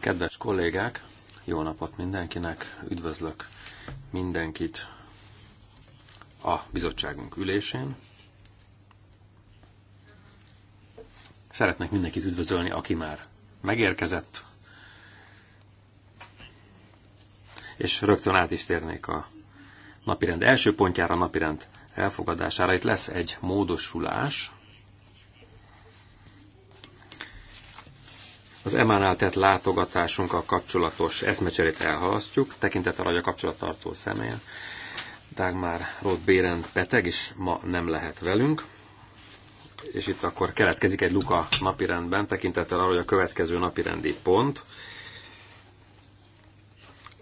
Kedves kollégák, jó napot mindenkinek, üdvözlök mindenkit a bizottságunk ülésén. Szeretnék mindenkit üdvözölni, aki már megérkezett, és rögtön át is térnék a napirend első pontjára, a napirend elfogadására. Itt lesz egy módosulás, Az emánál tett látogatásunkkal kapcsolatos eszmecserét elhalasztjuk, tekintettel, hogy a kapcsolattartó személyen. Dagmar Roth Béren beteg, és ma nem lehet velünk. És itt akkor keletkezik egy luka napirendben, tekintettel arra, hogy a következő napirendi pont,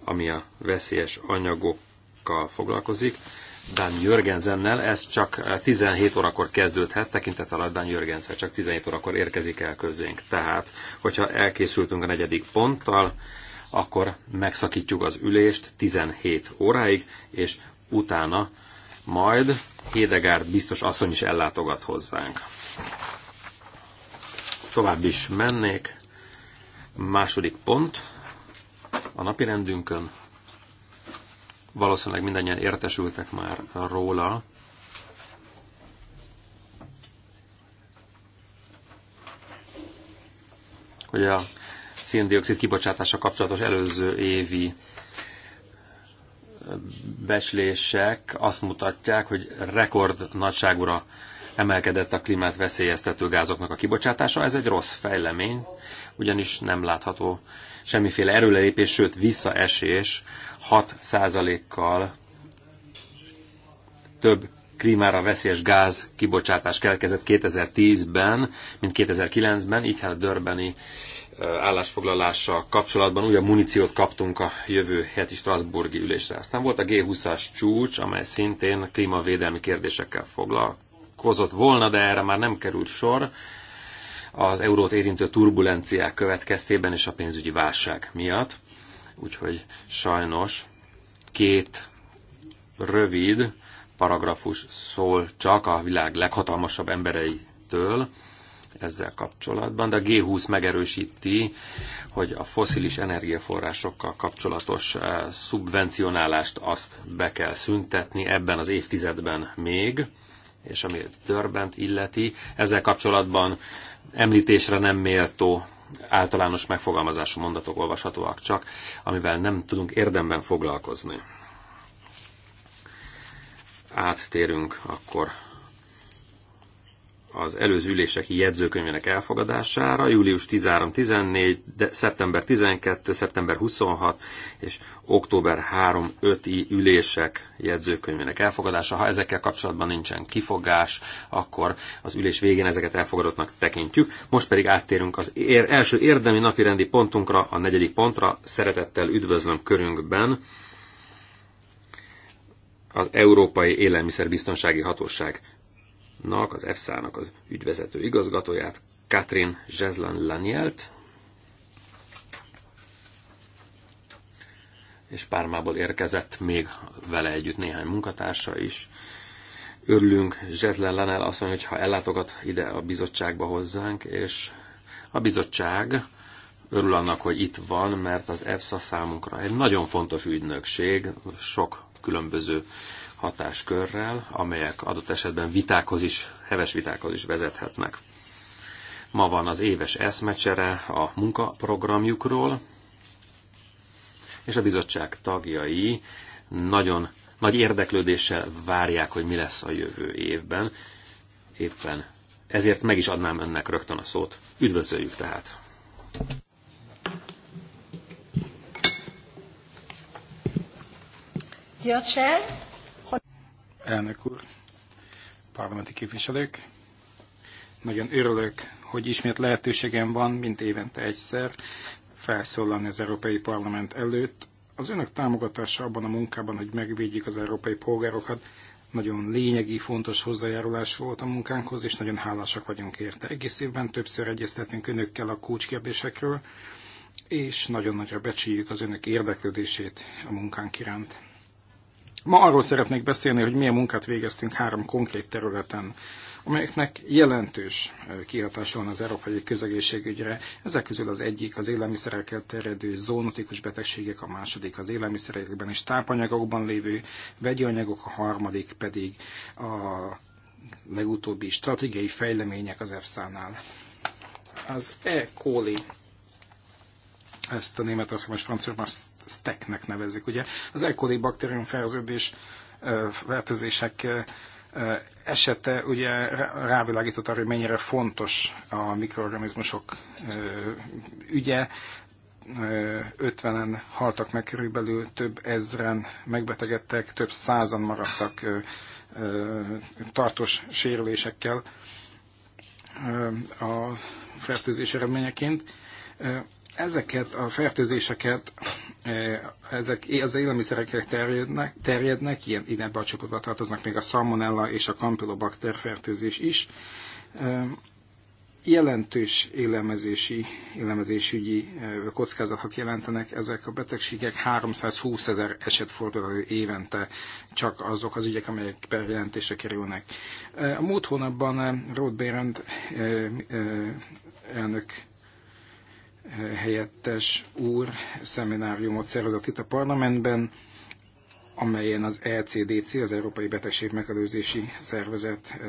ami a veszélyes anyagokkal foglalkozik, Dan Jörgensennel, ez csak 17 eh, órakor kezdődhet, tekintet alatt Dan Jörgensen csak 17 órakor érkezik el közénk. Tehát, hogyha elkészültünk a negyedik ponttal, akkor megszakítjuk az ülést 17 óráig, és utána majd Hédegárd biztos asszony is ellátogat hozzánk. Tovább is mennék. Második pont a napirendünkön. Valószínűleg mindannyian értesültek már róla. hogy a széndiokszid kibocsátása kapcsolatos előző évi beslések azt mutatják, hogy rekord nagyságúra emelkedett a klímát veszélyeztető gázoknak a kibocsátása. Ez egy rossz fejlemény, ugyanis nem látható semmiféle erőlelépés, sőt visszaesés 6%-kal több krímára veszélyes gáz kibocsátás keletkezett 2010-ben, mint 2009-ben, így hát Dörbeni állásfoglalással kapcsolatban újabb muníciót kaptunk a jövő heti Strasburgi ülésre. Aztán volt a G20-as csúcs, amely szintén klímavédelmi kérdésekkel foglalkozott volna, de erre már nem került sor az eurót érintő turbulenciák következtében és a pénzügyi válság miatt. Úgyhogy sajnos két rövid paragrafus szól csak a világ leghatalmasabb embereitől ezzel kapcsolatban, de a G20 megerősíti, hogy a foszilis energiaforrásokkal kapcsolatos eh, szubvencionálást azt be kell szüntetni ebben az évtizedben még, és ami Dörbent illeti, ezzel kapcsolatban említésre nem méltó általános megfogalmazású mondatok olvashatóak csak, amivel nem tudunk érdemben foglalkozni. Áttérünk akkor az előző üléseki jegyzőkönyvének elfogadására, július 13-14, de szeptember 12, szeptember 26 és október 3-5-i ülések jegyzőkönyvének elfogadása. Ha ezekkel kapcsolatban nincsen kifogás, akkor az ülés végén ezeket elfogadottnak tekintjük. Most pedig áttérünk az ér- első érdemi rendi pontunkra, a negyedik pontra. Szeretettel üdvözlöm körünkben az Európai Élelmiszerbiztonsági Hatóság nak az EFSA-nak az ügyvezető igazgatóját, Katrin Zsezlan Lanielt, és Pármából érkezett még vele együtt néhány munkatársa is. Örülünk Zsezlen Lanel azt mondja, hogy ha ellátogat ide a bizottságba hozzánk, és a bizottság örül annak, hogy itt van, mert az EFSA számunkra egy nagyon fontos ügynökség, sok különböző hatáskörrel, amelyek adott esetben vitákhoz is, heves vitákhoz is vezethetnek. Ma van az éves eszmecsere a munkaprogramjukról, és a bizottság tagjai nagyon nagy érdeklődéssel várják, hogy mi lesz a jövő évben. Éppen ezért meg is adnám önnek rögtön a szót. Üdvözöljük tehát! Dear Chair, elnök úr, parlamenti képviselők. Nagyon örülök, hogy ismét lehetőségem van, mint évente egyszer, felszólalni az Európai Parlament előtt. Az önök támogatása abban a munkában, hogy megvédjük az európai polgárokat, nagyon lényegi, fontos hozzájárulás volt a munkánkhoz, és nagyon hálásak vagyunk érte. Egész évben többször egyeztetünk önökkel a kulcskérdésekről, és nagyon nagyra becsüljük az önök érdeklődését a munkánk iránt. Ma arról szeretnék beszélni, hogy milyen munkát végeztünk három konkrét területen, amelyeknek jelentős kihatása van az európai közegészségügyre. Ezek közül az egyik az élelmiszerekkel terjedő zónotikus betegségek, a második az élelmiszerekben és tápanyagokban lévő vegyi anyagok, a harmadik pedig a legutóbbi stratégiai fejlemények az EFSA-nál. Az E. coli, ezt a németországban és franciaországban Steknek nevezik. Ugye az E. coli baktérium fertőzés, fertőzések esete ugye rávilágított arra, hogy mennyire fontos a mikroorganizmusok ügye. 50-en haltak meg körülbelül, több ezren megbetegedtek, több százan maradtak tartós sérülésekkel a fertőzés eredményeként. Ezeket a fertőzéseket, eh, ezek az élelmiszerekre terjednek, terjednek ilyen, ide a csoportba tartoznak még a salmonella és a campylobacter fertőzés is. Eh, jelentős élelmezési, élelmezésügyi eh, kockázatot jelentenek ezek a betegségek. 320 ezer eset fordul elő évente, csak azok az ügyek, amelyek bejelentésre kerülnek. A múlt hónapban Rod Berend elnök helyettes úr szemináriumot szervezett itt a parlamentben, amelyen az ECDC, az Európai Betegség Megelőzési Szervezet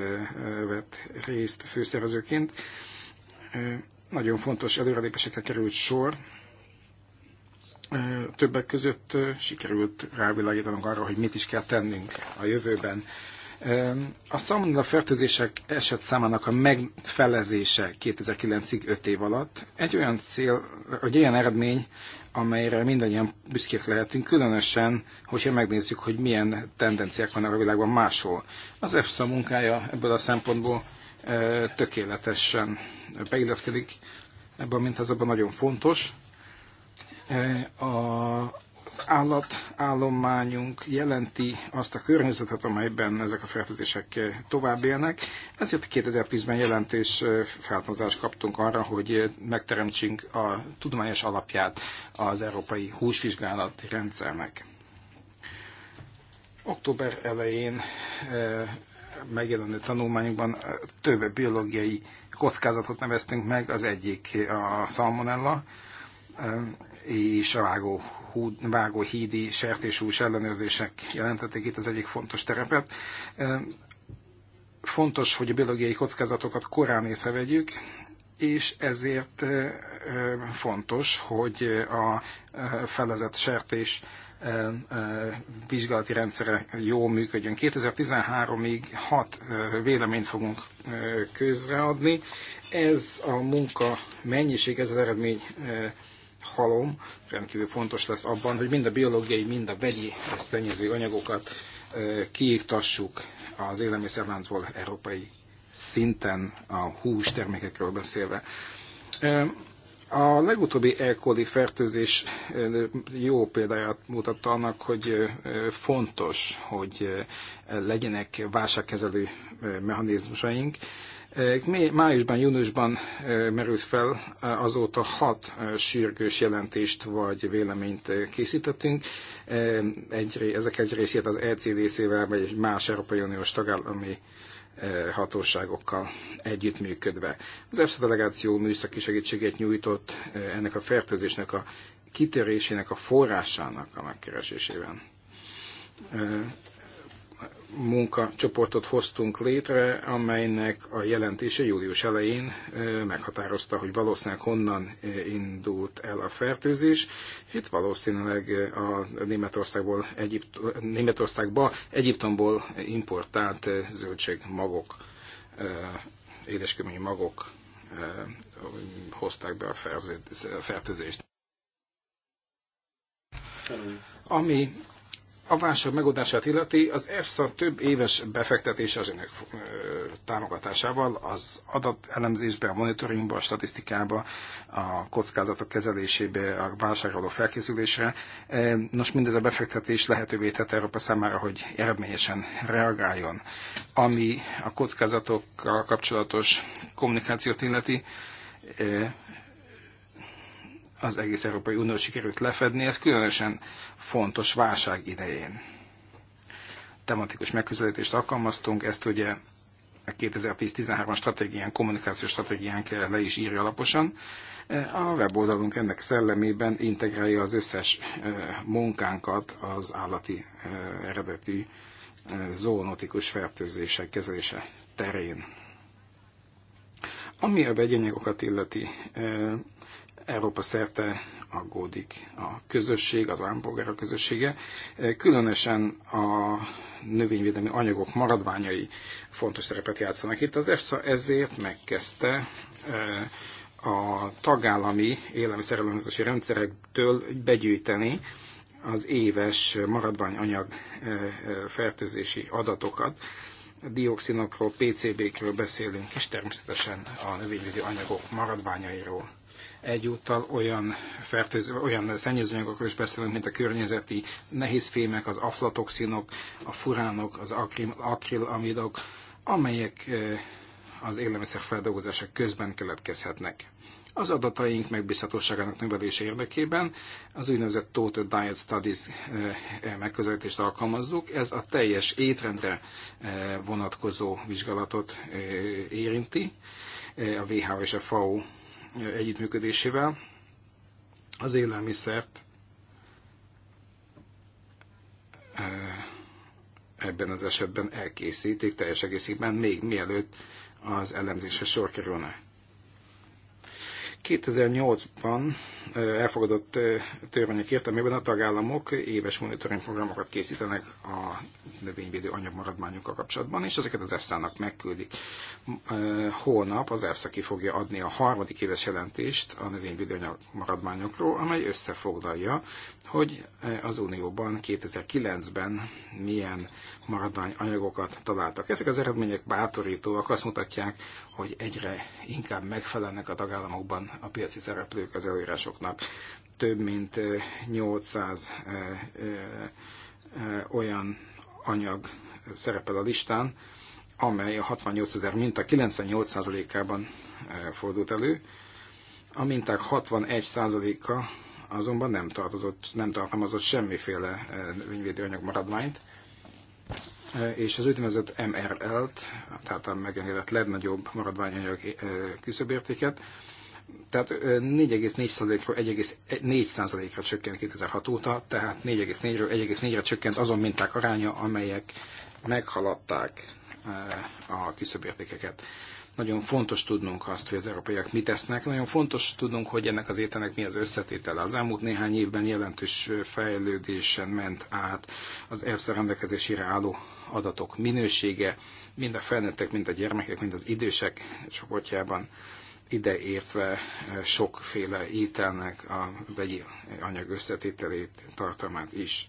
vett részt főszervezőként. Nagyon fontos előrelépésekre került sor. Többek között sikerült rávilágítanunk arra, hogy mit is kell tennünk a jövőben a szalmonella fertőzések eset számának a megfelezése 2009-ig 5 év alatt egy olyan cél, egy olyan eredmény, amelyre mindannyian büszkék lehetünk, különösen, hogyha megnézzük, hogy milyen tendenciák vannak a világban máshol. Az EFSA munkája ebből a szempontból tökéletesen beilleszkedik ebben, mint az abban nagyon fontos. A az állatállományunk jelenti azt a környezetet, amelyben ezek a fertőzések tovább élnek. Ezért 2010-ben jelentés feltonozást kaptunk arra, hogy megteremtsünk a tudományos alapját az európai húsvizsgálati rendszernek. Október elején megjelenő tanulmányunkban több biológiai kockázatot neveztünk meg, az egyik a szalmonella, és a vágó vágóhídi sertésús ellenőrzések jelentették itt az egyik fontos terepet. Fontos, hogy a biológiai kockázatokat korán észrevegyük, és ezért fontos, hogy a felezett sertés vizsgálati rendszere jól működjön. 2013-ig hat véleményt fogunk közreadni. Ez a munka mennyiség, ez az eredmény halom rendkívül fontos lesz abban, hogy mind a biológiai, mind a vegyi szennyező anyagokat kiiktassuk az élelmiszerláncból európai szinten a hús termékekről beszélve. A legutóbbi E. coli fertőzés jó példáját mutatta annak, hogy fontos, hogy legyenek válságkezelő mechanizmusaink, Májusban, júniusban merült fel, azóta hat sürgős jelentést vagy véleményt készítettünk. Egy, ezek egy részét az ECDC-vel vagy más Európai Uniós tagállami hatóságokkal együttműködve. Az EFSA delegáció műszaki segítséget nyújtott ennek a fertőzésnek a kitörésének a forrásának a megkeresésében munkacsoportot hoztunk létre, amelynek a jelentése július elején meghatározta, hogy valószínűleg honnan indult el a fertőzés. Itt valószínűleg a Németországból, Egyipt, Németországba, Egyiptomból importált zöldségmagok, édeskeményi magok hozták be a fertőzést. Ami a válság megoldását illeti, az EFSA több éves befektetése az önök támogatásával, az adatelemzésbe, a monitoringba, a statisztikába, a kockázatok kezelésébe, a válságra felkészülésre. Nos, mindez a befektetés lehetővé tett Európa számára, hogy eredményesen reagáljon. Ami a kockázatokkal kapcsolatos kommunikációt illeti, az egész Európai Unió sikerült lefedni. Ez különösen fontos válság idején. Tematikus megközelítést alkalmaztunk, ezt ugye a 2010 13 stratégián, kommunikációs stratégiánk le is írja alaposan. A weboldalunk ennek szellemében integrálja az összes eh, munkánkat az állati eh, eredetű eh, zoonotikus fertőzések kezelése terén. Ami a vegyanyagokat illeti, Európa szerte aggódik a közösség, az állampolgára közössége. Különösen a növényvédelmi anyagok maradványai fontos szerepet játszanak itt. Az EFSA ezért megkezdte eh, a tagállami élelmiszerellenőrzési rendszerektől begyűjteni az éves maradványanyag eh, eh, fertőzési adatokat. A dioxinokról, PCB-kről beszélünk, és természetesen a növényvédő anyagok maradványairól egyúttal olyan, fertőző, olyan szennyezőanyagokról is beszélünk, mint a környezeti nehézfémek, az aflatoxinok, a furánok, az akril, akrilamidok, amelyek az élelmiszer feldolgozása közben keletkezhetnek. Az adataink megbízhatóságának növelése érdekében az úgynevezett Total Diet Studies megközelítést alkalmazzuk. Ez a teljes étrendre vonatkozó vizsgálatot érinti. A WHO és a FAO együttműködésével az élelmiszert eh, ebben az esetben elkészítik teljes egészében, még mielőtt az elemzésre sor kerülne. 2008-ban elfogadott törvények értelmében a tagállamok éves monitoring programokat készítenek a növényvédő anyagmaradmányokkal kapcsolatban, és ezeket az EFSA-nak megküldik. Holnap az EFSA ki fogja adni a harmadik éves jelentést a növényvédő anyagmaradmányokról, amely összefoglalja, hogy az Unióban 2009-ben milyen maradványanyagokat találtak. Ezek az eredmények bátorítóak, azt mutatják, hogy egyre inkább megfelelnek a tagállamokban a piaci szereplők az előírásoknak. Több mint 800 olyan anyag szerepel a listán, amely a 68 ezer minta 98%-ában fordult elő. A minták 61%-a azonban nem, tartozott, nem tartalmazott semmiféle anyag maradványt, és az úgynevezett MRL-t, tehát a megengedett legnagyobb maradványanyag küszöbértéket, tehát 44 ra 1,4%-ra csökkent 2006 óta, tehát 4,4-ről 1,4-re csökkent azon minták aránya, amelyek meghaladták a küszöbértékeket. Nagyon fontos tudnunk azt, hogy az európaiak mit tesznek. Nagyon fontos tudnunk, hogy ennek az ételnek mi az összetétele. Az elmúlt néhány évben jelentős fejlődésen ment át az EFSA rendelkezésére álló adatok minősége, mind a felnőttek, mind a gyermekek, mind az idősek csoportjában ide értve eh, sokféle ételnek a vegyi anyag összetételét, tartalmát is.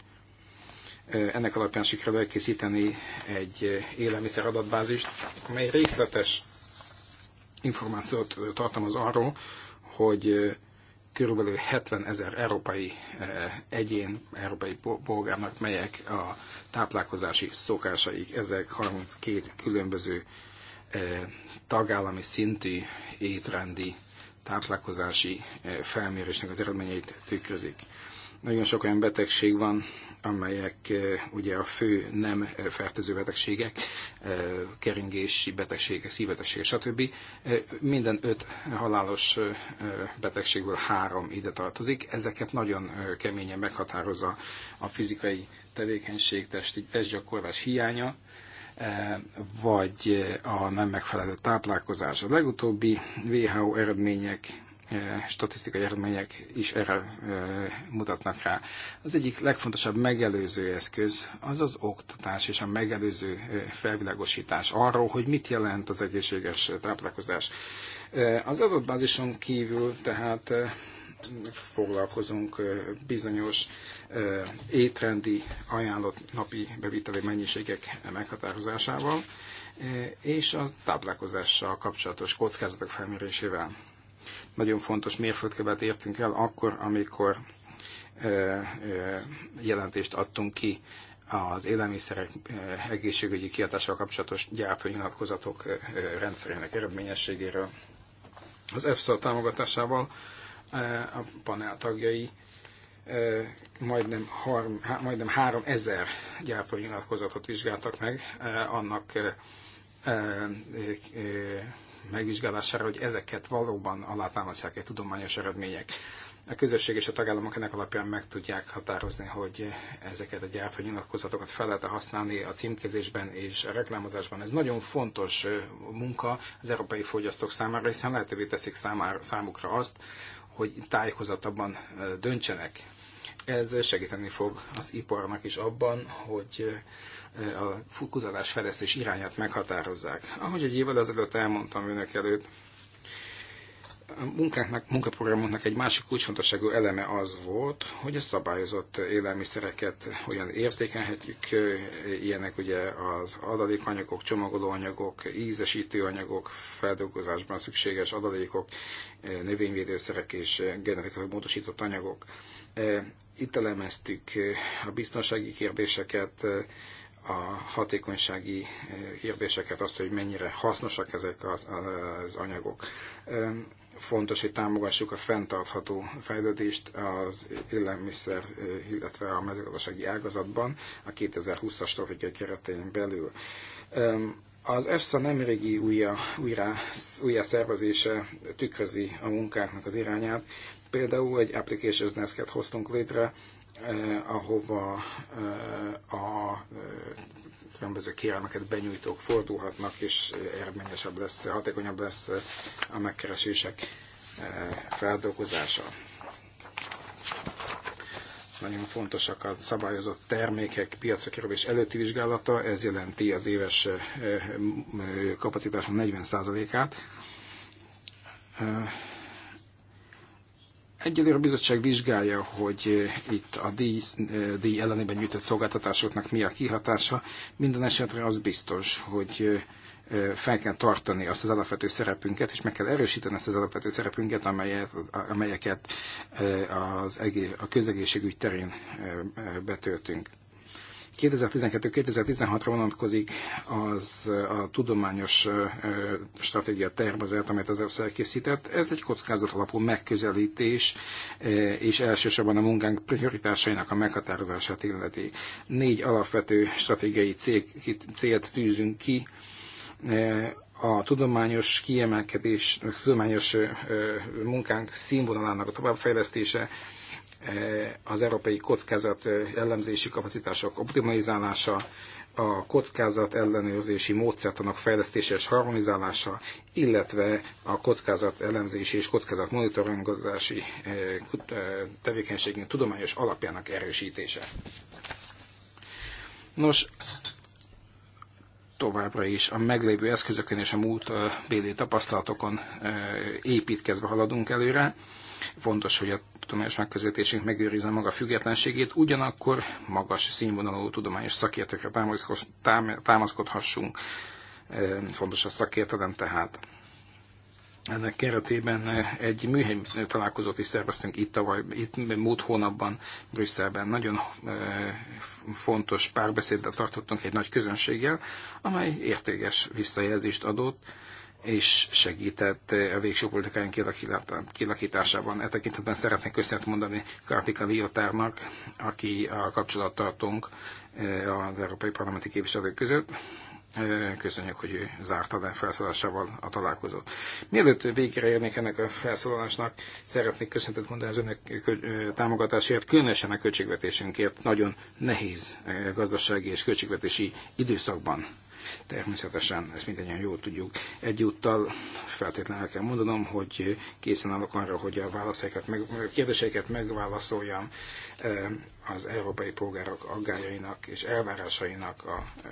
Eh, ennek alapján sikerül elkészíteni egy eh, élelmiszer adatbázist, amely részletes információt tartalmaz arról, hogy körülbelül 70 ezer európai egyén, európai polgárnak melyek a táplálkozási szokásaik. Ezek 32 különböző tagállami szintű étrendi táplálkozási felmérésnek az eredményeit tükrözik. Nagyon sok olyan betegség van, amelyek ugye a fő nem fertőző betegségek, keringési betegségek, szívbetegségek, stb. Minden öt halálos betegségből három ide tartozik. Ezeket nagyon keményen meghatározza a fizikai tevékenység, testi, testgyakorlás hiánya, Eh, vagy a nem megfelelő táplálkozás. A legutóbbi WHO eredmények, eh, statisztikai eredmények is erre eh, mutatnak rá. Az egyik legfontosabb megelőző eszköz az az oktatás és a megelőző felvilágosítás arról, hogy mit jelent az egészséges táplálkozás. Az bázison kívül tehát foglalkozunk bizonyos étrendi ajánlott napi beviteli mennyiségek meghatározásával és a táplálkozással kapcsolatos kockázatok felmérésével. Nagyon fontos mérföldkövet értünk el akkor, amikor jelentést adtunk ki az élelmiszerek egészségügyi kiadással kapcsolatos gyártónyilatkozatok rendszerének eredményességéről. Az EFSA támogatásával a panel tagjai majdnem, harm, majdnem 3000 nyilatkozatot vizsgáltak meg e, annak e, e, megvizsgálására, hogy ezeket valóban alátámasztják-e tudományos eredmények. A közösség és a tagállamok ennek alapján meg tudják határozni, hogy ezeket a nyilatkozatokat fel lehet használni a címkézésben és a reklámozásban. Ez nagyon fontos munka az európai fogyasztók számára, hiszen lehetővé teszik számára, számukra azt, hogy tájékozatabban döntsenek ez segíteni fog az iparnak is abban, hogy eh, a fejlesztés irányát meghatározzák. Ahogy egy évvel ezelőtt elmondtam önök előtt, a munkáknak, munkaprogramunknak egy másik kulcsfontosságú eleme az volt, hogy a szabályozott élelmiszereket olyan értékelhetjük, eh, ilyenek ugye az adalékanyagok, csomagolóanyagok, ízesítőanyagok, feldolgozásban szükséges adalékok, eh, növényvédőszerek és genetikai módosított anyagok. Itt elemeztük a biztonsági kérdéseket, a hatékonysági kérdéseket, azt, hogy mennyire hasznosak ezek az, az anyagok. Fontos, hogy támogassuk a fenntartható fejlődést az élelmiszer, illetve a mezőgazdasági ágazatban a 2020-as stratégiai keretein belül. Az EFSA nemrégi újra, újra, újra szervezése tükrözi a munkáknak az irányát, Például egy Applications Desk-et hoztunk létre, eh, ahova eh, a eh, különböző kérelmeket benyújtók fordulhatnak, és eredményesebb lesz, hatékonyabb lesz a megkeresések eh, feldolgozása. Nagyon fontosak a szabályozott termékek piacra kerülés előtti vizsgálata, ez jelenti az éves eh, kapacitásnak 40%-át Egyelőre a bizottság vizsgálja, hogy eh, itt a díj, eh, díj ellenében nyújtott szolgáltatásoknak mi a kihatása. Minden esetre az biztos, hogy eh, fel kell tartani azt az alapvető szerepünket, és meg kell erősíteni azt az alapvető szerepünket, amelyet, amelyeket az, a közegészségügy terén betöltünk. 2012-2016-ra vonatkozik az a tudományos stratégia tervezet, amelyet az EFSZ elkészített. Ez egy kockázat alapú megközelítés, és elsősorban a munkánk prioritásainak a meghatározását illeti. Négy alapvető stratégiai célt tűzünk ki, a tudományos kiemelkedés, a tudományos munkánk színvonalának a továbbfejlesztése, Eh, az európai kockázat eh, ellenzési kapacitások optimalizálása, a kockázat ellenőrzési módszertanak fejlesztése és harmonizálása, illetve a kockázat ellenzési és kockázat monitorozási eh, tevékenységünk tudományos alapjának erősítése. Nos, továbbra is a meglévő eszközökön és a múlt béli tapasztalatokon építkezve haladunk előre. Fontos, hogy a tudományos megközelítésünk megőrizze maga függetlenségét, ugyanakkor magas színvonalú tudományos szakértőkre támaszkodhassunk. Fontos a szakértelem tehát. Ennek keretében egy műhely találkozót is szerveztünk itt, tavaly, itt múlt hónapban Brüsszelben. Nagyon fontos párbeszédet tartottunk egy nagy közönséggel, amely értékes visszajelzést adott és segített a végső politikáján kilakításában. E tekintetben szeretnék köszönet mondani Kartika Liotárnak, aki a kapcsolattartónk eh, az Európai Parlamenti Képviselők között. Eh, köszönjük, hogy ő zárta le felszólásával a találkozót. Mielőtt végre érnék ennek a felszólalásnak, szeretnék köszöntet mondani az önök eh, támogatásért, különösen a költségvetésünkért nagyon nehéz gazdasági és költségvetési időszakban Természetesen ezt mindannyian jól tudjuk. Egyúttal feltétlenül kell mondanom, hogy készen állok arra, hogy a válaszaikat meg, a kérdéseiket megválaszoljam e, az európai polgárok aggájainak és elvárásainak a e,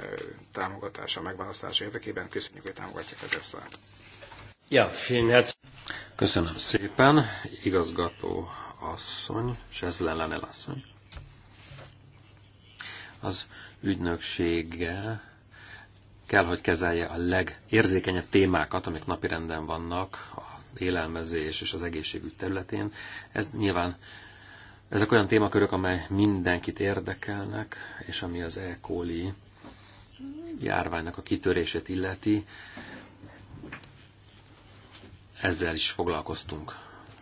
támogatása, megválasztása érdekében. Köszönjük, hogy támogatják az efsa Ja, Köszönöm szépen, igazgató asszony, és ez asszony. Az ügynöksége kell, hogy kezelje a legérzékenyebb témákat, amik napirenden vannak a élelmezés és az egészségügy területén. Ez nyilván ezek olyan témakörök, amely mindenkit érdekelnek, és ami az E. coli járványnak a kitörését illeti. Ezzel is foglalkoztunk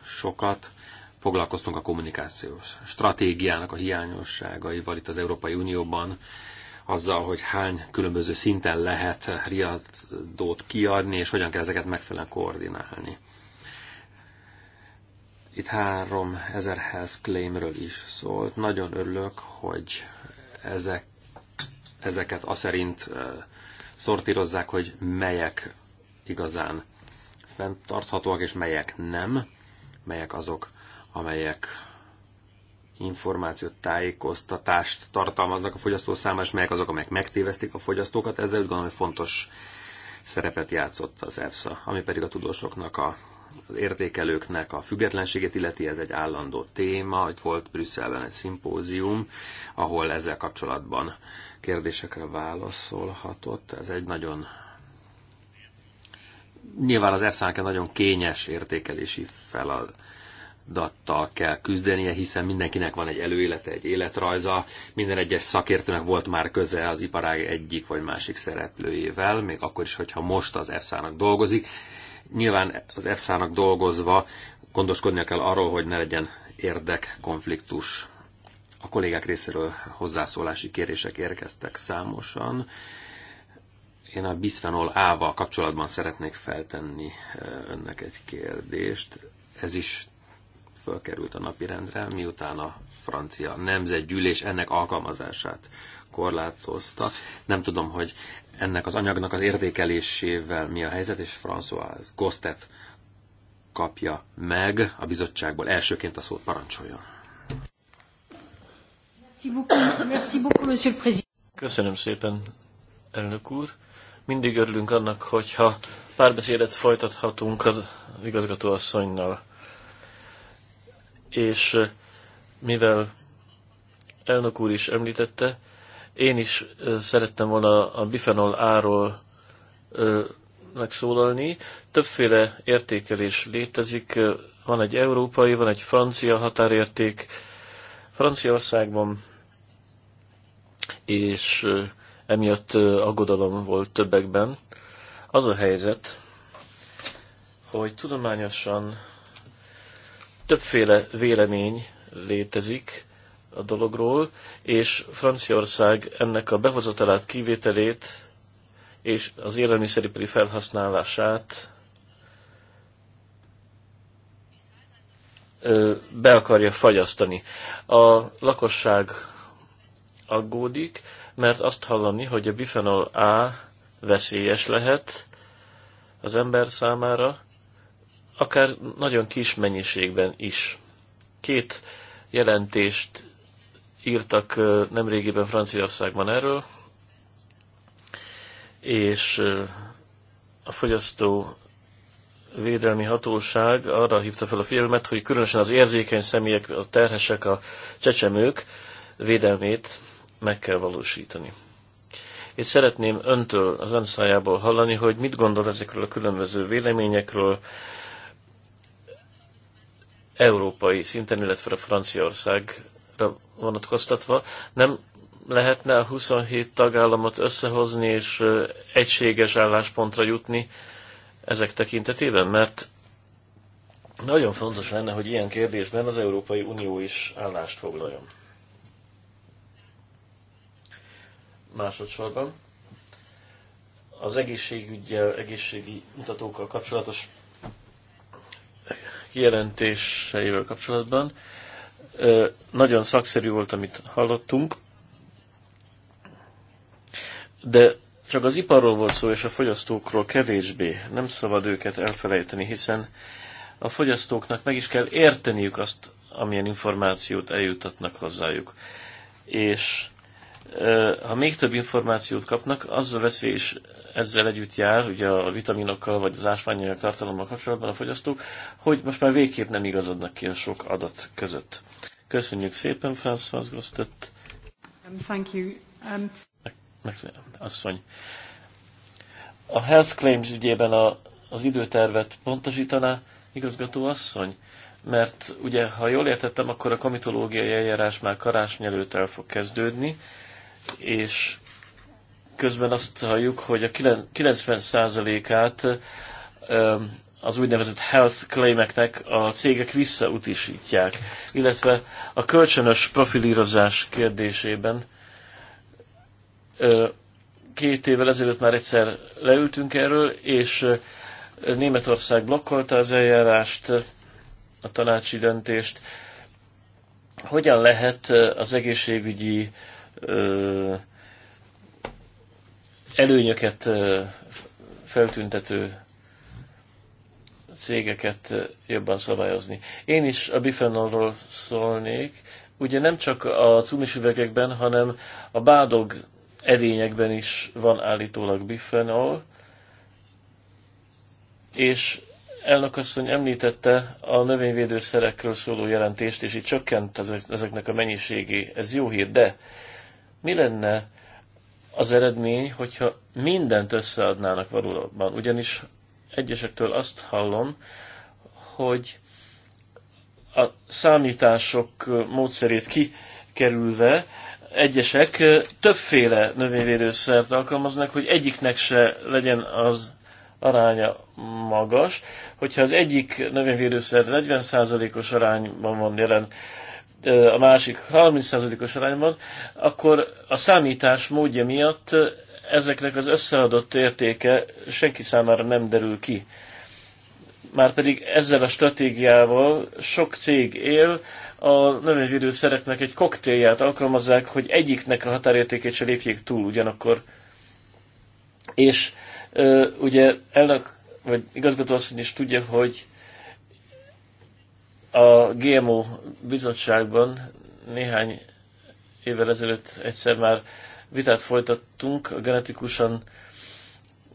sokat. Foglalkoztunk a kommunikációs stratégiának a hiányosságaival itt az Európai Unióban azzal, hogy hány különböző szinten lehet riadót kiadni, és hogyan kell ezeket megfelelően koordinálni. Itt 3000 health claimről is szólt. Nagyon örülök, hogy ezek, ezeket aszerint szortírozzák, hogy melyek igazán fenntarthatóak, és melyek nem, melyek azok, amelyek információt, tájékoztatást tartalmaznak a fogyasztó számára, és melyek azok, amelyek megtévesztik a fogyasztókat. Ezzel úgy gondolom, hogy fontos szerepet játszott az EFSA, ami pedig a tudósoknak, a, az értékelőknek a függetlenségét illeti, ez egy állandó téma. hogy volt Brüsszelben egy szimpózium, ahol ezzel kapcsolatban kérdésekre válaszolhatott. Ez egy nagyon nyilván az EFSA-nak egy nagyon kényes értékelési feladat feladattal kell küzdenie, hiszen mindenkinek van egy előélete, egy életrajza, minden egyes szakértőnek volt már köze az iparág egyik vagy másik szereplőjével, még akkor is, hogyha most az EFSA-nak dolgozik. Nyilván az EFSA-nak dolgozva gondoskodnia kell arról, hogy ne legyen érdekkonfliktus. A kollégák részéről hozzászólási kérések érkeztek számosan. Én a bisphenol A-val kapcsolatban szeretnék feltenni eh, önnek egy kérdést. Ez is fölkerült a napirendre, miután a francia nemzetgyűlés ennek alkalmazását korlátozta. Nem tudom, hogy ennek az anyagnak az értékelésével mi a helyzet, és François Gostet kapja meg a bizottságból. Elsőként a szót parancsoljon. Köszönöm szépen, elnök úr. Mindig örülünk annak, hogyha párbeszédet folytathatunk az igazgatóasszonynal és eh, mivel elnök úr is említette, én is eh, szerettem volna a bifenol áról eh, megszólalni. Többféle értékelés létezik, van egy európai, van egy francia határérték Franciaországban, és emiatt aggodalom volt többekben. Az a helyzet, hogy tudományosan Többféle vélemény létezik a dologról, és Franciaország ennek a behozatalát, kivételét és az élelmiszeripari felhasználását be akarja fagyasztani. A lakosság aggódik, mert azt hallani, hogy a bifenol A veszélyes lehet az ember számára, akár nagyon kis mennyiségben is. Két jelentést írtak nemrégiben Franciaországban erről, és a fogyasztó védelmi hatóság arra hívta fel a figyelmet, hogy különösen az érzékeny személyek, a terhesek, a csecsemők védelmét meg kell valósítani. És szeretném öntől, az ön szájából hallani, hogy mit gondol ezekről a különböző véleményekről, európai szinten, illetve a Franciaországra vonatkoztatva. Nem lehetne a 27 tagállamot összehozni és egységes álláspontra jutni ezek tekintetében? Mert nagyon fontos lenne, hogy ilyen kérdésben az Európai Unió is állást foglaljon. Másodszorban az egészségügyel, egészségi mutatókkal kapcsolatos kijelentéseivel kapcsolatban. Nagyon szakszerű volt, amit hallottunk, de csak az iparról volt szó, és a fogyasztókról kevésbé. Nem szabad őket elfelejteni, hiszen a fogyasztóknak meg is kell érteniük azt, amilyen információt eljutatnak hozzájuk. És ha még több információt kapnak, az a veszély is ezzel együtt jár, ugye a vitaminokkal vagy az ásványanyag tartalommal kapcsolatban a fogyasztók, hogy most már végképp nem igazodnak ki a sok adat között. Köszönjük szépen, François Gostet. Um, thank you. Um... Meg, meg, A health claims ügyében a, az időtervet pontosítaná igazgató asszony? Mert ugye, ha jól értettem, akkor a komitológiai eljárás már karácsony előtt el fog kezdődni, és közben azt halljuk, hogy a 90%-át az úgynevezett health claimeknek a cégek visszautisítják, illetve a kölcsönös profilírozás kérdésében két évvel ezelőtt már egyszer leültünk erről, és Németország blokkolta az eljárást, a tanácsi döntést. Hogyan lehet az egészségügyi előnyöket feltüntető cégeket jobban szabályozni. Én is a bifenolról szólnék. Ugye nem csak a cumis üvegekben, hanem a bádog edényekben is van állítólag bifenol, és asszony említette a növényvédőszerekről szóló jelentést, és így csökkent ezeknek a mennyiségi Ez jó hír, de mi lenne, az eredmény, hogyha mindent összeadnának valóban. Ugyanis egyesektől azt hallom, hogy a számítások módszerét kikerülve egyesek többféle növényvédőszert alkalmaznak, hogy egyiknek se legyen az aránya magas. Hogyha az egyik növényvédőszer 40%-os arányban van jelen a másik 30%-os arányban, akkor a számítás módja miatt ezeknek az összeadott értéke senki számára nem derül ki. Márpedig ezzel a stratégiával sok cég él, a szereknek egy koktélját alkalmazzák, hogy egyiknek a határértékét se lépjék túl ugyanakkor. És ö, ugye elnök, vagy igazgató azt is tudja, hogy a GMO bizottságban néhány évvel ezelőtt egyszer már vitát folytattunk a genetikusan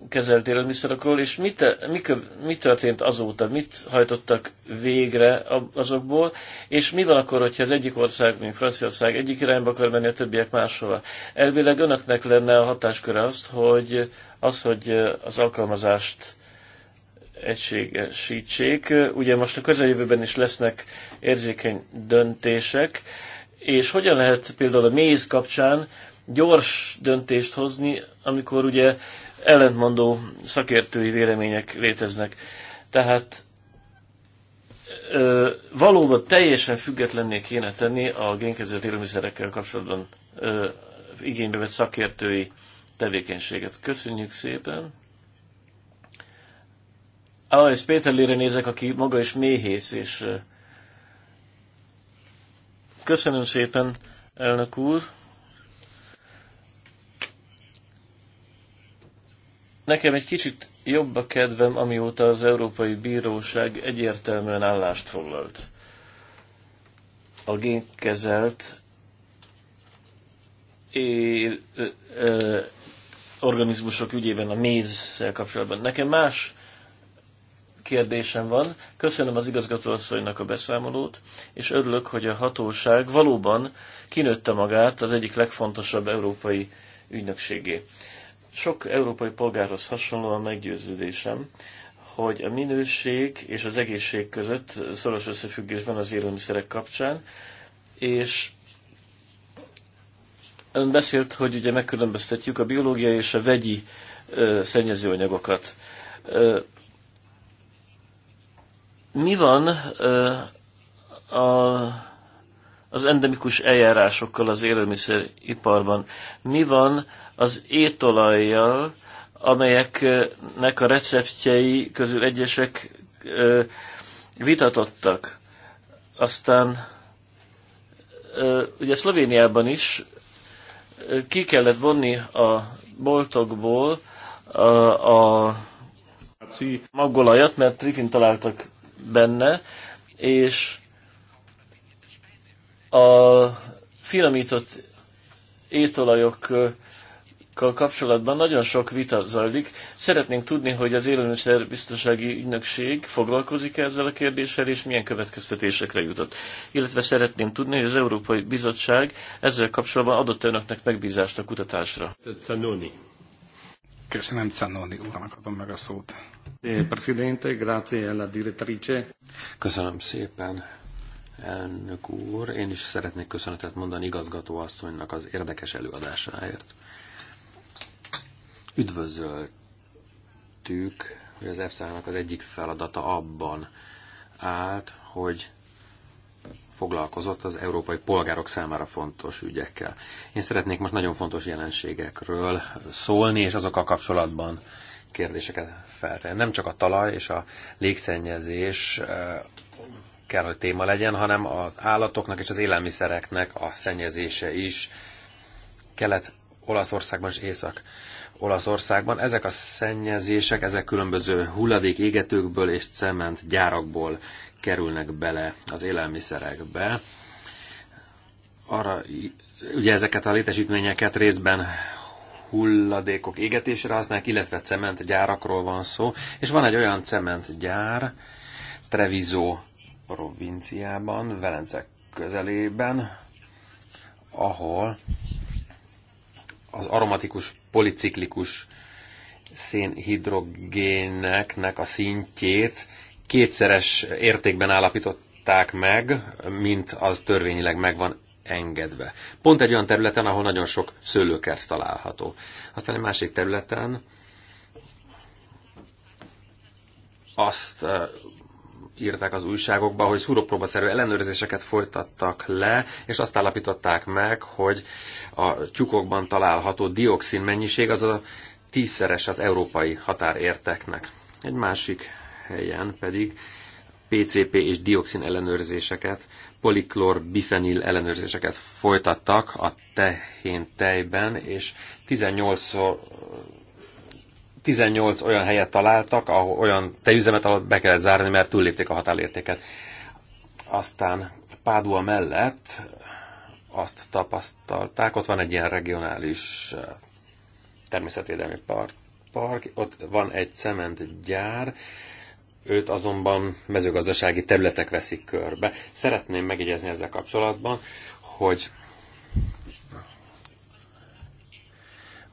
kezelt élelmiszerekről, és mit, mi, mi történt azóta, mit hajtottak végre azokból, és mi van akkor, hogyha az egyik ország, mint Franciaország egyik irányba akar menni, a többiek máshova. Elvileg önöknek lenne a hatásköre azt, hogy az, hogy az alkalmazást egységesítsék. Ugye most a közeljövőben is lesznek érzékeny döntések, és hogyan lehet például a méz kapcsán gyors döntést hozni, amikor ugye ellentmondó szakértői vélemények léteznek. Tehát ö, valóban teljesen függetlenné kéne tenni a génkezelt élelmiszerekkel kapcsolatban ö, igénybe vett szakértői tevékenységet. Köszönjük szépen! Péter Péterlére nézek, aki maga is méhész, és köszönöm szépen, elnök úr. Nekem egy kicsit jobb a kedvem, amióta az Európai Bíróság egyértelműen állást foglalt. A génkezelt organizmusok ügyében a mézzel kapcsolatban. Nekem más kérdésem van. Köszönöm az igazgatóasszonynak a beszámolót, és örülök, hogy a hatóság valóban kinőtte magát az egyik legfontosabb európai ügynökségé. Sok európai polgárhoz hasonlóan meggyőződésem, hogy a minőség és az egészség között szoros összefüggés van az élelmiszerek kapcsán, és ön beszélt, hogy ugye megkülönböztetjük a biológiai és a vegyi szennyezőanyagokat. Mi van a, az endemikus eljárásokkal az élelmiszeriparban? Mi van az étolajjal, amelyeknek a receptjei közül egyesek vitatottak? Aztán ugye Szlovéniában is ki kellett vonni a boltokból a, a magolajat, mert trifin találtak benne, és a finomított étolajokkal kapcsolatban nagyon sok vita zajlik. Szeretnénk tudni, hogy az Biztonsági ügynökség foglalkozik -e ezzel a kérdéssel, és milyen következtetésekre jutott. Illetve szeretném tudni, hogy az Európai Bizottság ezzel kapcsolatban adott önöknek megbízást a kutatásra. Köszönöm, Cannoni úrnak adom meg a szót. Eh, Presidente, grazie alla direttrice. Köszönöm szépen, elnök úr. Én is szeretnék köszönetet mondani igazgatóasszonynak az érdekes előadásáért. Üdvözöltük, hogy az EFSA-nak az egyik feladata abban állt, hogy foglalkozott az európai polgárok számára fontos ügyekkel. Én szeretnék most nagyon fontos jelenségekről szólni, és azokkal kapcsolatban kérdéseket feltenni. Nem csak a talaj és a légszennyezés eh, kell, hogy téma legyen, hanem az állatoknak és az élelmiszereknek a szennyezése is. Kelet Olaszországban és Észak Olaszországban. Ezek a szennyezések, ezek különböző hulladék égetőkből és cement gyárakból kerülnek bele az élelmiszerekbe. Arra, ugye ezeket a létesítményeket részben hulladékok égetésre használják, illetve cementgyárakról van szó, és van egy olyan cementgyár Treviso provinciában, Velence közelében, ahol az aromatikus, policiklikus szénhidrogéneknek a szintjét kétszeres értékben állapították meg, mint az törvényileg megvan engedve. Pont egy olyan területen, ahol nagyon sok szőlőkert található. Aztán egy másik területen azt írták az újságokba, hogy szúrópróbaszerű ellenőrzéseket folytattak le, és azt állapították meg, hogy a tyúkokban található dioxin mennyiség az a tízszeres az európai határérteknek. Egy másik helyen pedig PCP és dioxin ellenőrzéseket, poliklor bifenil ellenőrzéseket folytattak a tehén tejben, és 18 18 olyan helyet találtak, ahol olyan tejüzemet, alatt be kellett zárni, mert túllépték a határértéket. Aztán Pádua mellett azt tapasztalták, ott van egy ilyen regionális természetvédelmi park, park ott van egy cementgyár, őt azonban mezőgazdasági területek veszik körbe. Szeretném megjegyezni ezzel kapcsolatban, hogy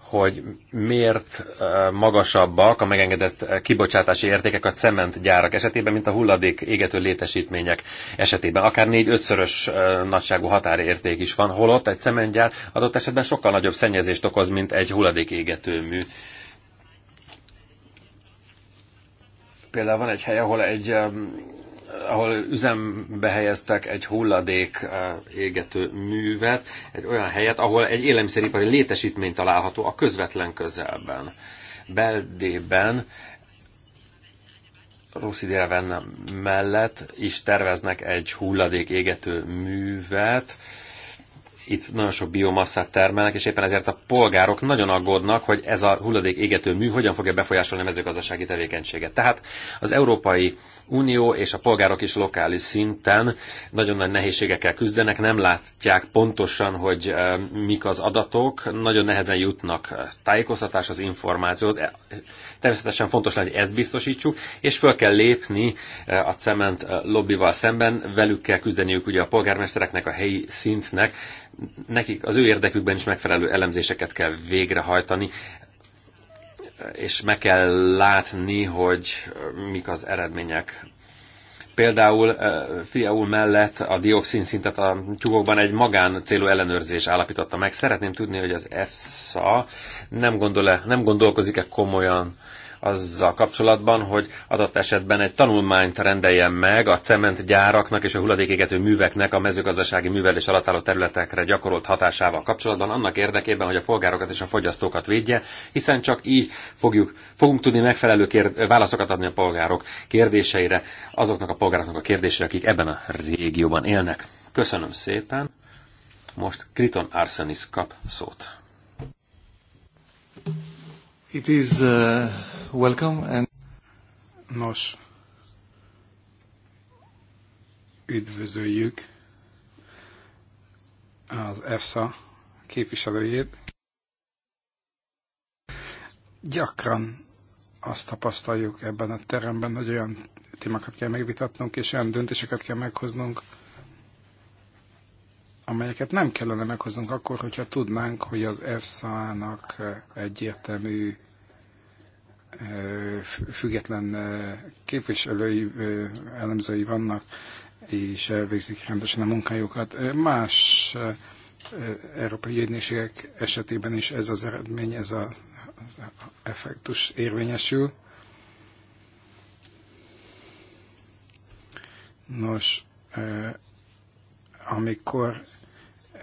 hogy miért magasabbak a megengedett kibocsátási értékek a cementgyárak esetében, mint a hulladék égető létesítmények esetében. Akár négy-ötszörös nagyságú határérték is van, holott egy cementgyár adott esetben sokkal nagyobb szennyezést okoz, mint egy hulladék égető mű. Például van egy hely, ahol egy ahol üzembe helyeztek egy hulladék eh, égető művet, egy olyan helyet, ahol egy élelmiszeripari létesítmény található a közvetlen közelben. Beldében Rossi mellett is terveznek egy hulladék égető művet, itt nagyon sok biomasszát termelnek, és éppen ezért a polgárok nagyon aggódnak, hogy ez a hulladék égető mű hogyan fogja befolyásolni a mezőgazdasági tevékenységet. Tehát az európai Unió és a polgárok is lokális szinten nagyon nagy nehézségekkel küzdenek, nem látják pontosan, hogy eh, mik az adatok, nagyon nehezen jutnak eh, az információhoz. Eh, természetesen fontos lenne, hogy ezt biztosítsuk, és föl kell lépni a cement lobbival szemben, velük kell küzdeniük ugye a polgármestereknek, a helyi szintnek, nekik az ő érdekükben is megfelelő elemzéseket kell végrehajtani, és meg kell látni, hogy mik az eredmények. Például Fiaul mellett a dioxin szintet a tyúkokban egy magán célú ellenőrzés állapította meg. Szeretném tudni, hogy az EFSA nem, gondol -e, nem gondolkozik-e komolyan azzal kapcsolatban, hogy adott esetben egy tanulmányt rendeljen meg a cementgyáraknak és a hulladékégető műveknek a mezőgazdasági művelés alatt álló területekre gyakorolt hatásával kapcsolatban, annak érdekében, hogy a polgárokat és a fogyasztókat védje, hiszen csak így fogjuk, fogunk tudni megfelelő kér, válaszokat adni a polgárok kérdéseire, azoknak a polgároknak a kérdéseire, akik ebben a régióban élnek. Köszönöm szépen! Most Kriton Arsenis kap szót. It is uh, welcome and... Nos, üdvözöljük az EFSA képviselőjét. Gyakran azt tapasztaljuk ebben a teremben, hogy olyan témákat kell megvitatnunk, és olyan döntéseket kell meghoznunk, amelyeket nem kellene meghoznunk akkor, hogyha tudnánk, hogy az EFSA-nak egyértelmű független képviselői, elemzői vannak, és elvégzik rendesen a munkájukat. Más európai ügynökségek esetében is ez az eredmény, ez az effektus érvényesül. Nos, amikor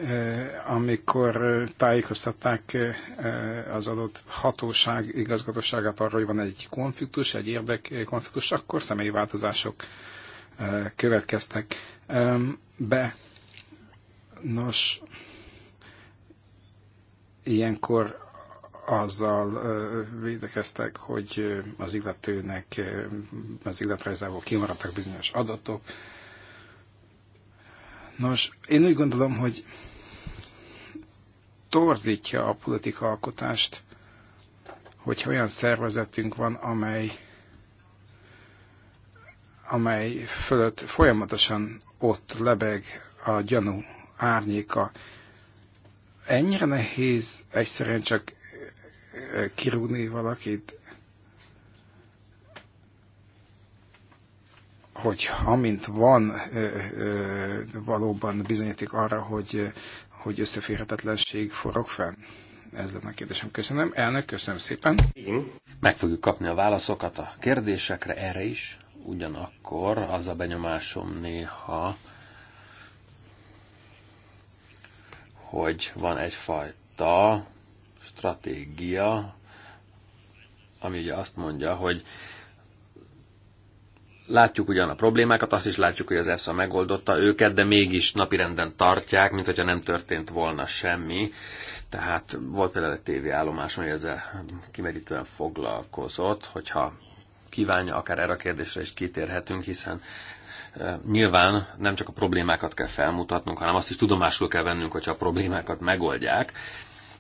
Eh, amikor eh, tájékoztatták eh, az adott hatóság igazgatóságát arról, hogy van egy konfliktus, egy érdekkonfliktus, akkor személyi változások következtek be. Nos, ilyenkor azzal védekeztek, hogy az illetőnek az illetrajzából kimaradtak bizonyos adatok. Nos, én úgy gondolom, hogy torzítja a alkotást, hogyha olyan szervezetünk van, amely, amely fölött folyamatosan ott lebeg a gyanú árnyéka. Ennyire nehéz egyszerűen csak eh, kirúgni valakit, hogy amint van ö, eh, ö, eh, valóban bizonyíték arra, hogy hogy összeférhetetlenség forog fel? Ez lenne a kérdésem. Köszönöm. Elnök, köszönöm szépen. Meg fogjuk kapni a válaszokat a kérdésekre erre is. Ugyanakkor az a benyomásom néha, hogy van egyfajta stratégia, ami ugye azt mondja, hogy Látjuk ugyan a problémákat, azt is látjuk, hogy az EFSA megoldotta őket, de mégis napirenden tartják, mint hogyha nem történt volna semmi. Tehát volt például egy tévéállomás, ami ezzel kimerítően foglalkozott, hogyha kívánja, akár erre a kérdésre is kitérhetünk, hiszen nyilván nem csak a problémákat kell felmutatnunk, hanem azt is tudomásul kell vennünk, hogyha a problémákat megoldják.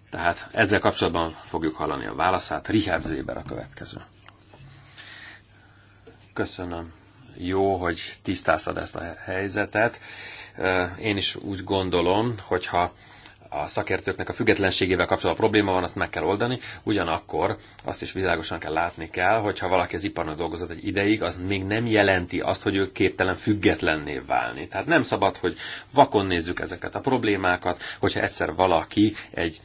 Tehát ezzel kapcsolatban fogjuk hallani a válaszát. Richard Zéber a következő. Köszönöm jó, hogy tisztáztad ezt a helyzetet. Én is úgy gondolom, hogyha a szakértőknek a függetlenségével kapcsolatban probléma van, azt meg kell oldani, ugyanakkor azt is világosan kell látni kell, hogyha valaki az iparnak dolgozott egy ideig, az még nem jelenti azt, hogy ő képtelen függetlenné válni. Tehát nem szabad, hogy vakon nézzük ezeket a problémákat, hogyha egyszer valaki egy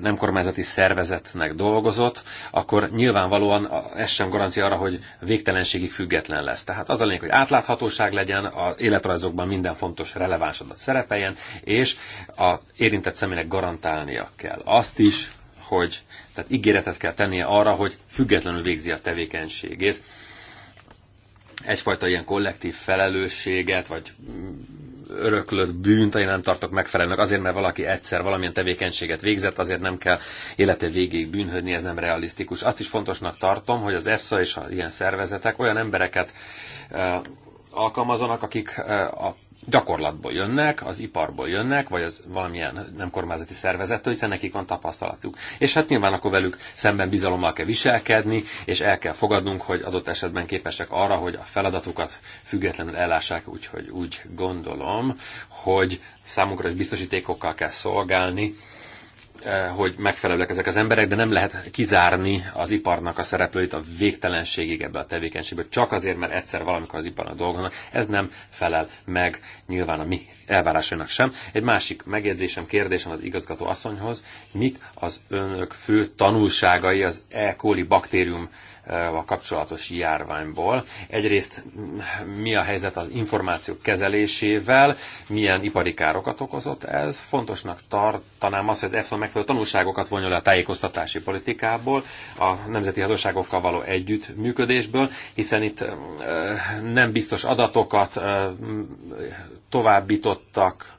nem kormányzati szervezetnek dolgozott, akkor nyilvánvalóan ez sem garancia arra, hogy végtelenségig független lesz. Tehát az a lényeg, hogy átláthatóság legyen, az életrajzokban minden fontos releváns adat szerepeljen, és a érintett személynek garantálnia kell azt is, hogy tehát ígéretet kell tennie arra, hogy függetlenül végzi a tevékenységét. Egyfajta ilyen kollektív felelősséget, vagy öröklött bűnt, én nem tartok megfelelőnek. Azért, mert valaki egyszer valamilyen tevékenységet végzett, azért nem kell élete végéig bűnhödni, ez nem realisztikus. Azt is fontosnak tartom, hogy az EFSA és a ilyen szervezetek olyan embereket eh, alkalmazanak, akik eh, a gyakorlatból jönnek, az iparból jönnek, vagy az valamilyen nem kormányzati szervezettől, hiszen nekik van tapasztalatuk. És hát nyilván akkor velük szemben bizalommal kell viselkedni, és el kell fogadnunk, hogy adott esetben képesek arra, hogy a feladatukat függetlenül ellássák, úgyhogy úgy gondolom, hogy számunkra is biztosítékokkal kell szolgálni, Eh, hogy megfelelőek ezek az emberek, de nem lehet kizárni az iparnak a szereplőit a végtelenségig ebbe a tevékenységbe, csak azért, mert egyszer valamikor az iparnak dolgoznak. Ez nem felel meg nyilván a mi elvárásainak sem. Egy másik megjegyzésem, kérdésem az igazgató asszonyhoz, mik az önök fő tanulságai az E. coli baktérium a kapcsolatos járványból. Egyrészt hm, mi a helyzet az információk kezelésével, milyen ipari károkat okozott ez. Fontosnak tartanám azt, hogy az EFSA megfelelő tanulságokat vonjon le a tájékoztatási politikából, a nemzeti hatóságokkal való együttműködésből, hiszen itt hm, nem biztos adatokat hm, továbbítottak,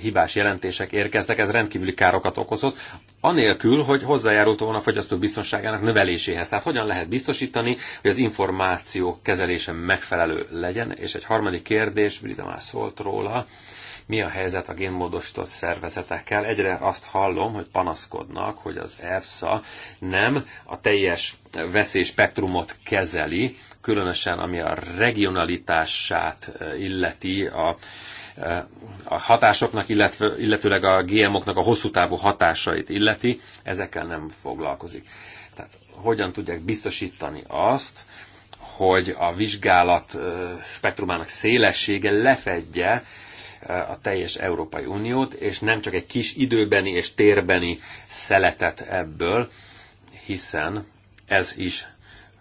hibás jelentések érkeztek, ez rendkívüli károkat okozott, anélkül, hogy hozzájárult volna a fogyasztó biztonságának növeléséhez. Tehát hogyan lehet biztosítani, hogy az információ kezelése megfelelő legyen, és egy harmadik kérdés, Brita már szólt róla, mi a helyzet a génmódosított szervezetekkel. Egyre azt hallom, hogy panaszkodnak, hogy az EFSA nem a teljes veszélyspektrumot kezeli, különösen ami a regionalitását eh, illeti a a hatásoknak, illetve, illetőleg a GM-oknak a hosszú távú hatásait illeti, ezekkel nem foglalkozik. Tehát hogyan tudják biztosítani azt, hogy a vizsgálat spektrumának szélessége lefedje a teljes Európai Uniót, és nem csak egy kis időbeni és térbeni szeletet ebből, hiszen ez is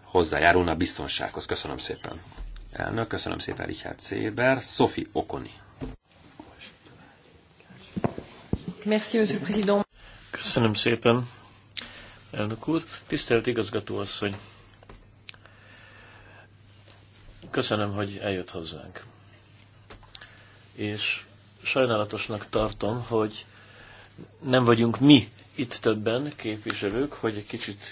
hozzájárulna a biztonsághoz. Köszönöm szépen. Elnök, köszönöm szépen Richard Széber, Sophie Okoni. Merci, Monsieur le Président. Köszönöm szépen, elnök úr. Tisztelt asszony, Köszönöm, hogy eljött hozzánk. És sajnálatosnak tartom, hogy nem vagyunk mi itt többen képviselők, hogy egy kicsit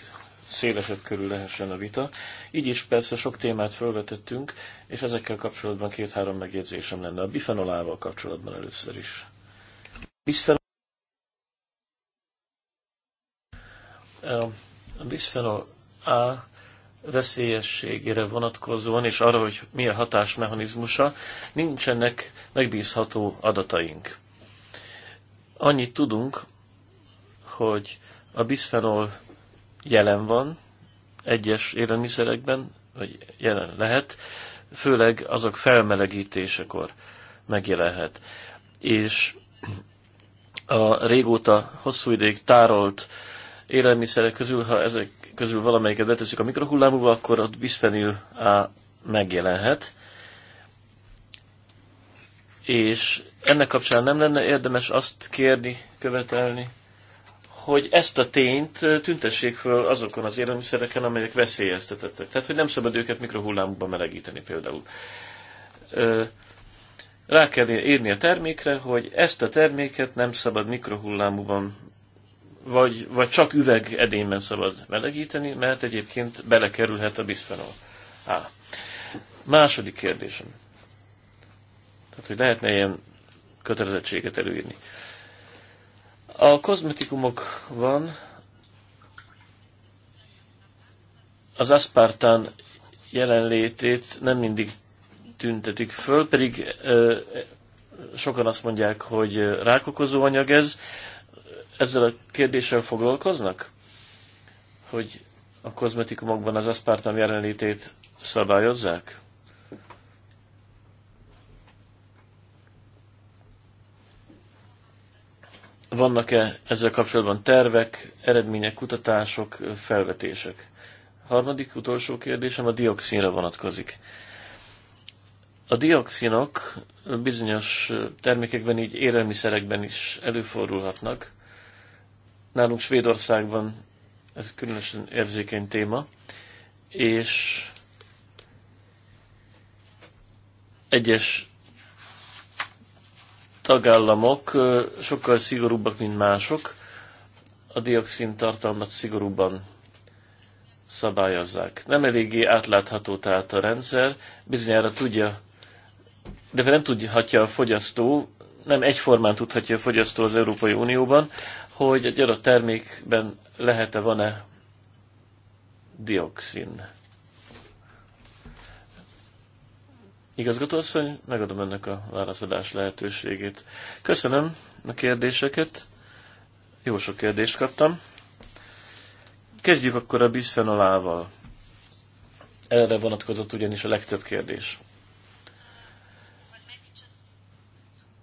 szélesebb körül lehessen a vita. Így is persze sok témát felvetettünk, és ezekkel kapcsolatban két-három megjegyzésem lenne. A bifenolával kapcsolatban először is. Bisfenol. A bisphenol A veszélyességére vonatkozóan és arra, hogy mi a hatásmechanizmusa, nincsenek megbízható adataink. Annyit tudunk, hogy a bisphenol jelen van egyes élelmiszerekben, vagy jelen lehet, főleg azok felmelegítésekor megjelenhet. És a régóta hosszú ideig tárolt élelmiszerek közül, ha ezek közül valamelyiket beteszük a mikrohullámúba, akkor ott bisphenil A megjelenhet. És ennek kapcsán nem lenne érdemes azt kérni, követelni, hogy ezt a tényt tüntessék föl azokon az élelmiszereken, amelyek veszélyeztetettek. Tehát, hogy nem szabad őket mikrohullámokba melegíteni például. Rá kell írni a termékre, hogy ezt a terméket nem szabad mikrohullámúban vagy, vagy csak üveg edényben szabad melegíteni, mert egyébként belekerülhet a bisphenol A. Második kérdésem. Tehát, hogy lehetne ilyen kötelezettséget előírni. A kozmetikumokban az aszpártán jelenlétét nem mindig tüntetik föl, pedig ö, sokan azt mondják, hogy rákokozó anyag ez, ezzel a kérdéssel foglalkoznak? Hogy a kozmetikumokban az aszpártam jelenlétét szabályozzák? Vannak-e ezzel kapcsolatban tervek, eredmények, kutatások, felvetések? Harmadik, utolsó kérdésem a dioxinra vonatkozik. A dioxinok bizonyos termékekben, így élelmiszerekben is előfordulhatnak. Nálunk Svédországban ez különösen érzékeny téma, és egyes tagállamok sokkal szigorúbbak, mint mások, a dioxin tartalmat szigorúban szabályozzák. Nem eléggé átlátható tehát a rendszer, bizonyára tudja, de nem tudhatja a fogyasztó, nem egyformán tudhatja a fogyasztó az Európai Unióban, hogy egy adott termékben lehet-e, van-e dioxin. Igazgatóasszony, megadom ennek a válaszadás lehetőségét. Köszönöm a kérdéseket. Jó sok kérdést kaptam. Kezdjük akkor a bisfenolával. Erre vonatkozott ugyanis a legtöbb kérdés.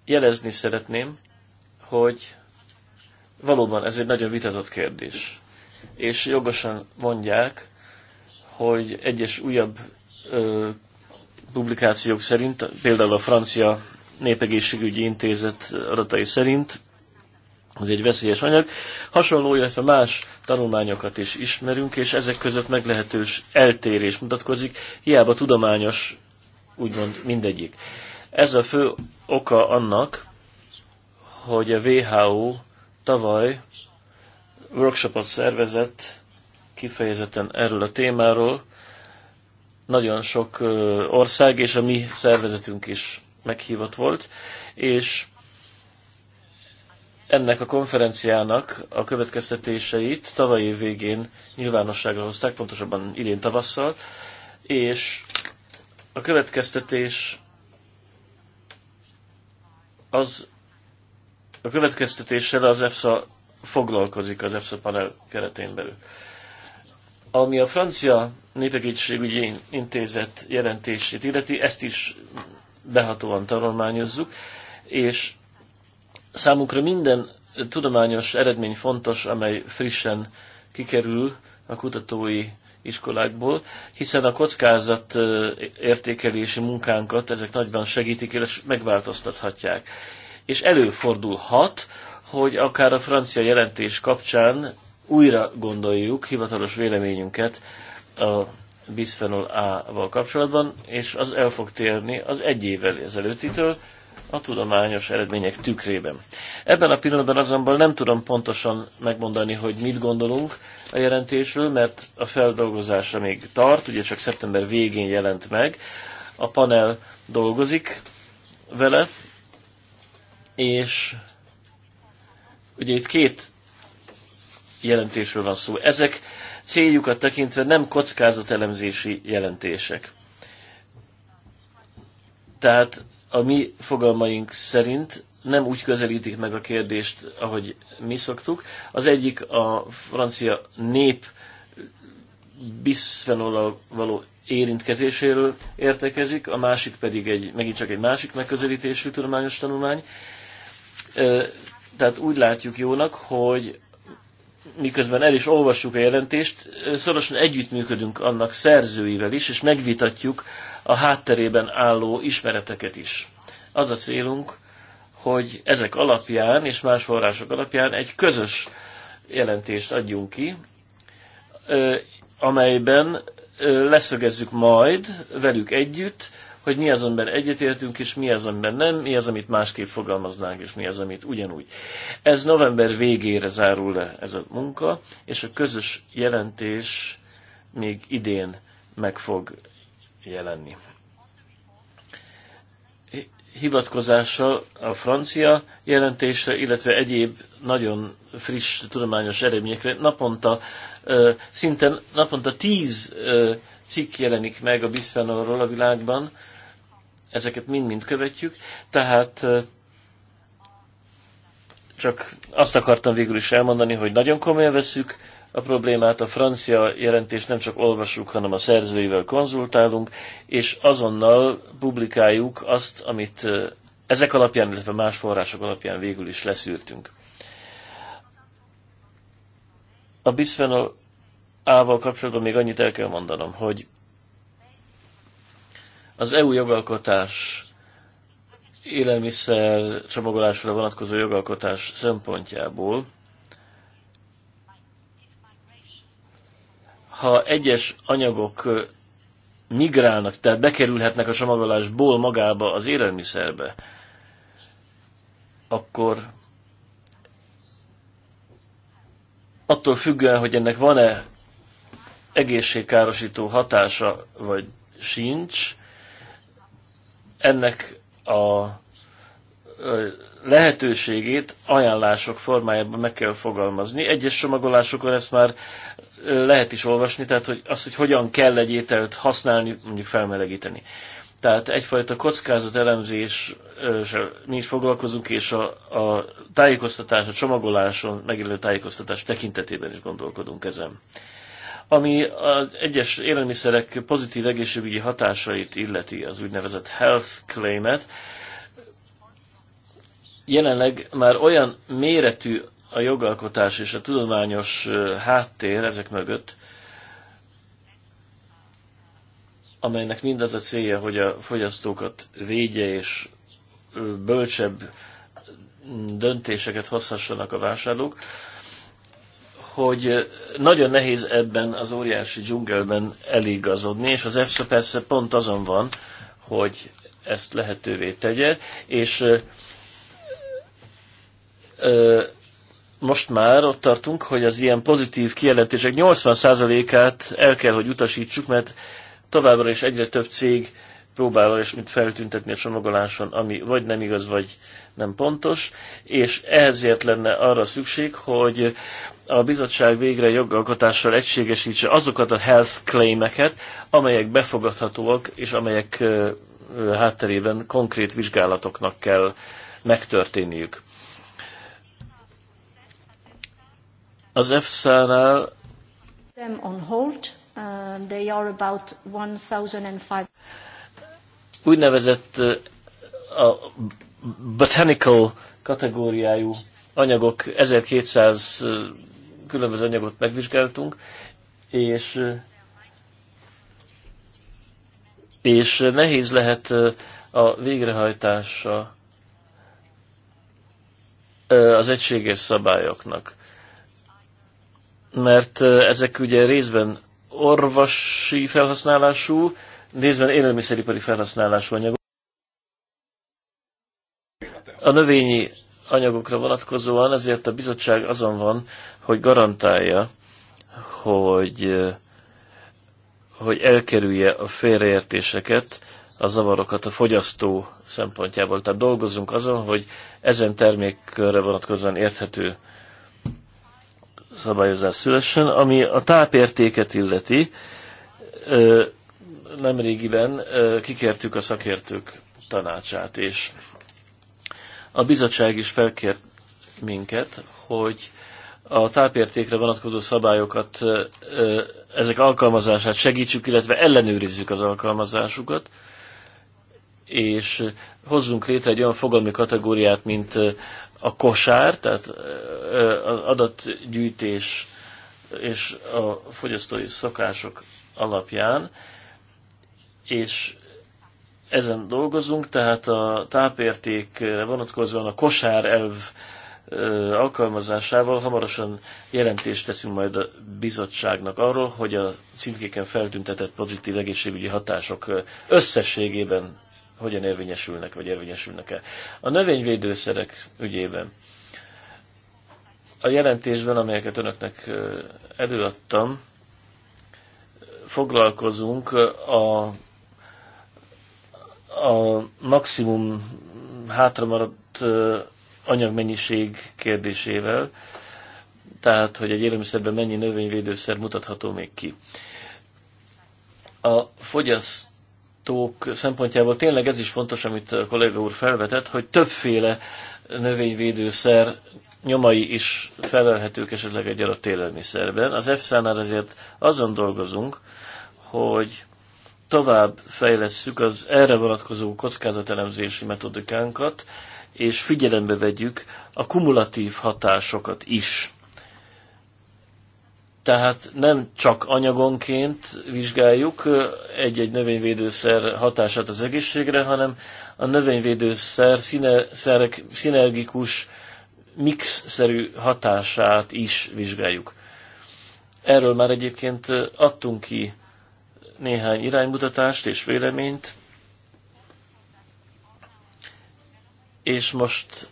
Jelezni szeretném, hogy valóban ez egy nagyon vitatott kérdés. És jogosan mondják, hogy egyes újabb ö, publikációk szerint, például a francia népegészségügyi intézet adatai szerint, ez egy veszélyes anyag. Hasonló, illetve más tanulmányokat is ismerünk, és ezek között meglehetős eltérés mutatkozik, hiába tudományos, úgymond mindegyik. Ez a fő oka annak, hogy a WHO tavaly workshopot szervezett kifejezetten erről a témáról. Nagyon sok ország és a mi szervezetünk is meghívott volt, és ennek a konferenciának a következtetéseit tavaly év végén nyilvánosságra hozták, pontosabban idén tavasszal, és a következtetés az a következtetéssel az EFSA foglalkozik az EFSA panel keretén belül. Ami a francia népegészségügyi intézet jelentését illeti, ezt is behatóan tanulmányozzuk, és számunkra minden tudományos eredmény fontos, amely frissen kikerül a kutatói iskolákból, hiszen a kockázat értékelési munkánkat ezek nagyban segítik, és megváltoztathatják és előfordulhat, hogy akár a francia jelentés kapcsán újra gondoljuk hivatalos véleményünket a bisphenol A-val kapcsolatban, és az el fog térni az egy évvel ezelőttitől a tudományos eredmények tükrében. Ebben a pillanatban azonban nem tudom pontosan megmondani, hogy mit gondolunk a jelentésről, mert a feldolgozása még tart, ugye csak szeptember végén jelent meg. A panel dolgozik vele, és ugye itt két jelentésről van szó. Ezek céljukat tekintve nem kockázatelemzési jelentések. Tehát a mi fogalmaink szerint nem úgy közelítik meg a kérdést, ahogy mi szoktuk. Az egyik a francia nép biszfenola való érintkezéséről értekezik, a másik pedig egy, megint csak egy másik megközelítésű tudományos tanulmány tehát úgy látjuk jónak, hogy miközben el is olvassuk a jelentést, szorosan együttműködünk annak szerzőivel is, és megvitatjuk a hátterében álló ismereteket is. Az a célunk, hogy ezek alapján és más források alapján egy közös jelentést adjunk ki, amelyben leszögezzük majd velük együtt hogy mi az, amiben egyetértünk, és mi az, amiben nem, mi az, amit másképp fogalmaznánk, és mi az, amit ugyanúgy. Ez november végére zárul le ez a munka, és a közös jelentés még idén meg fog jelenni. Hivatkozással a francia jelentésre, illetve egyéb nagyon friss tudományos eredményekre naponta, szinten naponta tíz cikk jelenik meg a bisphenolról a világban, Ezeket mind-mind követjük, tehát csak azt akartam végül is elmondani, hogy nagyon komolyan veszük a problémát, a francia jelentést nem csak olvasjuk, hanem a szerzőivel konzultálunk, és azonnal publikáljuk azt, amit ezek alapján, illetve más források alapján végül is leszűrtünk. A bisphenol A-val kapcsolatban még annyit el kell mondanom, hogy az EU jogalkotás élelmiszer csomagolásra vonatkozó jogalkotás szempontjából, ha egyes anyagok migrálnak, tehát bekerülhetnek a csomagolásból magába az élelmiszerbe, akkor attól függően, hogy ennek van-e egészségkárosító hatása, vagy sincs, ennek a lehetőségét ajánlások formájában meg kell fogalmazni. Egyes csomagolásokon ezt már lehet is olvasni, tehát hogy az, hogy hogyan kell egy ételt használni, mondjuk felmelegíteni. Tehát egyfajta kockázat elemzés, mi is foglalkozunk, és a, a tájékoztatás, a csomagoláson megélő tájékoztatás tekintetében is gondolkodunk ezen. Ami az egyes élelmiszerek pozitív egészségügyi hatásait illeti, az úgynevezett health claimet, jelenleg már olyan méretű a jogalkotás és a tudományos háttér ezek mögött, amelynek mindaz a célja, hogy a fogyasztókat védje és bölcsebb döntéseket hozhassanak a vásárlók, hogy eh, nagyon nehéz ebben az óriási dzsungelben eligazodni, és az EFSA persze pont azon van, hogy ezt lehetővé tegye, és ö, eh, ö, eh, most már ott tartunk, hogy az ilyen pozitív kijelentések 80%-át el kell, hogy utasítsuk, mert továbbra is egyre több cég próbál olyasmit feltüntetni a csomagoláson, ami vagy nem igaz, vagy nem pontos, és ezért lenne arra szükség, hogy a bizottság végre jogalkotással egységesítse azokat a health claimeket, amelyek befogadhatóak, és amelyek hátterében konkrét vizsgálatoknak kell megtörténniük. Az EFSA-nál on hold. Uh, they are about 1,005 úgynevezett a botanical kategóriájú anyagok, 1200 különböző anyagot megvizsgáltunk, és, és nehéz lehet a végrehajtása az egységes szabályoknak. Mert ezek ugye részben orvosi felhasználású, részben élelmiszeripari felhasználású anyagok. A növényi anyagokra vonatkozóan ezért a bizottság azon van, hogy garantálja, hogy, hogy elkerülje a félreértéseket, a zavarokat a fogyasztó szempontjából. Tehát dolgozunk azon, hogy ezen termékkörre vonatkozóan érthető szabályozás szülessen. Ami a tápértéket illeti, nemrégiben kikértük a szakértők tanácsát, és a bizottság is felkért minket, hogy a tápértékre vonatkozó szabályokat, ezek alkalmazását segítsük, illetve ellenőrizzük az alkalmazásukat, és hozzunk létre egy olyan fogalmi kategóriát, mint a kosár, tehát az adatgyűjtés és a fogyasztói szokások alapján és ezen dolgozunk, tehát a tápértékre vonatkozóan a kosár elv alkalmazásával hamarosan jelentést teszünk majd a bizottságnak arról, hogy a címkéken feltüntetett pozitív egészségügyi hatások összességében hogyan érvényesülnek, vagy érvényesülnek-e. A növényvédőszerek ügyében a jelentésben, amelyeket önöknek előadtam, foglalkozunk a a maximum hátramaradt anyagmennyiség kérdésével, tehát hogy egy élelmiszerben mennyi növényvédőszer mutatható még ki. A fogyasztók szempontjából tényleg ez is fontos, amit a kolléga úr felvetett, hogy többféle növényvédőszer nyomai is felelhetők esetleg egy adott élelmiszerben. Az EFSA-nál azért azon dolgozunk, hogy tovább fejlesszük az erre vonatkozó kockázatelemzési metodikánkat, és figyelembe vegyük a kumulatív hatásokat is. Tehát nem csak anyagonként vizsgáljuk egy-egy növényvédőszer hatását az egészségre, hanem a növényvédőszer szerek szinergikus, mix-szerű hatását is vizsgáljuk. Erről már egyébként adtunk ki néhány iránymutatást és véleményt, és most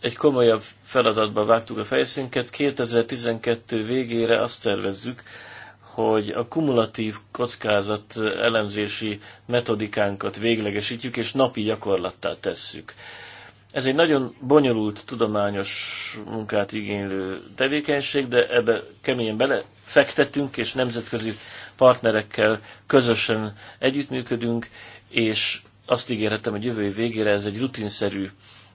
egy komolyabb feladatba vágtuk a fejszénket. 2012 végére azt tervezzük, hogy a kumulatív kockázat elemzési metodikánkat véglegesítjük, és napi gyakorlattá tesszük. Ez egy nagyon bonyolult, tudományos munkát igénylő tevékenység, de ebbe keményen belefektettünk, és nemzetközi partnerekkel közösen együttműködünk, és azt ígérhetem, hogy jövő végére ez egy rutinszerű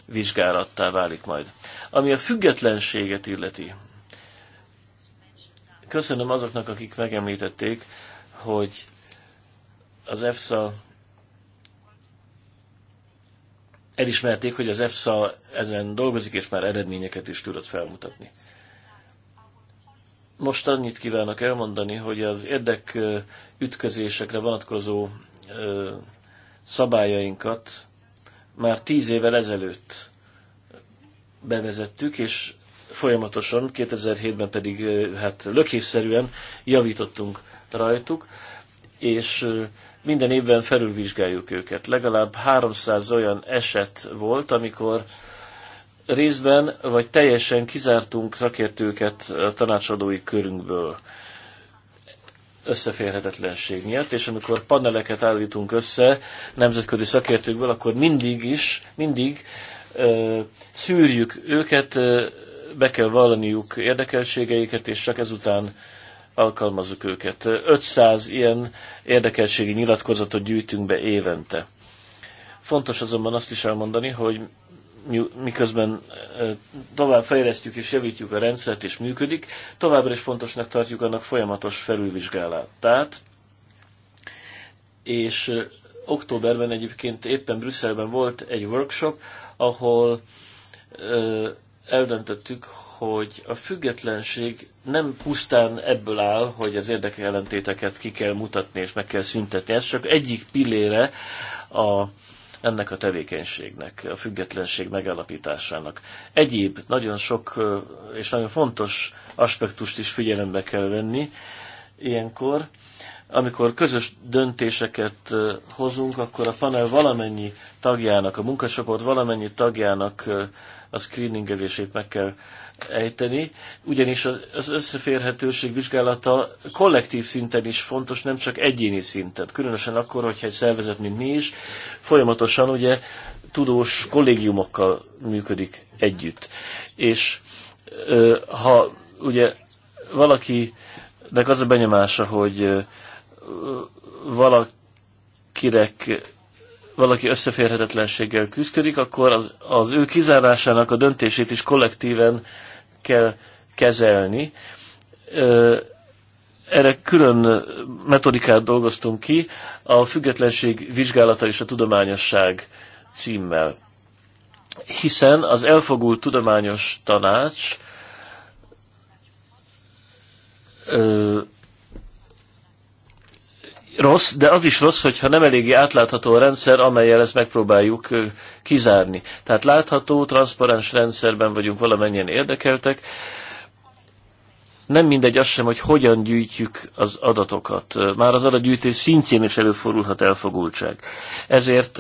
vizsgálattá válik majd. Ami a függetlenséget illeti, köszönöm azoknak, akik megemlítették, hogy az EFSA elismerték, hogy az EFSA ezen dolgozik, és már eredményeket is tudott felmutatni. Most annyit kívánok elmondani, hogy az érdek ütközésekre vonatkozó szabályainkat már tíz évvel ezelőtt bevezettük, és folyamatosan, 2007-ben pedig hát lökésszerűen javítottunk rajtuk, és minden évben felülvizsgáljuk őket. Legalább 300 olyan eset volt, amikor részben vagy teljesen kizártunk szakértőket a tanácsadói körünkből összeférhetetlenség miatt, és amikor paneleket állítunk össze nemzetközi szakértőkből, akkor mindig is, mindig ö, szűrjük őket, ö, be kell vallaniuk érdekeltségeiket, és csak ezután alkalmazzuk őket. 500 ilyen érdekeltségi nyilatkozatot gyűjtünk be évente. Fontos azonban azt is elmondani, hogy miközben tovább fejlesztjük és javítjuk a rendszert, és működik, továbbra is fontosnak tartjuk annak folyamatos felülvizsgálatát. És októberben egyébként éppen Brüsszelben volt egy workshop, ahol eldöntöttük, hogy a függetlenség nem pusztán ebből áll, hogy az érdekellentéteket ki kell mutatni és meg kell szüntetni. Ez csak egyik pillére a ennek a tevékenységnek, a függetlenség megállapításának. Egyéb nagyon sok és nagyon fontos aspektust is figyelembe kell venni ilyenkor. Amikor közös döntéseket hozunk, akkor a panel valamennyi tagjának, a munkacsoport valamennyi tagjának a screeningezését meg kell ejteni, ugyanis az összeférhetőség vizsgálata kollektív szinten is fontos, nem csak egyéni szinten. Különösen akkor, hogyha egy szervezet, mint mi is, folyamatosan ugye tudós kollégiumokkal működik együtt. És ha ugye valakinek az a benyomása, hogy valakinek valaki összeférhetetlenséggel küzdik, akkor az, az ő kizárásának a döntését is kollektíven kell kezelni. Erre külön metodikát dolgoztunk ki, a függetlenség vizsgálata és a tudományosság címmel. Hiszen az elfogult tudományos tanács rossz, de az is rossz, hogyha nem eléggé átlátható a rendszer, amelyel ezt megpróbáljuk kizárni. Tehát látható, transzparens rendszerben vagyunk valamennyien érdekeltek. Nem mindegy az sem, hogy hogyan gyűjtjük az adatokat. Már az adatgyűjtés szintjén is előfordulhat elfogultság. Ezért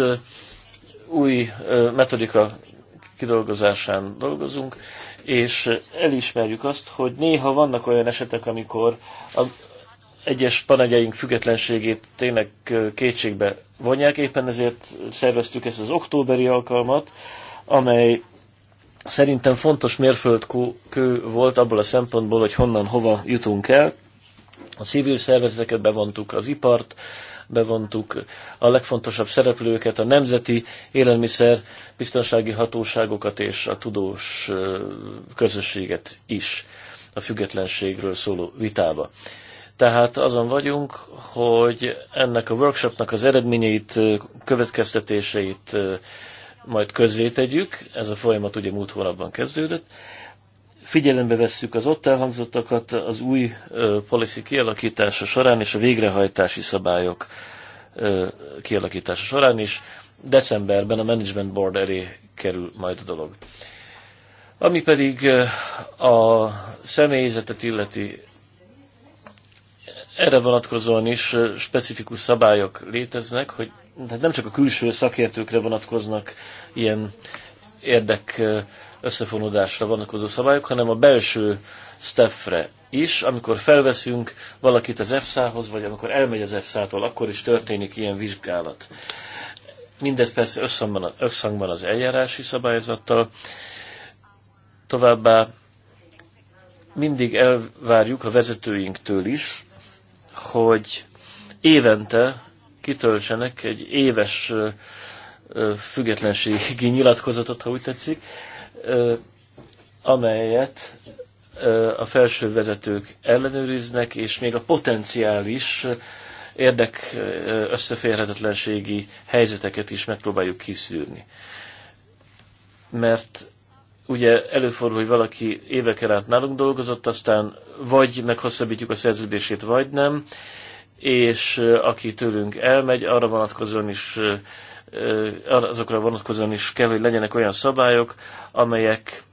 új metodika kidolgozásán dolgozunk, és elismerjük azt, hogy néha vannak olyan esetek, amikor egyes panegyeink függetlenségét tényleg kétségbe vonják, éppen ezért szerveztük ezt az októberi alkalmat, amely szerintem fontos mérföldkő volt abból a szempontból, hogy honnan hova jutunk el. A civil szervezeteket bevontuk, az ipart bevontuk, a legfontosabb szereplőket, a nemzeti élelmiszer biztonsági hatóságokat és a tudós közösséget is a függetlenségről szóló vitába. Tehát azon vagyunk, hogy ennek a workshopnak az eredményeit, következtetéseit majd közzétegyük. Ez a folyamat ugye múlt hónapban kezdődött. Figyelembe vesszük az ott elhangzottakat az új policy kialakítása során és a végrehajtási szabályok kialakítása során is. Decemberben a Management Board elé kerül majd a dolog. Ami pedig a személyzetet illeti erre vonatkozóan is specifikus szabályok léteznek, hogy hát nem csak a külső szakértőkre vonatkoznak ilyen érdek összefonódásra vonatkozó szabályok, hanem a belső staffre is, amikor felveszünk valakit az EFSA-hoz, vagy amikor elmegy az EFSA-tól, akkor is történik ilyen vizsgálat. Mindez persze összhangban, összhangban az eljárási szabályzattal. Továbbá mindig elvárjuk a vezetőinktől is, hogy évente kitöltsenek egy éves függetlenségi nyilatkozatot, ha úgy tetszik, amelyet a felső vezetők ellenőriznek, és még a potenciális érdek összeférhetetlenségi helyzeteket is megpróbáljuk kiszűrni. Mert ugye előfordul, hogy valaki éveken át nálunk dolgozott, aztán vagy meghosszabbítjuk a szerződését, vagy nem, és aki tőlünk elmegy, arra vonatkozóan is azokra vonatkozóan is kell, hogy legyenek olyan szabályok, amelyek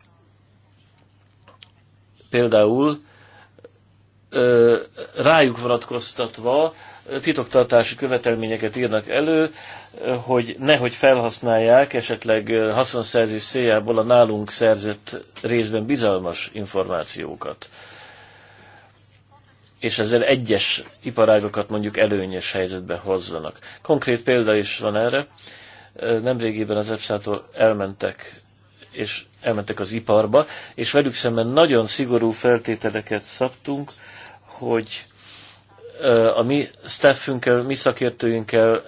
például rájuk vonatkoztatva titoktartási követelményeket írnak elő, hogy nehogy felhasználják esetleg haszonszerzés céljából a nálunk szerzett részben bizalmas információkat. És ezzel egyes iparágokat mondjuk előnyös helyzetbe hozzanak. Konkrét példa is van erre. Nemrégiben az epsz tól elmentek és elmentek az iparba, és velük szemben nagyon szigorú feltételeket szabtunk, hogy a mi staffünkkel, mi szakértőinkkel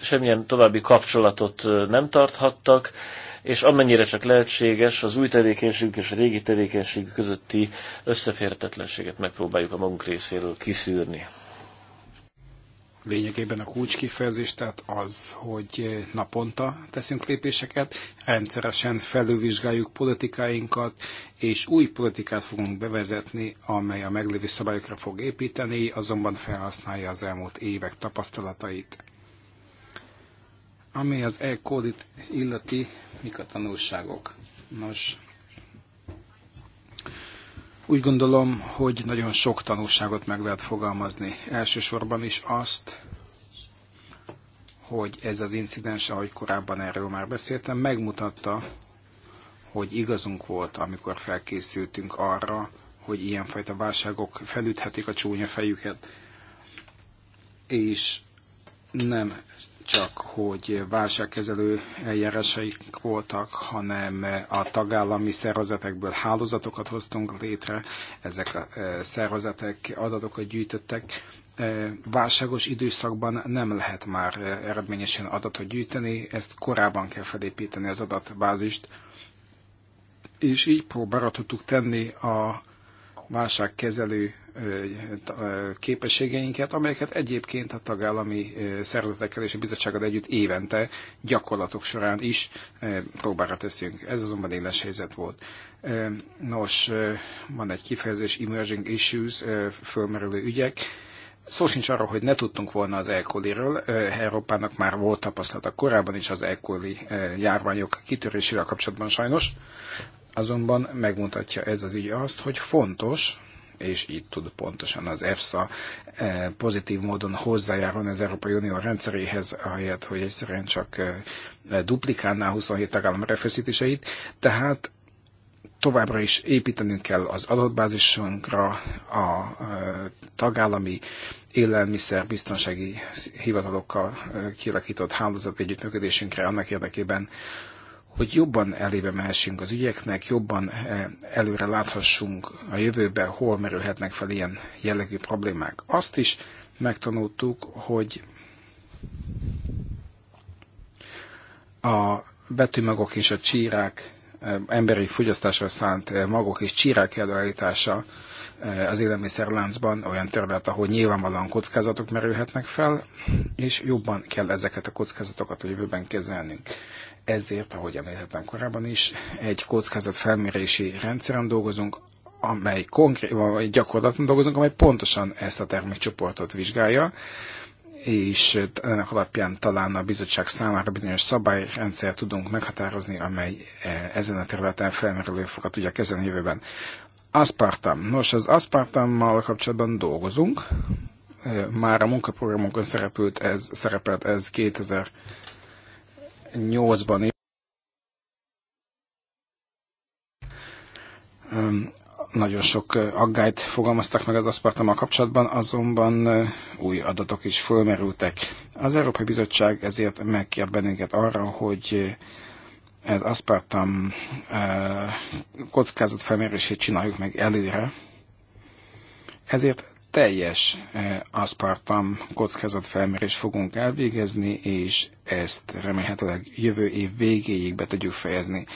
semmilyen további kapcsolatot nem tarthattak, és amennyire csak lehetséges, az új tevékenységük és a régi tevékenységük közötti összeférhetetlenséget megpróbáljuk a magunk részéről kiszűrni lényegében a kulcskifejezés, tehát az, hogy naponta teszünk lépéseket, rendszeresen felülvizsgáljuk politikáinkat, és új politikát fogunk bevezetni, amely a meglévő szabályokra fog építeni, azonban felhasználja az elmúlt évek tapasztalatait. Ami az e illeti, mik a tanulságok? Nos, úgy gondolom, hogy nagyon sok tanulságot meg lehet fogalmazni. Elsősorban is azt, hogy ez az incidens, ahogy korábban erről már beszéltem, megmutatta, hogy igazunk volt, amikor felkészültünk arra, hogy ilyenfajta válságok felüthetik a csúnya fejüket, és nem csak, hogy válságkezelő eljárásaik voltak, hanem a tagállami szervezetekből hálózatokat hoztunk létre, ezek a e, szervezetek adatokat gyűjtöttek. E, válságos időszakban nem lehet már eredményesen adatot gyűjteni, ezt korábban kell felépíteni az adatbázist, és így próbára tudtuk tenni a válságkezelő képességeinket, amelyeket egyébként a tagállami szervezetekkel és a bizottsággal együtt évente gyakorlatok során is próbára teszünk. Ez azonban éles helyzet volt. Nos, van egy kifejezés, emerging issues, fölmerülő ügyek, szó sincs arról, hogy ne tudtunk volna az elkoliről. Európának már volt tapasztalata korábban is az elkoli járványok kitörésével kapcsolatban sajnos. Azonban megmutatja ez az ügy azt, hogy fontos, és így tud pontosan az EFSA eh, pozitív módon hozzájárulni az Európai Unió rendszeréhez, ahelyett, hogy egyszerűen csak eh, duplikálná 27 tagállam refeszítéseit. Tehát továbbra is építenünk kell az adatbázisunkra, a eh, tagállami élelmiszerbiztonsági hivatalokkal kialakított hálózat együttműködésünkre annak érdekében, hogy jobban elébe mehessünk az ügyeknek, jobban eh, előre láthassunk a jövőbe, hol merülhetnek fel ilyen jellegű problémák. Azt is megtanultuk, hogy a betűmagok és a csírák, eh, emberi fogyasztásra szánt eh, magok és csírák előállítása az élelmiszerláncban olyan terület, ahol nyilvánvalóan kockázatok merülhetnek fel, és jobban kell ezeket a kockázatokat a jövőben kezelnünk. Ezért, ahogy említettem korábban is, egy kockázat felmérési rendszeren dolgozunk, amely konkrét, vagy gyakorlaton dolgozunk, amely pontosan ezt a termékcsoportot vizsgálja, és ennek alapján talán a bizottság számára bizonyos szabályrendszer tudunk meghatározni, amely e, ezen a területen felmerülő fogat tudja kezelni jövőben. Aspartam. Nos, az aspartammal kapcsolatban dolgozunk. E, már a munkaprogramunkon szerepült ez, szerepelt ez 2000 2008-ban is nagyon sok aggályt fogalmaztak meg az aszpartammal kapcsolatban, azonban új adatok is fölmerültek. Az Európai Bizottság ezért megkért bennünket arra, hogy az aszpartam kockázatfelmérését csináljuk meg előre. Ezért teljes eh, aspartam kockázatfelmérés fogunk elvégezni, és ezt remélhetőleg jövő év végéig be tudjuk fejezni.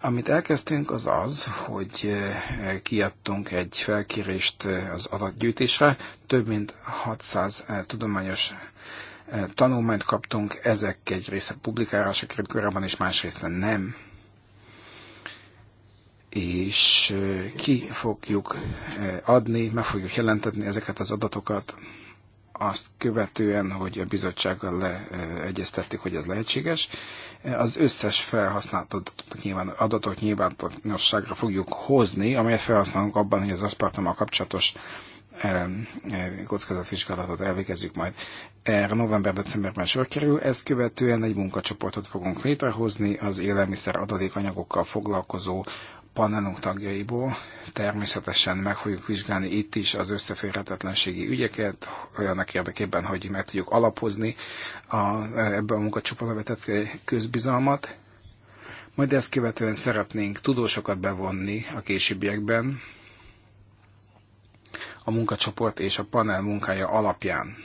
Amit elkezdtünk az az, hogy eh, kiadtunk egy felkérést eh, az adatgyűjtésre, több mint 600 tudományos tanulmányt kaptunk, ezek egy része publikálásra került korábban, és másrészt nem és ki fogjuk adni, meg fogjuk jelentetni ezeket az adatokat, azt követően, hogy a bizottsággal leegyeztettük, hogy ez lehetséges. Az összes felhasznált adatot, nyilván, adatot nyilvánosságra fogjuk hozni, amelyet felhasználunk abban, hogy az aszpartammal kapcsolatos kockázatvizsgálatot elvégezzük majd. Erre november-decemberben sor kerül, ezt követően egy munkacsoportot fogunk létrehozni az élelmiszer adatékanyagokkal foglalkozó panelunk tagjaiból. Természetesen meg fogjuk vizsgálni itt is az összeférhetetlenségi ügyeket, olyanak érdekében, hogy meg tudjuk alapozni a, ebbe a munkacsoportba vetett közbizalmat. Majd ezt követően szeretnénk tudósokat bevonni a későbbiekben a munkacsoport és a panel munkája alapján.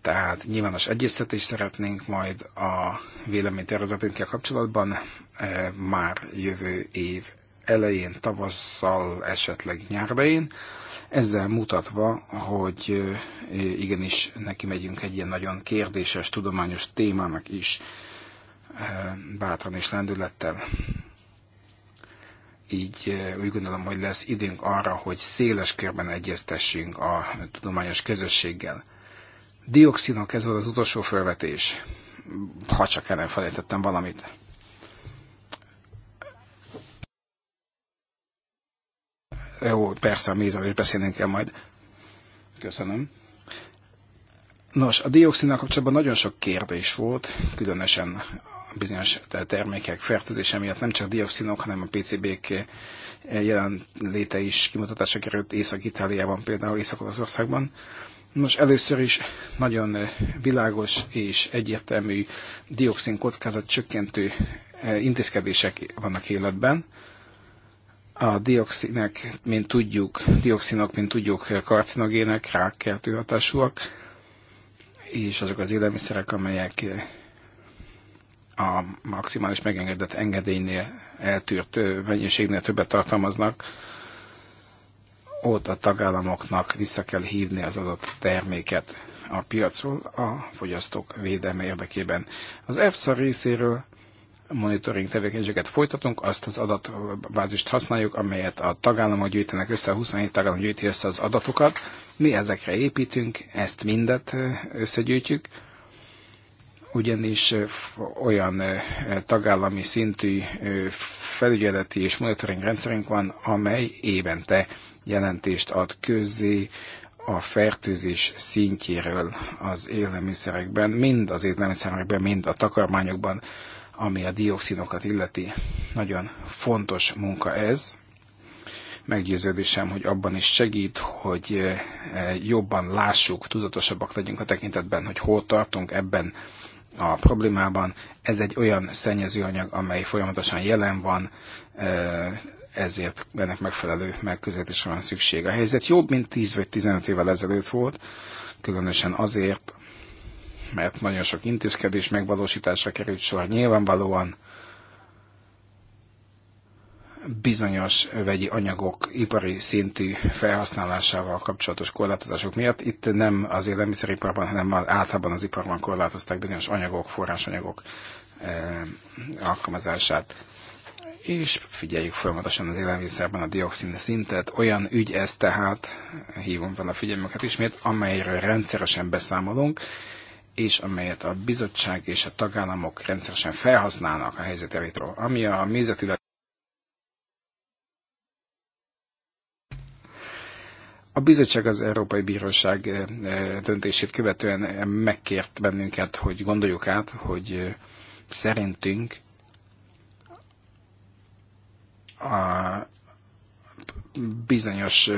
Tehát nyilvános egyeztetést szeretnénk majd a véleménytervezetünkkel kapcsolatban, E, már jövő év elején, tavasszal, esetleg nyárbein, ezzel mutatva, hogy e, igenis neki megyünk egy ilyen nagyon kérdéses, tudományos témának is e, bátran és lendülettel. Így úgy gondolom, hogy lesz időnk arra, hogy széles körben egyeztessünk a tudományos közösséggel. Dioxinok, ez volt az utolsó felvetés. Ha csak el nem felejtettem valamit. Jó, persze a mézről is beszélnünk kell majd. Köszönöm. Nos, a dioxinnal kapcsolatban nagyon sok kérdés volt, különösen bizonyos termékek fertőzése miatt nem csak dioxinok, hanem a PCB-k jelenléte is kimutatásra került Észak-Itáliában, például Észak-Olaszországban. Nos, először is nagyon világos és egyértelmű dioxin kockázat csökkentő intézkedések vannak életben a dioxinek, mint tudjuk, dioxinok, mint tudjuk, karcinogének, rákkeltő hatásúak, és azok az élelmiszerek, amelyek a maximális megengedett engedélynél eltűrt mennyiségnél többet tartalmaznak, ott a tagállamoknak vissza kell hívni az adott terméket a piacról a fogyasztók védelme érdekében. Az EFSA részéről monitoring tevékenységet folytatunk, azt az adatbázist használjuk, amelyet a tagállamok gyűjtenek össze, a 27 tagállam gyűjti össze az adatokat. Mi ezekre építünk, ezt mindet összegyűjtjük, ugyanis olyan tagállami szintű felügyeleti és monitoring rendszerünk van, amely évente jelentést ad közzé a fertőzés szintjéről az élelmiszerekben, mind az élelmiszerekben, mind a takarmányokban ami a dioxinokat illeti. Nagyon fontos munka ez. Meggyőződésem, hogy abban is segít, hogy eh, jobban lássuk, tudatosabbak legyünk a tekintetben, hogy hol tartunk ebben a problémában. Ez egy olyan szennyezőanyag, amely folyamatosan jelen van, eh, ezért ennek megfelelő megközelítésre van szükség. A helyzet jobb, mint 10 vagy 15 évvel ezelőtt volt, különösen azért, mert nagyon sok intézkedés megvalósításra került sor. Nyilvánvalóan bizonyos vegyi anyagok ipari szintű felhasználásával kapcsolatos korlátozások miatt. Itt nem az élelmiszeriparban, hanem általában az iparban korlátozták bizonyos anyagok, forrásanyagok eh, alkalmazását. És figyeljük folyamatosan az élelmiszerben a dioxin szintet. Olyan ügy ez tehát, hívom fel a figyelmüket ismét, amelyről rendszeresen beszámolunk, és amelyet a bizottság és a tagállamok rendszeresen felhasználnak a helyzet javítról. Ami a mézetileg A bizottság az Európai Bíróság eh, döntését követően eh, megkért bennünket, hogy gondoljuk át, hogy eh, szerintünk a bizonyos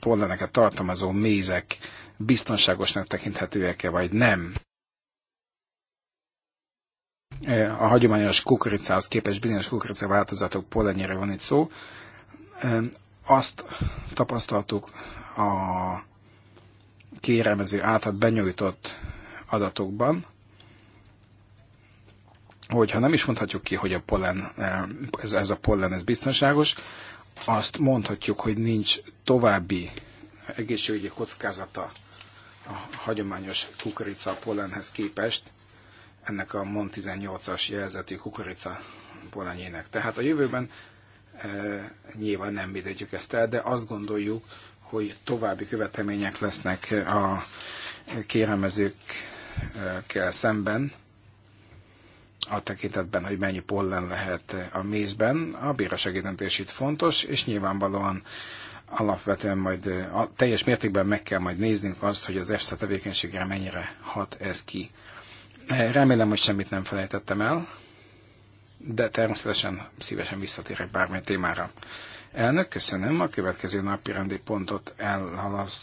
polleneket tartalmazó mézek biztonságosnak tekinthetőek-e, vagy nem. E, a hagyományos kukoricához képest bizonyos kukorica változatok pollenjére van itt szó. E, azt tapasztaltuk a kérelmező által benyújtott adatokban, hogyha nem is mondhatjuk ki, hogy a pollen, e, ez, ez a pollen ez biztonságos, azt mondhatjuk, hogy nincs további egészségügyi kockázata a hagyományos kukorica pollenhez képest, ennek a MON 18-as jelzetű kukorica polanyének. Tehát a jövőben e, nyilván nem védjük ezt el, de azt gondoljuk, hogy további követelmények lesznek a kéremezőkkel szemben, a tekintetben, hogy mennyi pollen lehet a mézben. A bírasági döntés itt fontos, és nyilvánvalóan alapvetően majd a teljes mértékben meg kell majd néznünk azt, hogy az EFSA tevékenységre mennyire hat ez ki. Eh, remélem, hogy semmit nem felejtettem el, de természetesen szívesen visszatérek bármely témára. Elnök, köszönöm. A következő napi rendi pontot elhalasz,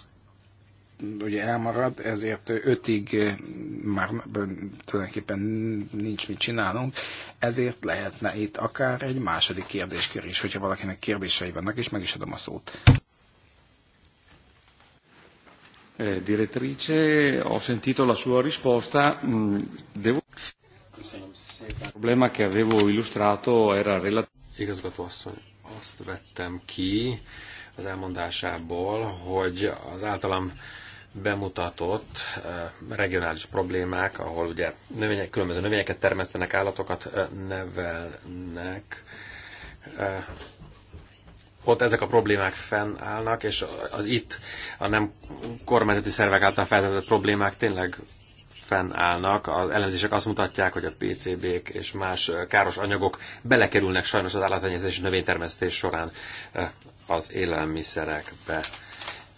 ugye elmarad, ezért ötig eh, már tulajdonképpen nincs mit csinálnunk, ezért lehetne itt akár egy második kérdéskör is, hogyha valakinek kérdései vannak, és meg is adom a szót eh, direttrice, ho sentito la sua risposta. Mm, devo... probléma che avevo illustrato era relativo. Igazgató asszony, azt vettem ki az elmondásából, hogy az általam bemutatott eh, regionális problémák, ahol ugye növények, különböző növényeket termesztenek, állatokat eh, nevelnek, eh, ott ezek a problémák fennállnak, és az itt a nem kormányzati szervek által feltetett problémák tényleg fennállnak. Az elemzések azt mutatják, hogy a PCB-k és más káros anyagok belekerülnek sajnos az állattenyésztés és növénytermesztés során az élelmiszerekbe.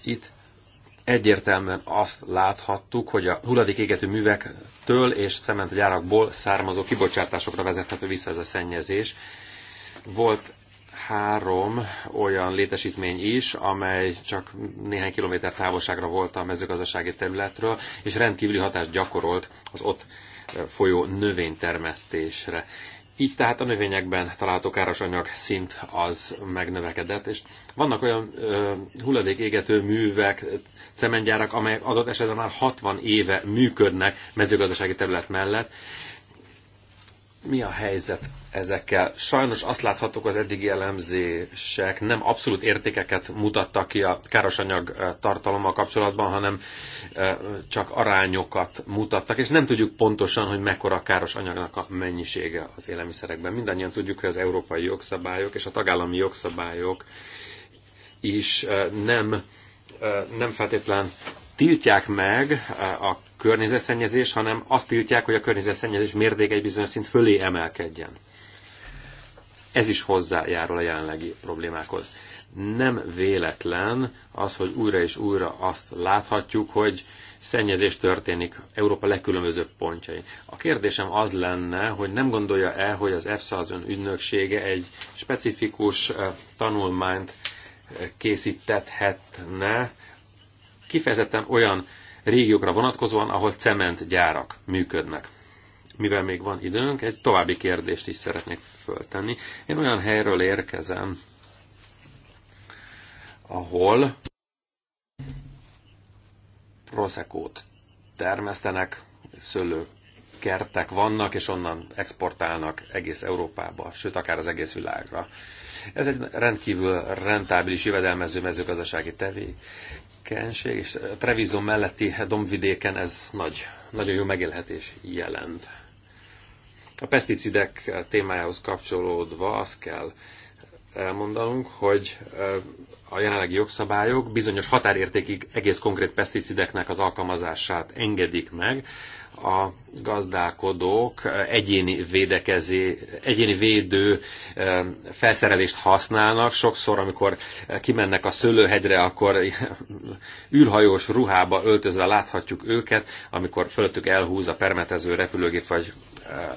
Itt egyértelműen azt láthattuk, hogy a égető művektől és cementgyárakból származó kibocsátásokra vezethető vissza ez a szennyezés. Volt három olyan létesítmény is, amely csak néhány kilométer távolságra volt a mezőgazdasági területről, és rendkívüli hatást gyakorolt az ott folyó növénytermesztésre. Így tehát a növényekben található károsanyag szint az megnövekedett, és vannak olyan ö, hulladékégető művek, cementgyárak, amelyek adott esetben már 60 éve működnek mezőgazdasági terület mellett, mi a helyzet ezekkel? Sajnos azt láthattuk, az eddigi elemzések nem abszolút értékeket mutattak ki a károsanyag eh, tartalommal kapcsolatban, hanem eh, csak arányokat mutattak, és nem tudjuk pontosan, hogy mekkora a káros anyagnak a mennyisége az élelmiszerekben. Mindannyian tudjuk, hogy az európai jogszabályok és a tagállami jogszabályok is eh, nem, nem feltétlen tiltják meg a környezetszennyezés, hanem azt tiltják, hogy a környezetszennyezés mérdék egy bizonyos szint fölé emelkedjen. Ez is hozzájárul a jelenlegi problémákhoz. Nem véletlen az, hogy újra és újra azt láthatjuk, hogy szennyezés történik Európa legkülönbözőbb pontjain. A kérdésem az lenne, hogy nem gondolja el, hogy az EFSA az ön ügynöksége egy specifikus eh, tanulmányt eh, készítethetne, kifejezetten olyan régiókra vonatkozóan, ahol cementgyárak működnek. Mivel még van időnk, egy további kérdést is szeretnék föltenni. Én olyan helyről érkezem, ahol proszekót termesztenek, szőlő kertek vannak, és onnan exportálnak egész Európába, sőt, akár az egész világra. Ez egy rendkívül rentábilis, jövedelmező mezőgazdasági tevé, tevékenység, és a eh, Treviso melletti domvidéken ez nagy, nagyon jó megélhetés jelent. A peszticidek eh, témájához kapcsolódva azt kell elmondanunk, hogy eh, a jelenlegi jogszabályok bizonyos határértékig egész konkrét peszticideknek az alkalmazását engedik meg, a gazdálkodók egyéni, védekezi, egyéni védő eh, felszerelést használnak. Sokszor, amikor kimennek a szőlőhegyre, akkor űrhajós ruhába öltözve láthatjuk őket, amikor fölöttük elhúz a permetező repülőgép vagy eh,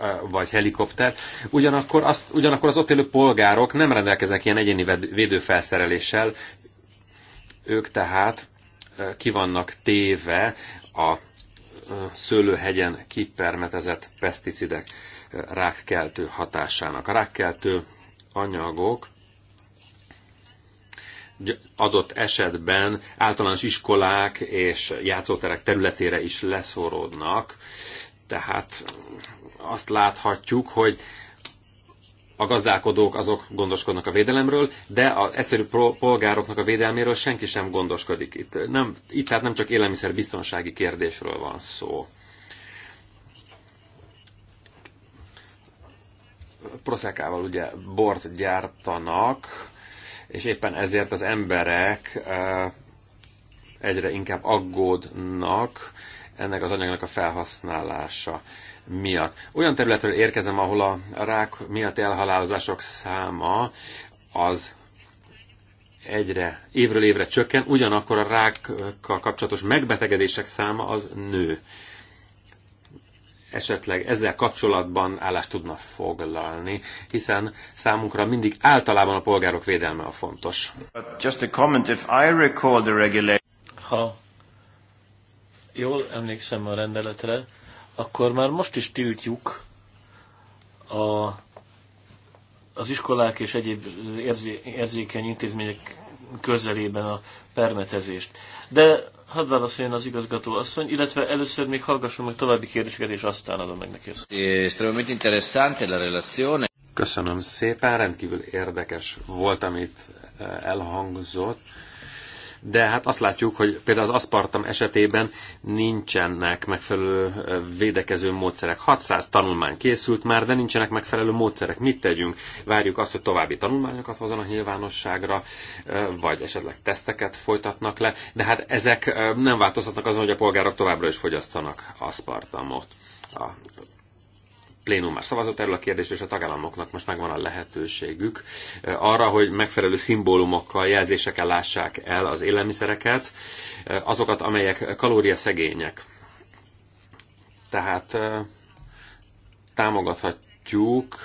eh, vagy helikopter. Ugyanakkor, azt, ugyanakkor az ott élő polgárok nem rendelkeznek ilyen egyéni védőfelszereléssel, ők tehát ki vannak téve a szőlőhegyen kipermetezett peszticidek eh, rákkeltő hatásának. A rákkeltő anyagok adott esetben általános iskolák és játszóterek területére is leszorodnak, tehát azt láthatjuk, hogy a gazdálkodók azok gondoskodnak a védelemről, de az egyszerű polgároknak a védelméről senki sem gondoskodik. Itt, nem, itt tehát nem csak élelmiszer biztonsági kérdésről van szó. Proszekával ugye bort gyártanak, és éppen ezért az emberek egyre inkább aggódnak ennek az anyagnak a felhasználása miatt. Olyan területről érkezem, ahol a rák miatt elhalálozások száma az egyre, évről évre csökken, ugyanakkor a rákkal kapcsolatos megbetegedések száma az nő. Esetleg ezzel kapcsolatban állást tudna foglalni, hiszen számunkra mindig általában a polgárok védelme a fontos. Just a comment, if I recall the regulation... Ha jól emlékszem a rendeletre, akkor már most is tiltjuk a, az iskolák és egyéb érzé, érzékeny intézmények közelében a permetezést. De hadd válaszoljon az igazgató asszony, illetve először még hallgassunk meg további kérdéseket, és aztán adom meg neki ezt. Eh, Köszönöm szépen, rendkívül érdekes volt, amit eh, elhangzott de hát azt látjuk, hogy például az aszpartam esetében nincsenek megfelelő védekező módszerek. 600 tanulmány készült már, de nincsenek megfelelő módszerek. Mit tegyünk? Várjuk azt, hogy további tanulmányokat hozzanak nyilvánosságra, vagy esetleg teszteket folytatnak le, de hát ezek nem változtatnak azon, hogy a polgárok továbbra is fogyasztanak aszpartamot a plénum már szavazott erről a kérdésről, és a tagállamoknak most megvan a lehetőségük eh, arra, hogy megfelelő szimbólumokkal, jelzésekkel lássák el az élelmiszereket, eh, azokat, amelyek kalóriaszegények. Tehát eh, támogathatjuk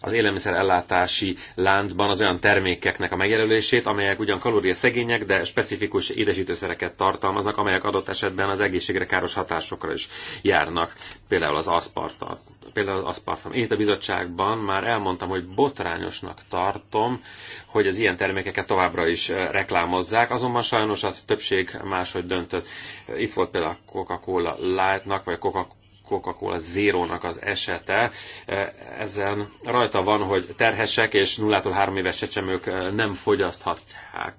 az élelmiszerellátási láncban az olyan termékeknek a megjelölését, amelyek ugyan kalóriaszegények, de specifikus édesítőszereket tartalmaznak, amelyek adott esetben az egészségre káros hatásokra is járnak. Például az aszpartal. Például az aszpartam. Én itt a bizottságban már elmondtam, hogy botrányosnak tartom, hogy az ilyen termékeket továbbra is eh, reklámozzák, azonban sajnos a többség máshogy döntött. Itt volt például a Coca-Cola Light-nak, vagy a Coca-Cola Coca-Cola Zero-nak az esete. E, Ezen rajta van, hogy terhesek és 0-3 éves csecsemők e, nem fogyaszthatják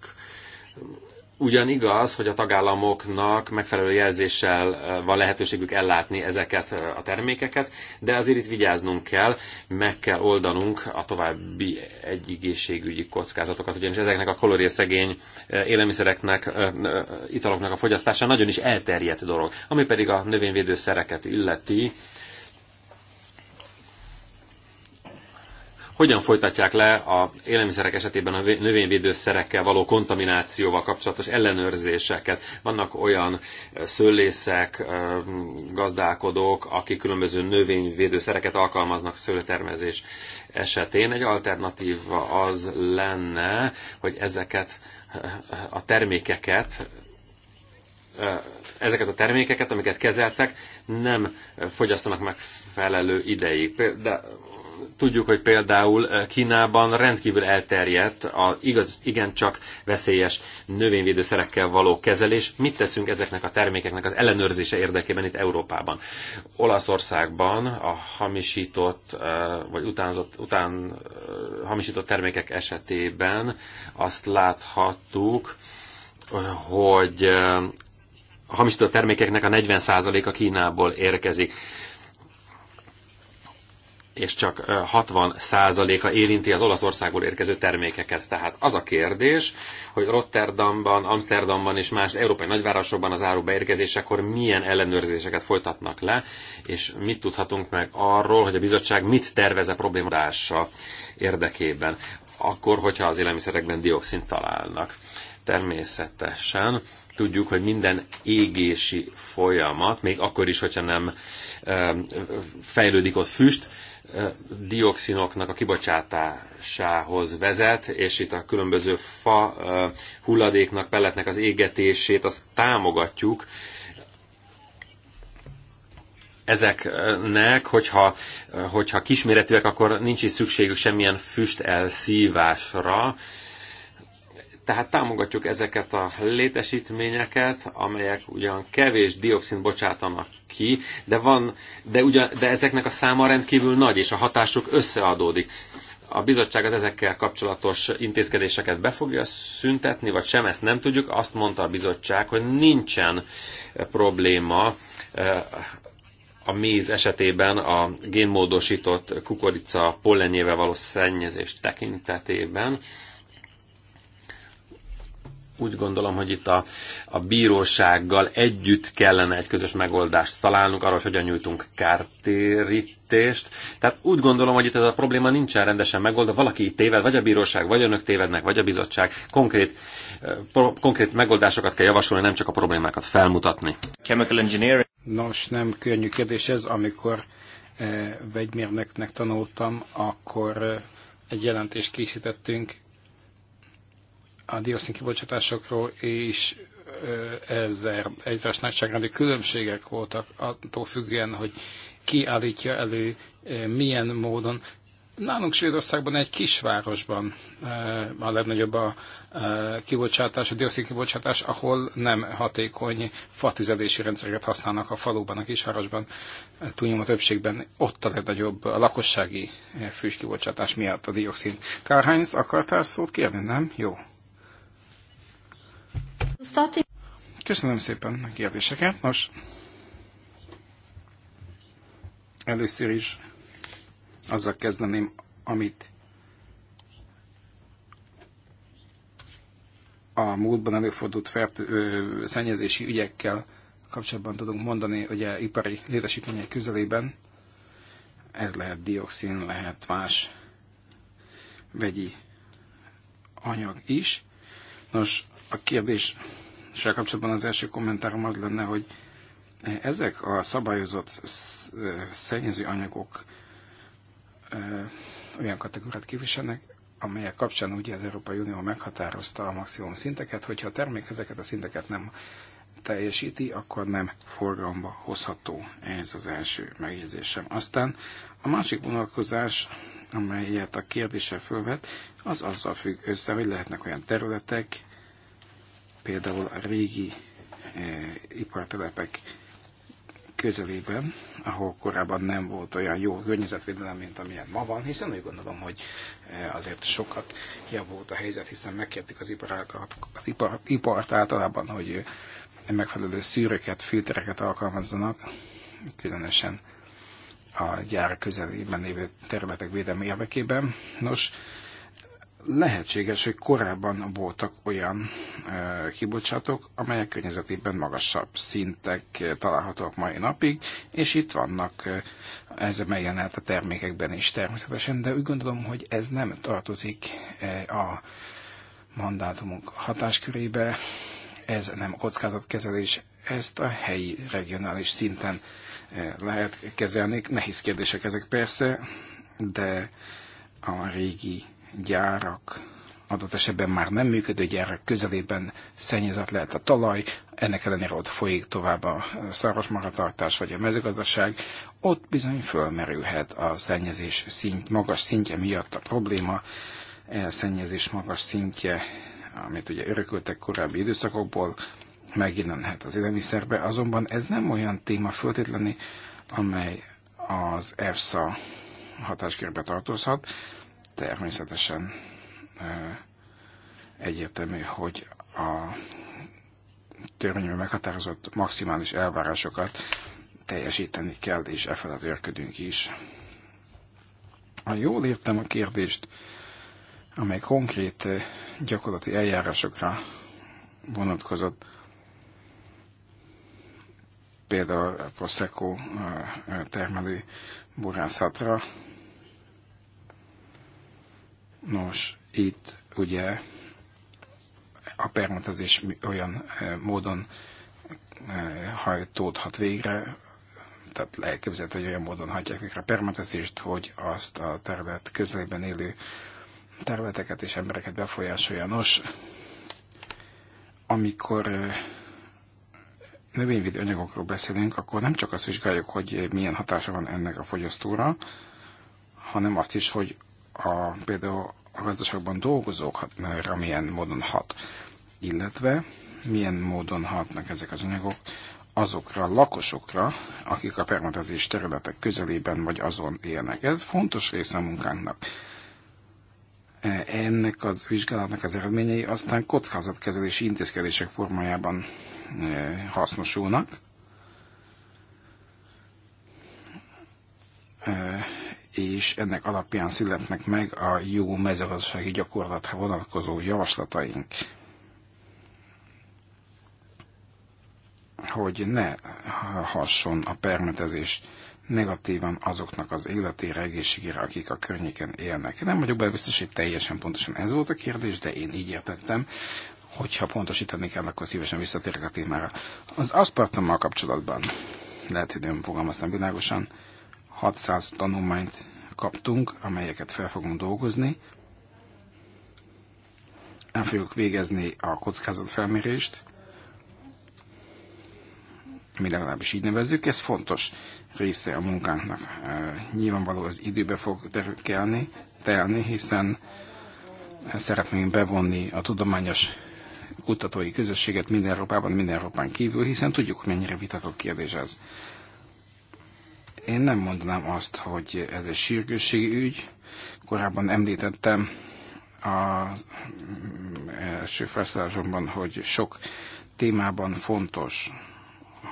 Ugyan igaz, hogy a tagállamoknak megfelelő jelzéssel eh, van lehetőségük ellátni ezeket eh, a termékeket, de azért itt vigyáznunk kell, meg kell oldanunk a további egyigészségügyi kockázatokat, ugyanis ezeknek a kalorészegény eh, élelmiszereknek, italoknak a fogyasztása nagyon is elterjedt dolog. Ami pedig a növényvédőszereket illeti, hogyan folytatják le a élelmiszerek esetében a növényvédőszerekkel való kontaminációval kapcsolatos ellenőrzéseket. Vannak olyan szőlészek, gazdálkodók, akik különböző növényvédőszereket alkalmaznak szőlőtermezés esetén. Egy alternatíva az lenne, hogy ezeket a termékeket ezeket a termékeket, amiket kezeltek, nem fogyasztanak megfelelő ideig. De Tudjuk, hogy például eh, Kínában rendkívül elterjedt a igaz, igencsak veszélyes növényvédőszerekkel való kezelés. Mit teszünk ezeknek a termékeknek az ellenőrzése érdekében itt Európában? Olaszországban a hamisított, eh, vagy utánzott, után eh, hamisított termékek esetében azt láthattuk, hogy a hamisított termékeknek a 40%-a Kínából érkezik és csak 60%-a érinti az Olaszországból érkező termékeket. Tehát az a kérdés, hogy Rotterdamban, Amsterdamban és más európai nagyvárosokban az áru beérkezésekor milyen ellenőrzéseket folytatnak le, és mit tudhatunk meg arról, hogy a bizottság mit tervez a problémadása érdekében, akkor, hogyha az élelmiszerekben dioxint találnak. Természetesen tudjuk, hogy minden égési folyamat, még akkor is, hogyha nem fejlődik ott füst, dioxinoknak a kibocsátásához vezet, és itt a különböző fa hulladéknak, pelletnek az égetését, azt támogatjuk, ezeknek, hogyha, hogyha kisméretűek, akkor nincs is szükségük semmilyen füst elszívásra. Tehát támogatjuk ezeket a létesítményeket, amelyek ugyan kevés dioxint bocsátanak ki, de, van, de, ugyan, de ezeknek a száma rendkívül nagy, és a hatásuk összeadódik. A bizottság az ezekkel kapcsolatos intézkedéseket be fogja szüntetni, vagy sem, ezt nem tudjuk. Azt mondta a bizottság, hogy nincsen probléma eh, a méz esetében a génmódosított kukorica pollenjével való szennyezés tekintetében úgy gondolom, hogy itt a, a bírósággal együtt kellene egy közös megoldást találnunk arra, hogy hogyan nyújtunk kártérítést. Tehát úgy gondolom, hogy itt ez a probléma nincsen rendesen megoldva. Valaki itt téved, vagy a bíróság, vagy önök tévednek, vagy a bizottság. Konkrét, eh, pro, konkrét megoldásokat kell javasolni, nem csak a problémákat felmutatni. Chemical engineering. Nos, nem könnyű kérdés ez, amikor eh, vegymérnöknek tanultam, akkor eh, egy jelentést készítettünk a dioszin kibocsátásokról, és ezer, ezeres nagyságrendű különbségek voltak attól függően, hogy ki állítja elő, milyen módon. Nálunk Svédországban egy kisvárosban a legnagyobb a kibocsátás, a dioszin kibocsátás, ahol nem hatékony fatüzelési rendszereket használnak a faluban, a kisvárosban, túlnyomó többségben. Ott a legnagyobb a lakossági kibocsátás miatt a dioxin. Kárhányz akartál szót kérni, nem? Jó. Köszönöm szépen a kérdéseket. Nos, először is azzal kezdeném, amit a múltban előfordult fertő, ö, szennyezési ügyekkel kapcsolatban tudunk mondani, ugye ipari létesítmények közelében, ez lehet dioxin, lehet más vegyi anyag is. Nos, a kérdéssel kapcsolatban az első kommentárom az lenne, hogy ezek a szabályozott szennyező anyagok olyan kategóriát képviselnek, amelyek kapcsán ugye az Európai Unió meghatározta a maximum szinteket, hogyha a termék ezeket a szinteket nem teljesíti, akkor nem forgalomba hozható. Ez az első megjegyzésem. Aztán a másik vonalkozás, amelyet a kérdése fölvet, az azzal függ össze, hogy lehetnek olyan területek, például a régi e, ipartelepek közelében, ahol korábban nem volt olyan jó környezetvédelem, mint amilyen ma van, hiszen úgy gondolom, hogy eh, azért sokat javult a helyzet, hiszen megkérték az, iparákat, az ipar, ipart általában, hogy eh, megfelelő szűröket, filtereket alkalmazzanak, különösen a gyár közelében lévő területek védelme érdekében. Nos, lehetséges, hogy korábban voltak olyan e, kibocsátók, amelyek környezetében magasabb szintek e, találhatók mai napig, és itt vannak, e, ez megjelent a termékekben is természetesen, de úgy gondolom, hogy ez nem tartozik e, a mandátumunk hatáskörébe, ez nem kockázatkezelés, ezt a helyi, regionális szinten lehet kezelni. Nehéz kérdések ezek persze, de a régi gyárak, adott esetben már nem működő gyárak közelében szennyezett lehet a talaj, ennek ellenére ott folyik tovább a szaros magatartás vagy a mezőgazdaság, ott bizony fölmerülhet a szennyezés szint, magas szintje miatt a probléma, a e szennyezés magas szintje, amit ugye örököltek korábbi időszakokból, megjelenhet az élelmiszerbe, azonban ez nem olyan téma föltétlenül, amely az EFSA hatáskörbe tartozhat, természetesen egyértelmű, hogy a törvényben meghatározott maximális elvárásokat teljesíteni kell, és e felett őrködünk is. Ha jól értem a kérdést, amely konkrét gyakorlati eljárásokra vonatkozott, például a Prosecco termelő borászatra, Nos, itt ugye a permetezés olyan eh, módon eh, hajtódhat végre, tehát elképzelhető, hogy olyan módon hagyják végre a permetezést, hogy azt a terület közelében élő területeket és embereket befolyásolja. Nos, amikor eh, növényvédő anyagokról beszélünk, akkor nem csak azt vizsgáljuk, hogy milyen hatása van ennek a fogyasztóra, hanem azt is, hogy a, például a gazdaságban dolgozókra hát, milyen módon hat, illetve milyen módon hatnak ezek az anyagok azokra a lakosokra, akik a permetezés területek közelében vagy azon élnek. Ez fontos része a munkánknak. E, ennek az vizsgálatnak az eredményei aztán kockázatkezelési intézkedések formájában e, hasznosulnak e, és ennek alapján születnek meg a jó mezőgazdasági gyakorlatra vonatkozó javaslataink. Hogy ne hasson a permetezés negatívan azoknak az életére, egészségére, akik a környéken élnek. Nem vagyok benne biztos, hogy teljesen pontosan ez volt a kérdés, de én így értettem, hogyha pontosítani kell, akkor szívesen visszatérek a témára. Az aszpartammal kapcsolatban, lehet, hogy nem fogalmaztam világosan, 600 tanulmányt kaptunk, amelyeket fel fogunk dolgozni. El fogjuk végezni a kockázatfelmérést, mi legalábbis így nevezzük. Ez fontos része a munkánknak. Nyilvánvaló az időbe fog terükelni, telni, hiszen szeretnénk bevonni a tudományos kutatói közösséget minden Európában, minden Európán kívül, hiszen tudjuk, mennyire vitatott kérdés ez. Én nem mondanám azt, hogy ez egy sürgősségi ügy. Korábban említettem az mm, első felszállásomban, hogy sok témában fontos,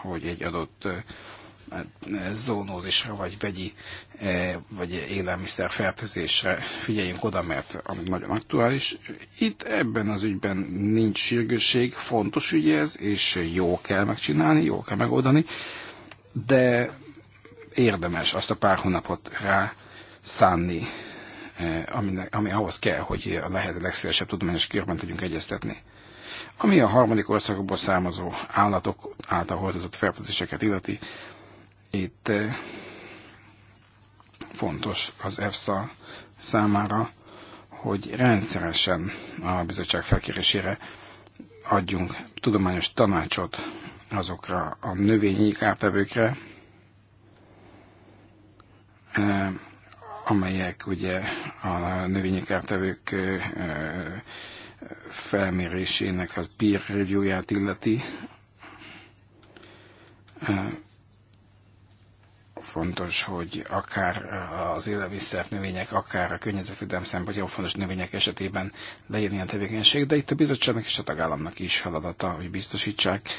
hogy egy adott eh, zónózisra, vagy vegyi, eh, vagy élelmiszer fertőzésre figyeljünk oda, mert ami nagyon aktuális. Itt ebben az ügyben nincs sürgősség, fontos ügy ez, és jó kell megcsinálni, jó kell megoldani, de érdemes azt a pár hónapot rá szánni, eh, ami, ami ahhoz kell, hogy a lehető legszélesebb tudományos körben tudjunk egyeztetni. Ami a harmadik országokból származó állatok által hordozott fertőzéseket illeti, itt eh, fontos az EFSA számára, hogy rendszeresen a bizottság felkérésére adjunk tudományos tanácsot azokra a növényi kártevőkre, amelyek ugye a növényekártevők felmérésének a peer review-ját illeti. Fontos, hogy akár az élelmiszert növények, akár a környezetvédelem szempontjából fontos növények esetében legyen ilyen tevékenység, de itt a bizottságnak és a tagállamnak is feladata, hogy biztosítsák,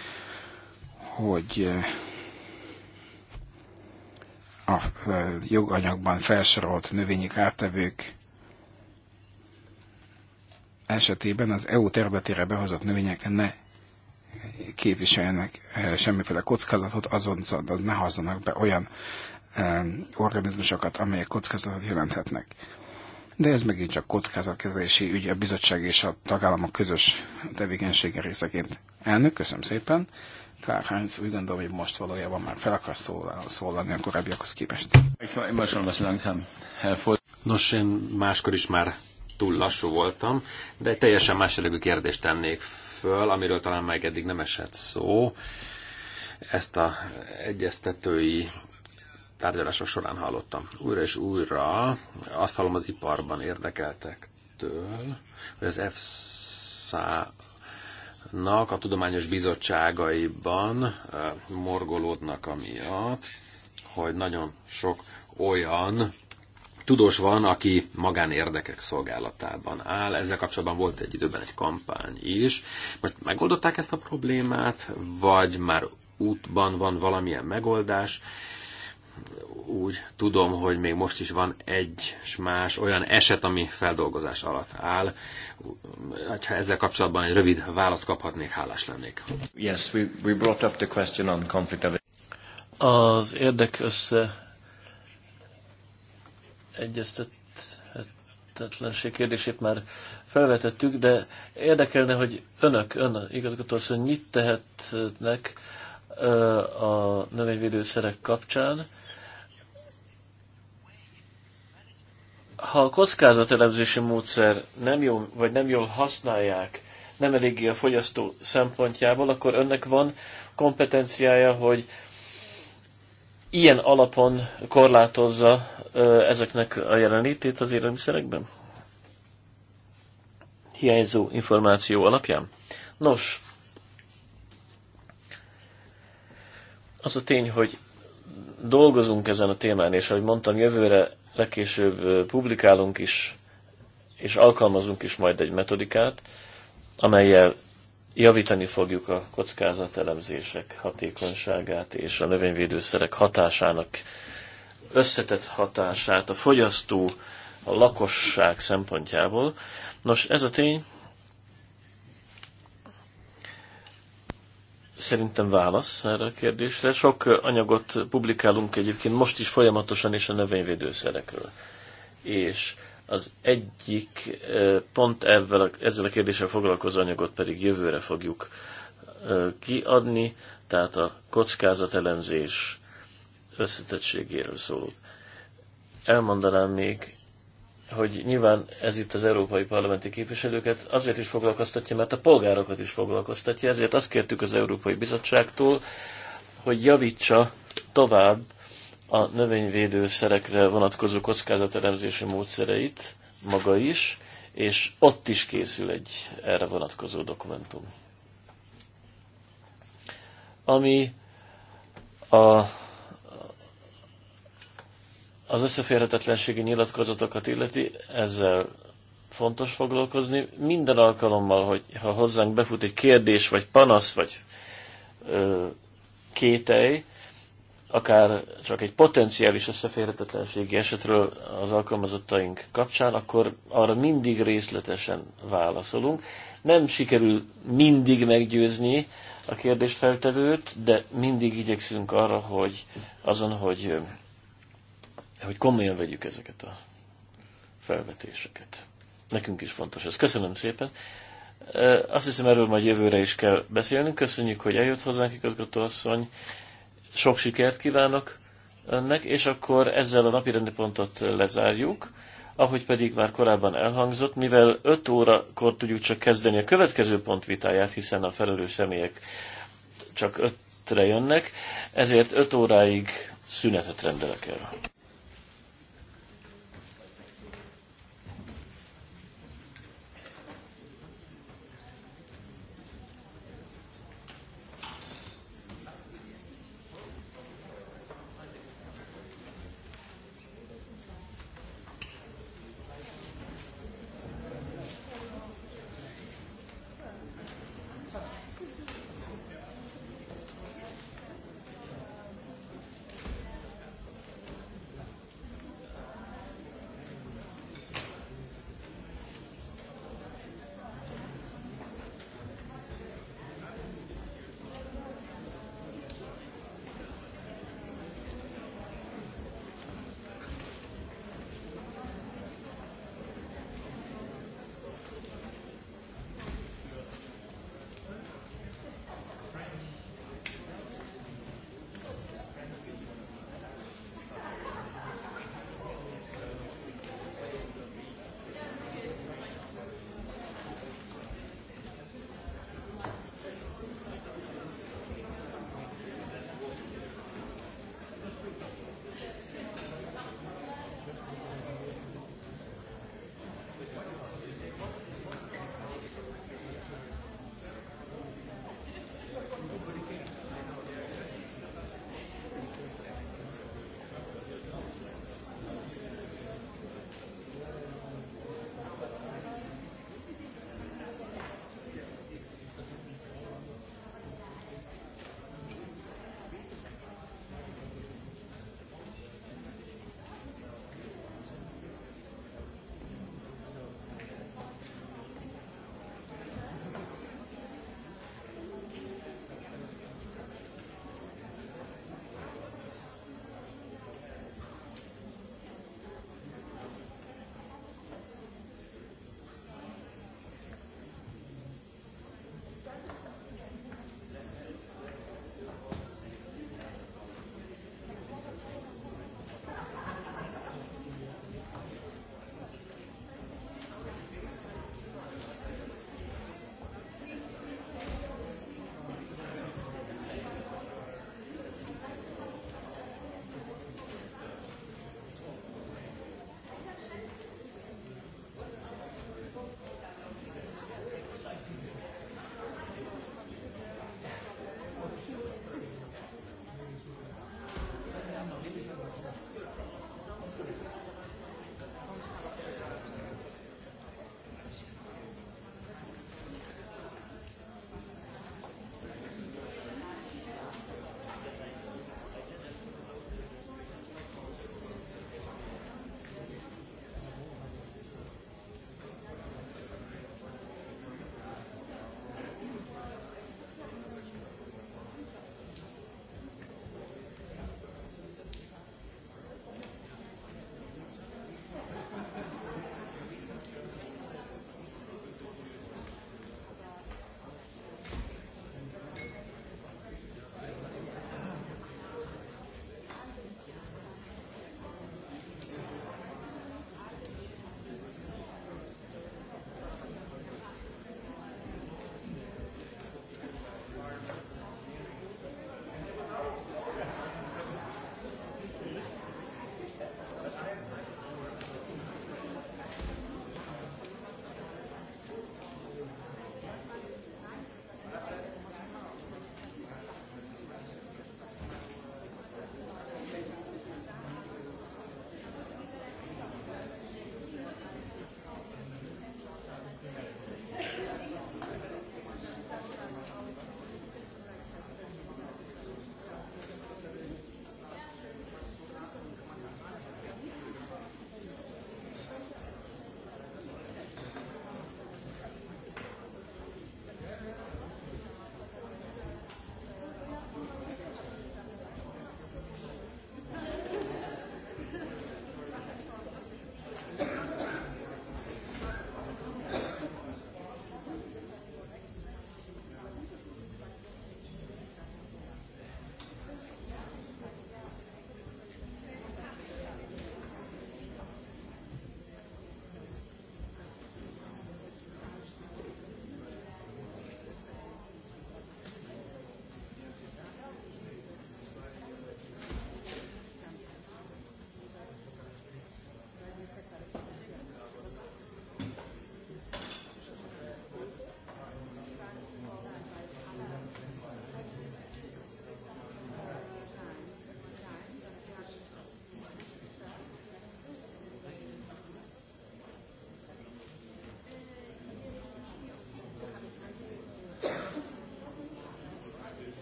hogy a joganyagban felsorolt növényi kártevők esetében az EU területére behozott növények ne képviseljenek semmiféle kockázatot, azon ne hazzanak be olyan organizmusokat, amelyek kockázatot jelenthetnek. De ez megint csak kockázatkezelési ügy a bizottság és a tagállamok közös tevékenysége részeként. Elnök, köszönöm szépen! Karl Heinz úgy gondolom, hogy most valójában már fel akar szólalni a korábbiakhoz képest. Nos, én máskor is már túl lassú voltam, de egy teljesen más jellegű kérdést tennék föl, amiről talán meg eddig nem esett szó. Ezt a egyeztetői tárgyalások során hallottam. Újra és újra azt hallom az iparban érdekeltektől, hogy az EFSA a tudományos bizottságaiban eh, morgolódnak amiatt, hogy nagyon sok olyan tudós van, aki magánérdekek szolgálatában áll. Ezzel kapcsolatban volt egy időben egy kampány is. Most megoldották ezt a problémát, vagy már útban van valamilyen megoldás, úgy tudom, hogy még most is van egy s más olyan eset, ami feldolgozás alatt áll. Hát, ha ezzel kapcsolatban egy rövid választ kaphatnék, hálás lennék. Yes, we, we brought up the question on conflict of... Az érdek össze egyeztethetetlenség kérdését már felvetettük, de érdekelne, hogy önök, ön igazgatóasszony mit tehetnek a növényvédőszerek kapcsán, Ha a kockázatelemzési módszer nem jó vagy nem jól használják, nem eléggé a fogyasztó szempontjából, akkor önnek van kompetenciája, hogy ilyen alapon korlátozza ezeknek a jelenlétét az élelmiszerekben? Hiányzó információ alapján? Nos, az a tény, hogy dolgozunk ezen a témán, és ahogy mondtam, jövőre legkésőbb publikálunk is, és alkalmazunk is majd egy metodikát, amelyel javítani fogjuk a kockázatelemzések hatékonyságát és a növényvédőszerek hatásának összetett hatását a fogyasztó, a lakosság szempontjából. Nos, ez a tény szerintem válasz erre a kérdésre. Sok anyagot publikálunk egyébként most is folyamatosan is a növényvédőszerekről. És az egyik eh, pont ezzel a, ezzel a kérdéssel foglalkozó anyagot pedig jövőre fogjuk eh, kiadni, tehát a kockázatelemzés összetettségéről szól. Elmondanám még hogy nyilván ez itt az európai parlamenti képviselőket azért is foglalkoztatja, mert a polgárokat is foglalkoztatja, ezért azt kértük az Európai Bizottságtól, hogy javítsa tovább a növényvédőszerekre vonatkozó kockázatelemzési módszereit maga is, és ott is készül egy erre vonatkozó dokumentum. Ami a az összeférhetetlenségi nyilatkozatokat illeti, ezzel fontos foglalkozni. Minden alkalommal, hogy ha hozzánk befut egy kérdés, vagy panasz, vagy ö, kételj, akár csak egy potenciális összeférhetetlenségi esetről az alkalmazottaink kapcsán, akkor arra mindig részletesen válaszolunk. Nem sikerül mindig meggyőzni a feltevőt, de mindig igyekszünk arra, hogy azon, hogy hogy komolyan vegyük ezeket a felvetéseket. Nekünk is fontos ez. Köszönöm szépen. Azt hiszem, erről majd jövőre is kell beszélnünk. Köszönjük, hogy eljött hozzánk, igazgatóasszony. Sok sikert kívánok önnek, és akkor ezzel a napi pontot lezárjuk. Ahogy pedig már korábban elhangzott, mivel 5 órakor tudjuk csak kezdeni a következő pont vitáját, hiszen a felelős személyek csak 5-re jönnek, ezért 5 óráig szünetet rendelek el.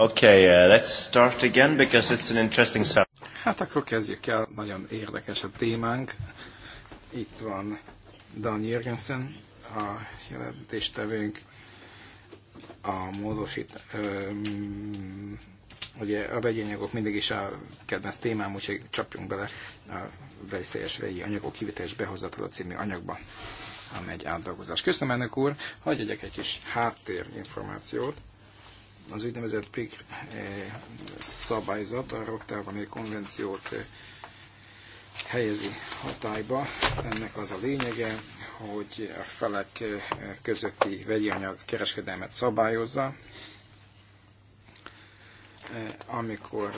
Okay, uh, let's start again, because it's an interesting subject. Hát akkor kezdjük el, nagyon érdekes a témánk. Itt van Dan Jürgensen, a jelentéstevőnk, a módosít, um, ugye a vegyi anyagok mindig is a kedvenc témám, úgyhogy csapjunk bele a veszélyes vegyi anyagok kivitelés behozatala című anyagba, amely egy átdolgozás. Köszönöm, ennek úr, hagyj egy kis háttérinformációt az úgynevezett PIK eh, szabályzat, a Rotterdami konvenciót eh, helyezi hatályba. Ennek az a lényege, hogy a felek eh, közötti vegyi anyag kereskedelmet szabályozza, amikor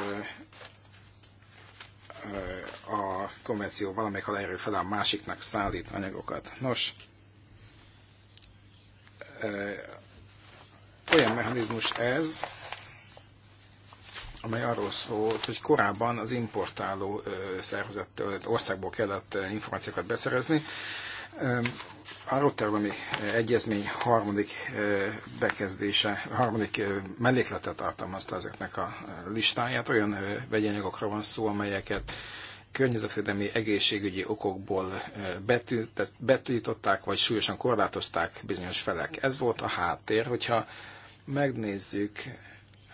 a konvenció valamelyik aláíró fel a másiknak szállít anyagokat. Nos, olyan mechanizmus ez, amely arról szólt, hogy korábban az importáló szervezettől, országból kellett információkat beszerezni. A Rotterdami Egyezmény harmadik bekezdése, harmadik mellékletet tartalmazta ezeknek a listáját. Olyan vegyanyagokra van szó, amelyeket környezetvédelmi egészségügyi okokból betű, vagy súlyosan korlátozták bizonyos felek. Ez volt a háttér, hogyha megnézzük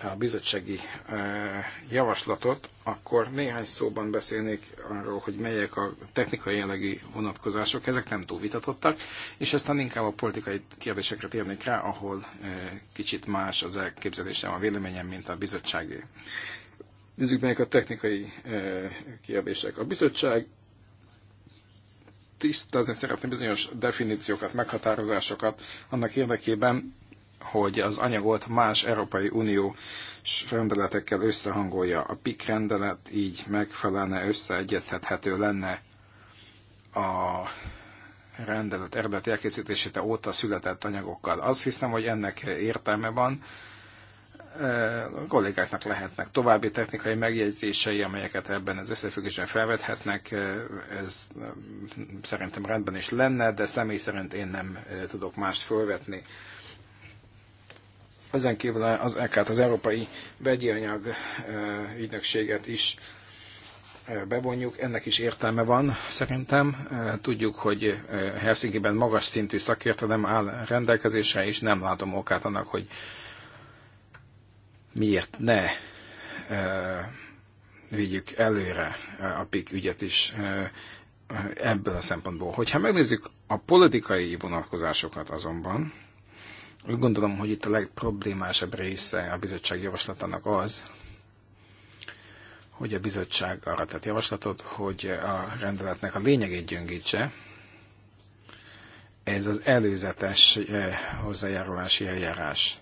a bizottsági eh, javaslatot, akkor néhány szóban beszélnék arról, hogy melyek a technikai jellegű vonatkozások, ezek nem túl vitatottak, és aztán inkább a politikai kérdésekre térnék rá, ahol eh, kicsit más az elképzelésem, a véleményem, mint a bizottsági. Nézzük melyek a technikai eh, kérdések. A bizottság tisztázni szeretne bizonyos definíciókat, meghatározásokat annak érdekében, hogy az anyagot más Európai uniós rendeletekkel összehangolja. A PIK rendelet így megfelelne, összeegyeztethető lenne a rendelet eredeti elkészítését óta született anyagokkal. Azt hiszem, hogy ennek értelme van. E, a kollégáknak lehetnek további technikai megjegyzései, amelyeket ebben az összefüggésben felvethetnek. E, ez e, szerintem rendben is lenne, de személy szerint én nem tudok mást felvetni. Ezen kívül az EK-t, az Európai Vegyi Anyag Ügynökséget is bevonjuk. Ennek is értelme van szerintem. Tudjuk, hogy Helsinki-ben magas szintű szakértelem áll rendelkezésre, és nem látom okát annak, hogy miért ne vigyük előre a PIK ügyet is ebből a szempontból. Hogyha megnézzük a politikai vonatkozásokat azonban, úgy gondolom, hogy itt a legproblémásabb része a bizottság javaslatának az, hogy a bizottság arra tett javaslatot, hogy a rendeletnek a lényegét gyöngítse. Ez az előzetes eh, hozzájárulási eljárás.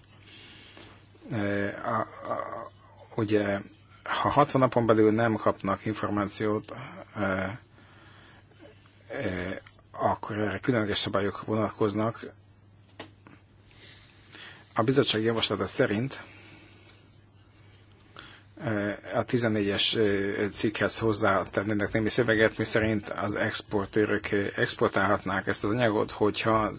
Eh, a, a, ugye, ha 60 napon belül nem kapnak információt, eh, akkor erre különleges szabályok vonatkoznak, a bizottság javaslata szerint e, a 14-es e, cikkhez tennének némi szöveget, mi szerint az exportőrök exportálhatnák ezt az anyagot, hogyha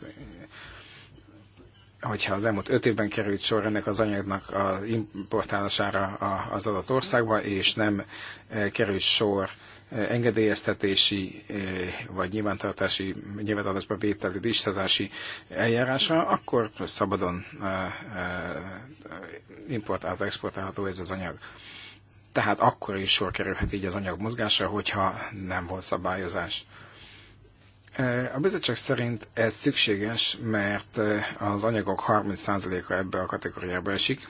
hogyha az elmúlt öt évben került sor ennek az anyagnak a importálására az adott országba, és nem e, került sor engedélyeztetési eh, vagy nyilvántartási, nyilvántartásba vételi listázási eljárásra, akkor szabadon eh, eh, importálható, exportálható ez az anyag. Tehát akkor is sor kerülhet így az anyag mozgásra, hogyha nem volt szabályozás. A bizottság szerint ez szükséges, mert az anyagok 30%-a ebbe a kategóriába esik,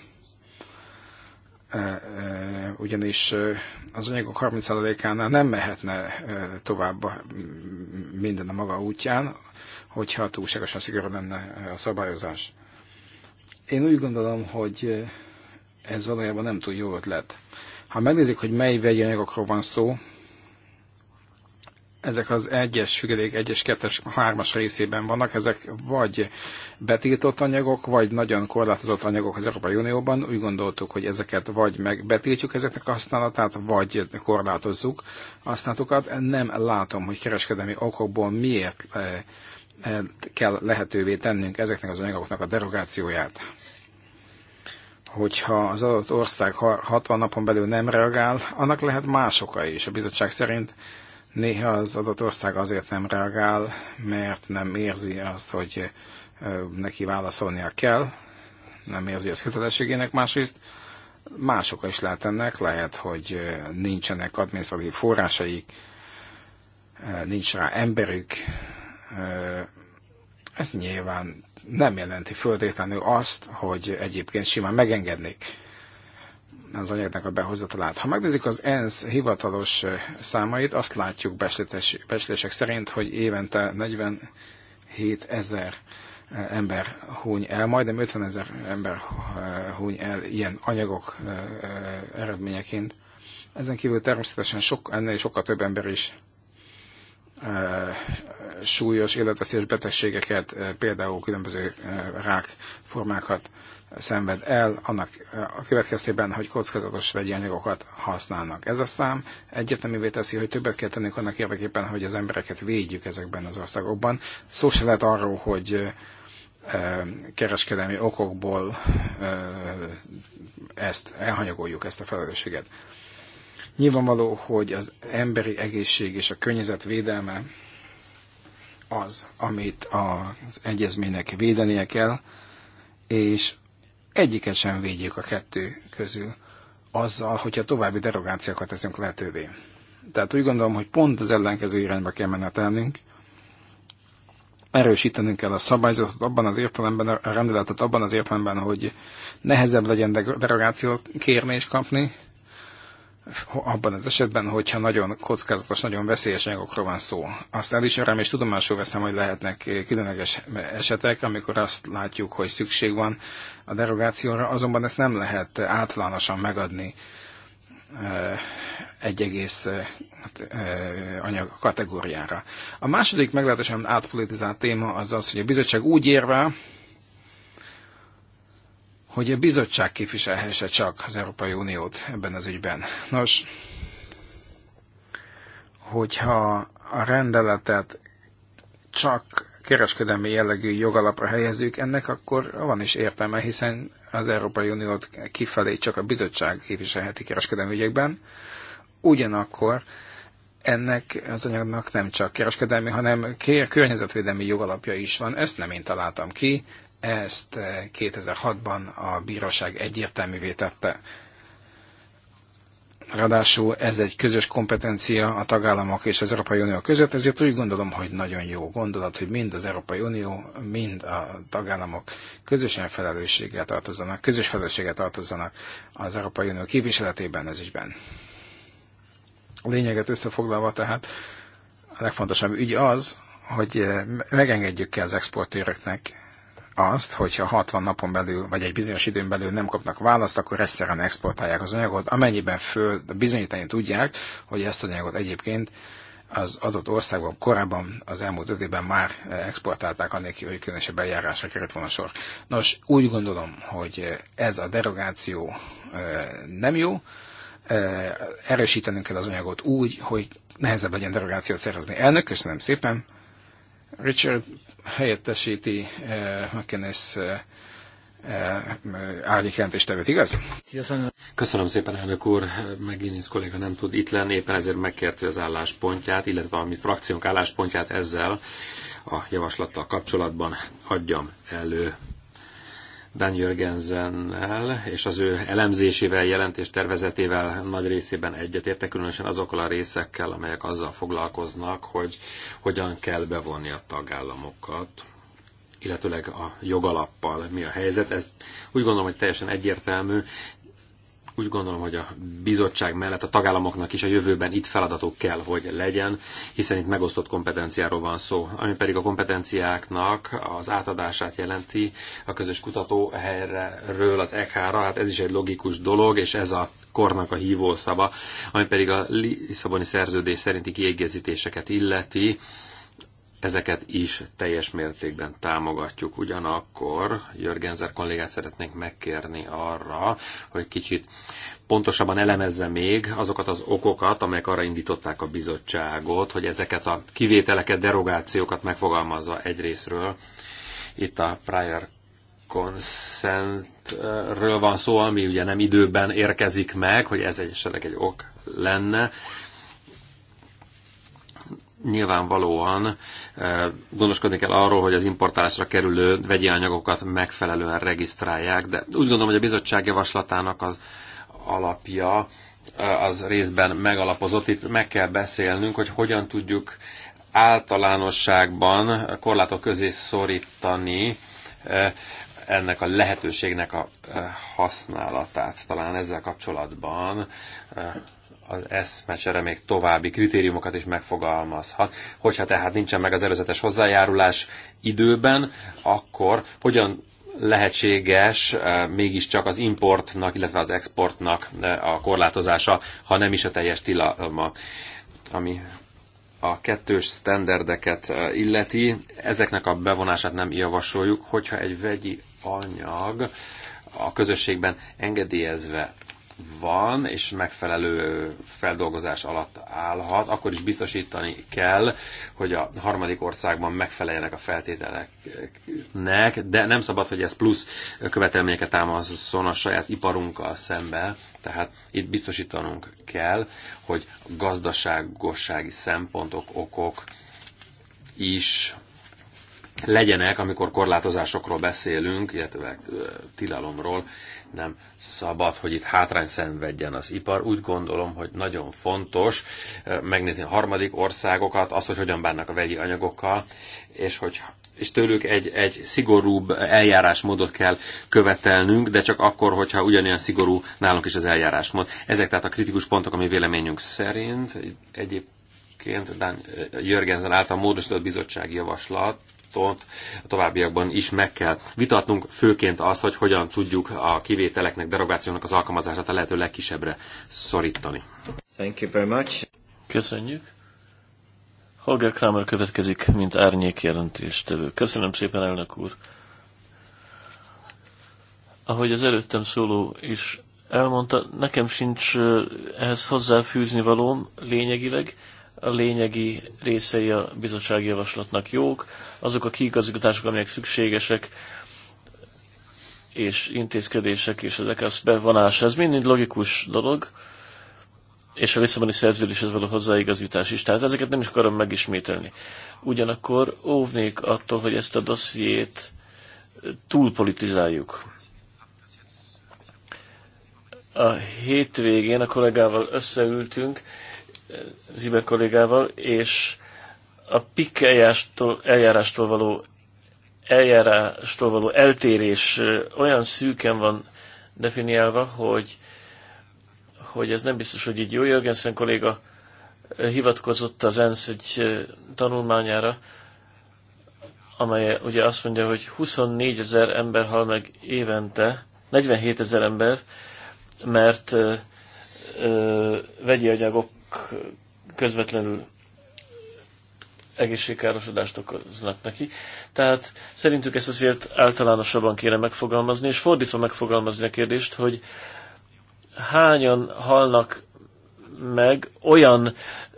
ugyanis az anyagok 30%-ánál nem mehetne tovább minden a maga útján, hogyha túlságosan szigorú lenne a szabályozás. Én úgy gondolom, hogy ez valójában nem túl jó ötlet. Ha megnézzük, hogy mely vegyi anyagokról van szó, ezek az egyes függelék, egyes, kettes, hármas részében vannak, ezek vagy betiltott anyagok, vagy nagyon korlátozott anyagok az Európai Unióban. Úgy gondoltuk, hogy ezeket vagy megbetiltjuk ezeknek a használatát, vagy korlátozzuk használatukat. Nem látom, hogy kereskedelmi okokból miért eh, eh, kell lehetővé tennünk ezeknek az anyagoknak a derogációját. Hogyha az adott ország 60 napon belül nem reagál, annak lehet más oka is. A bizottság szerint Néha az adott ország azért nem reagál, mert nem érzi azt, hogy neki válaszolnia kell, nem érzi ezt kötelességének másrészt. Mások is lehet ennek, lehet, hogy nincsenek adminisztratív forrásaik, nincs rá emberük. Ez nyilván nem jelenti földétlenül azt, hogy egyébként simán megengednék az anyagnak a behozatalát. Ha megnézzük az ENSZ hivatalos számait, azt látjuk beszélések szerint, hogy évente 47 ezer ember húny el, majdnem 50 ezer ember húny el ilyen anyagok eredményeként. Ezen kívül természetesen sok, ennél sokkal több ember is súlyos életveszélyes betegségeket, például különböző rák formákat szenved el annak eh, a következtében, hogy kockázatos vegyi anyagokat használnak. Ez a szám egyértelművé teszi, hogy többet kell tennünk annak érdekében, hogy az embereket védjük ezekben az országokban. Szó se lehet arról, hogy eh, kereskedelmi okokból eh, ezt elhanyagoljuk, ezt a felelősséget. Nyilvánvaló, hogy az emberi egészség és a környezet védelme az, amit az egyezménynek védenie kell, és egyiket sem védjük a kettő közül azzal, hogyha további derogációkat teszünk lehetővé. Tehát úgy gondolom, hogy pont az ellenkező irányba kell menetelnünk, erősítenünk kell a szabályzatot abban az értelemben, a rendeletet abban az értelemben, hogy nehezebb legyen derogációt kérni és kapni, abban az esetben, hogyha nagyon kockázatos, nagyon veszélyes anyagokról van szó. Azt elismerem és tudomásul veszem, hogy lehetnek eh, különleges esetek, amikor azt látjuk, hogy szükség van a derogációra, azonban ezt nem lehet általánosan megadni eh, egy egész eh, hát, anyag kategóriára. A második meglehetősen átpolitizált téma az az, hogy a bizottság úgy érvel, hogy a bizottság képviselhesse csak az Európai Uniót ebben az ügyben. Nos, hogyha a rendeletet csak kereskedelmi jellegű jogalapra helyezzük ennek, akkor van is értelme, hiszen az Európai Uniót kifelé csak a bizottság képviselheti kereskedelmi ügyekben. Ugyanakkor ennek az anyagnak nem csak kereskedelmi, hanem környezetvédelmi jogalapja is van. Ezt nem én találtam ki, ezt 2006-ban eh, a bíróság egyértelművé tette. Ráadásul ez egy közös kompetencia a tagállamok és az Európai Unió között, ezért úgy gondolom, hogy nagyon jó gondolat, hogy mind az Európai Unió, mind a tagállamok közösen felelősséggel tartozzanak, közös felelősséggel tartozzanak az Európai Unió képviseletében ez ügyben. A lényeget összefoglalva tehát a legfontosabb ügy az, hogy eh, megengedjük ki az exportőröknek azt, hogyha 60 napon belül, vagy egy bizonyos időn belül nem kapnak választ, akkor egyszerűen exportálják az anyagot, amennyiben föl bizonyítani tudják, hogy ezt az anyagot egyébként az adott országban korábban az elmúlt öt évben már exportálták, annélkül, hogy különösebb eljárásra került volna sor. Nos, úgy gondolom, hogy ez a derogáció nem jó, erősítenünk kell az anyagot úgy, hogy nehezebb legyen derogációt szerezni. Elnök, köszönöm szépen. Richard helyettesíti eh, McKennis eh, eh, árnyékjelentéstevőt, igaz? Köszönöm szépen, elnök úr. Megint kolléga nem tud itt lenni, éppen ezért megkérti az álláspontját, illetve a mi frakciónk álláspontját ezzel a javaslattal kapcsolatban adjam elő. Dan Jörgensennel és az ő elemzésével, jelentés tervezetével nagy részében egyetértek, különösen azokkal a részekkel, amelyek azzal foglalkoznak, hogy hogyan kell bevonni a tagállamokat, illetőleg a jogalappal mi a helyzet. Ez úgy gondolom, hogy teljesen egyértelmű, úgy gondolom, hogy a bizottság mellett a tagállamoknak is a jövőben itt feladatuk kell, hogy legyen, hiszen itt megosztott kompetenciáról van szó, ami pedig a kompetenciáknak az átadását jelenti a közös kutatóhelyről az EK-ra. Hát ez is egy logikus dolog, és ez a kornak a hívószava, ami pedig a Lisszaboni szerződés szerinti kiegészítéseket illeti ezeket is teljes mértékben támogatjuk. Ugyanakkor Jörgenzer kollégát szeretnénk megkérni arra, hogy kicsit pontosabban elemezze még azokat az okokat, amelyek arra indították a bizottságot, hogy ezeket a kivételeket, derogációkat megfogalmazza egyrésztről. Itt a prior consentről van szó, ami ugye nem időben érkezik meg, hogy ez esetleg egy ok lenne nyilvánvalóan eh, gondoskodni kell arról, hogy az importálásra kerülő vegyi anyagokat megfelelően regisztrálják, de úgy gondolom, hogy a bizottság javaslatának az alapja eh, az részben megalapozott. Itt meg kell beszélnünk, hogy hogyan tudjuk általánosságban korlátok közé szorítani eh, ennek a lehetőségnek a használatát. Talán ezzel kapcsolatban az eszmecsere még további kritériumokat is megfogalmazhat. Hogyha tehát nincsen meg az előzetes hozzájárulás időben, akkor hogyan lehetséges eh, mégiscsak az importnak, illetve az exportnak eh, a korlátozása, ha nem is a teljes tilalma, ami a kettős standardeket eh, illeti. Ezeknek a bevonását nem javasoljuk, hogyha egy vegyi anyag a közösségben engedélyezve van, és megfelelő feldolgozás alatt állhat, akkor is biztosítani kell, hogy a harmadik országban megfeleljenek a feltételeknek, de nem szabad, hogy ez plusz követelményeket támaszon a saját iparunkkal szembe, tehát itt biztosítanunk kell, hogy a gazdaságossági szempontok, okok is legyenek, amikor korlátozásokról beszélünk, illetve tilalomról, nem szabad, hogy itt hátrány szenvedjen az ipar. Úgy gondolom, hogy nagyon fontos eh, megnézni a harmadik országokat, azt, hogy hogyan bánnak a vegyi anyagokkal, és hogy és tőlük egy, egy szigorúbb eljárásmódot kell követelnünk, de csak akkor, hogyha ugyanilyen szigorú nálunk is az eljárásmód. Ezek tehát a kritikus pontok, ami véleményünk szerint. Egyébként Dán Jörgensen által módosított bizottsági javaslat javaslatot a továbbiakban is meg kell vitatnunk, főként azt, hogy hogyan tudjuk a kivételeknek, derogációnak az alkalmazását a lehető legkisebbre szorítani. Thank you very much. Köszönjük. Holger Kramer következik, mint árnyék jelentéstevő. Köszönöm szépen, elnök úr. Ahogy az előttem szóló is elmondta, nekem sincs eh, ehhez hozzáfűzni valóm lényegileg a lényegi részei a bizottsági javaslatnak jók, azok a kiigazgatások, amelyek szükségesek, és intézkedések és ezek az bevonása, ez mind-mind logikus dolog, és a Lisszaboni szerződéshez való hozzáigazítás is. Tehát ezeket nem is akarom megismételni. Ugyanakkor óvnék attól, hogy ezt a dossziét túlpolitizáljuk. A hétvégén a kollégával összeültünk, Zibe kollégával, és a PIK eljárástól, eljárástól való eljárástól való eltérés olyan szűken van definiálva, hogy, hogy ez nem biztos, hogy így jó. Jörgensen kolléga hivatkozott az ENSZ egy tanulmányára, amely ugye azt mondja, hogy 24 ezer ember hal meg évente, 47 ezer ember, mert ö, vegyi anyagok közvetlenül egészségkárosodást okoznak neki. Tehát szerintük ezt azért általánosabban kéne megfogalmazni, és fordítva megfogalmazni a kérdést, hogy hányan halnak meg olyan,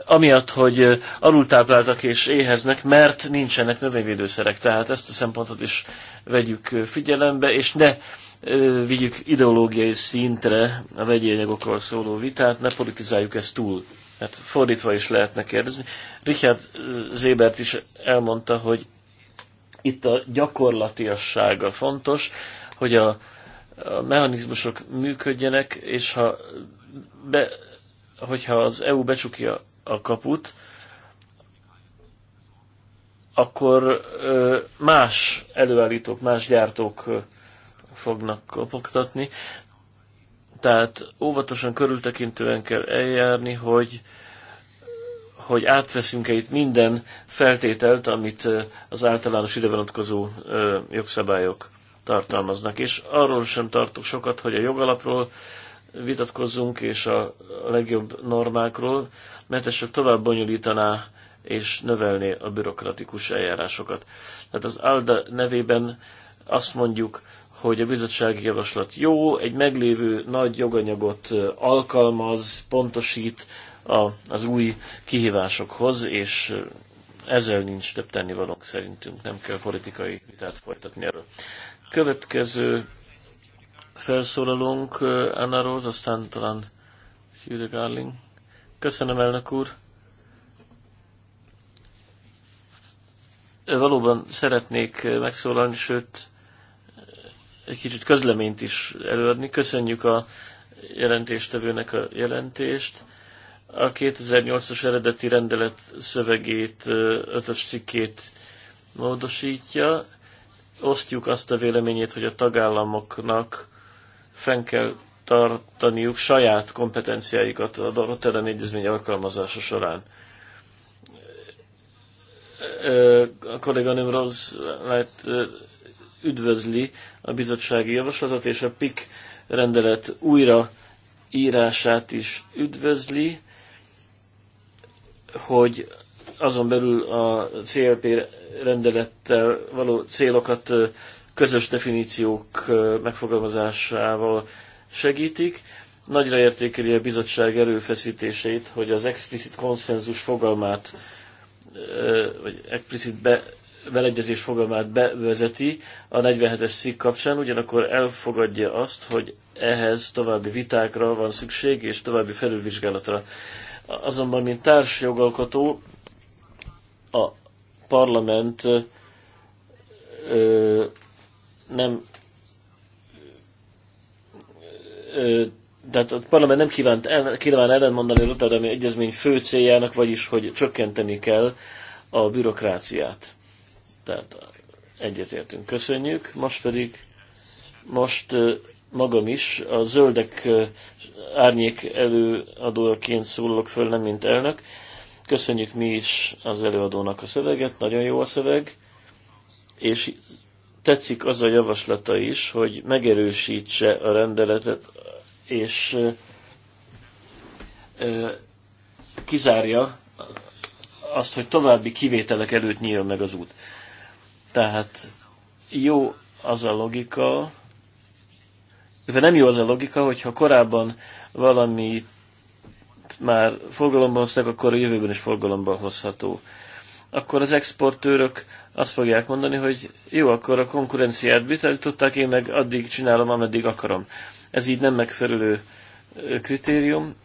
amiatt, hogy alultápláltak és éheznek, mert nincsenek növényvédőszerek. Tehát ezt a szempontot is vegyük figyelembe, és ne vigyük ideológiai szintre a vegyi anyagokról szóló vitát, ne politizáljuk ezt túl mert hát fordítva is lehetne kérdezni. Richard Zébert is elmondta, hogy itt a gyakorlatiassága fontos, hogy a, a mechanizmusok működjenek, és ha be, hogyha az EU becsukja a kaput, akkor más előállítók, más gyártók fognak kopogtatni. Tehát óvatosan körültekintően kell eljárni, hogy, hogy átveszünk-e itt minden feltételt, amit az általános ide vonatkozó jogszabályok tartalmaznak. És arról sem tartok sokat, hogy a jogalapról vitatkozzunk, és a legjobb normákról, mert ez csak tovább bonyolítaná és növelné a bürokratikus eljárásokat. Tehát az ALDA nevében azt mondjuk, hogy a bizottsági javaslat jó, egy meglévő nagy joganyagot alkalmaz, pontosít a, az új kihívásokhoz, és ezzel nincs több tennivalónk szerintünk, nem kell politikai vitát folytatni erről. Következő felszólalónk Anna Rose, aztán talán Hugh Garling. Köszönöm, elnök úr! Valóban szeretnék megszólalni, sőt, egy kicsit közleményt is előadni. Köszönjük a jelentéstevőnek a jelentést. A 2008-as eredeti rendelet szövegét, ötös cikkét módosítja. Osztjuk azt a véleményét, hogy a tagállamoknak fenn kell tartaniuk saját kompetenciáikat a Rotterdam Egyezmény alkalmazása során. A kolléganőm Rose Light üdvözli a bizottsági javaslatot, és a PIK rendelet újra írását is üdvözli, hogy azon belül a CLP rendelettel való célokat közös definíciók megfogalmazásával segítik. Nagyra értékeli a bizottság erőfeszítéseit, hogy az explicit konszenzus fogalmát, vagy explicit be, beleegyezés fogalmát bevezeti a 47-es szik kapcsán, ugyanakkor elfogadja azt, hogy ehhez további vitákra van szükség, és további felülvizsgálatra. Azonban, mint társjogalkotó, a parlament ö, nem ö, tehát a parlament nem kívánt el, kíván ellenmondani a Rotterdami Egyezmény fő céljának, vagyis hogy csökkenteni kell a bürokráciát. Tehát egyetértünk. Köszönjük. Most pedig, most magam is a zöldek árnyék előadóként szólok föl, nem mint elnök. Köszönjük mi is az előadónak a szöveget, nagyon jó a szöveg, és tetszik az a javaslata is, hogy megerősítse a rendeletet, és kizárja azt, hogy további kivételek előtt nyíljon meg az út. Tehát jó az a logika, de nem jó az a logika, hogyha korábban valami már forgalomban hozták, akkor a jövőben is forgalomban hozható. Akkor az exportőrök azt fogják mondani, hogy jó, akkor a konkurenciát bitállították, én meg addig csinálom, ameddig akarom. Ez így nem megfelelő kritérium.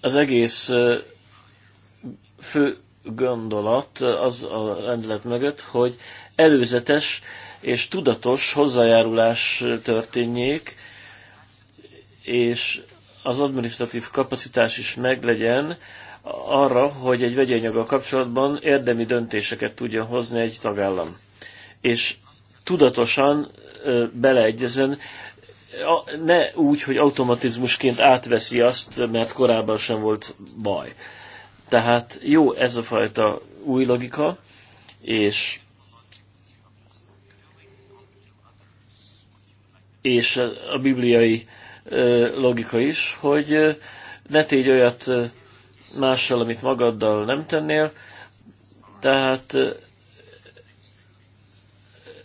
Az egész fő gondolat az a rendelet mögött, hogy előzetes és tudatos hozzájárulás történjék, és az administratív kapacitás is meglegyen arra, hogy egy vegyanyaggal kapcsolatban érdemi döntéseket tudjon hozni egy tagállam. És tudatosan beleegyezen, ne úgy, hogy automatizmusként átveszi azt, mert korábban sem volt baj. Tehát jó ez a fajta új logika, és és a bibliai logika is, hogy ne tégy olyat mással, amit magaddal nem tennél, tehát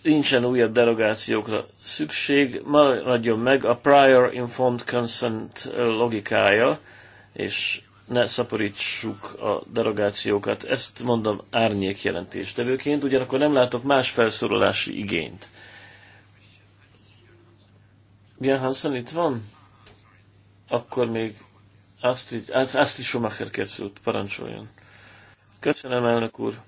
nincsen újabb derogációkra szükség, maradjon meg a prior informed consent logikája, és ne szaporítsuk a derogációkat. Ezt mondom árnyék jelentéstevőként, ugyanakkor nem látok más felszólalási igényt. Milyen Hansen itt van? Akkor még azt azt is Schumacher készült, parancsoljon. Köszönöm, elnök úr.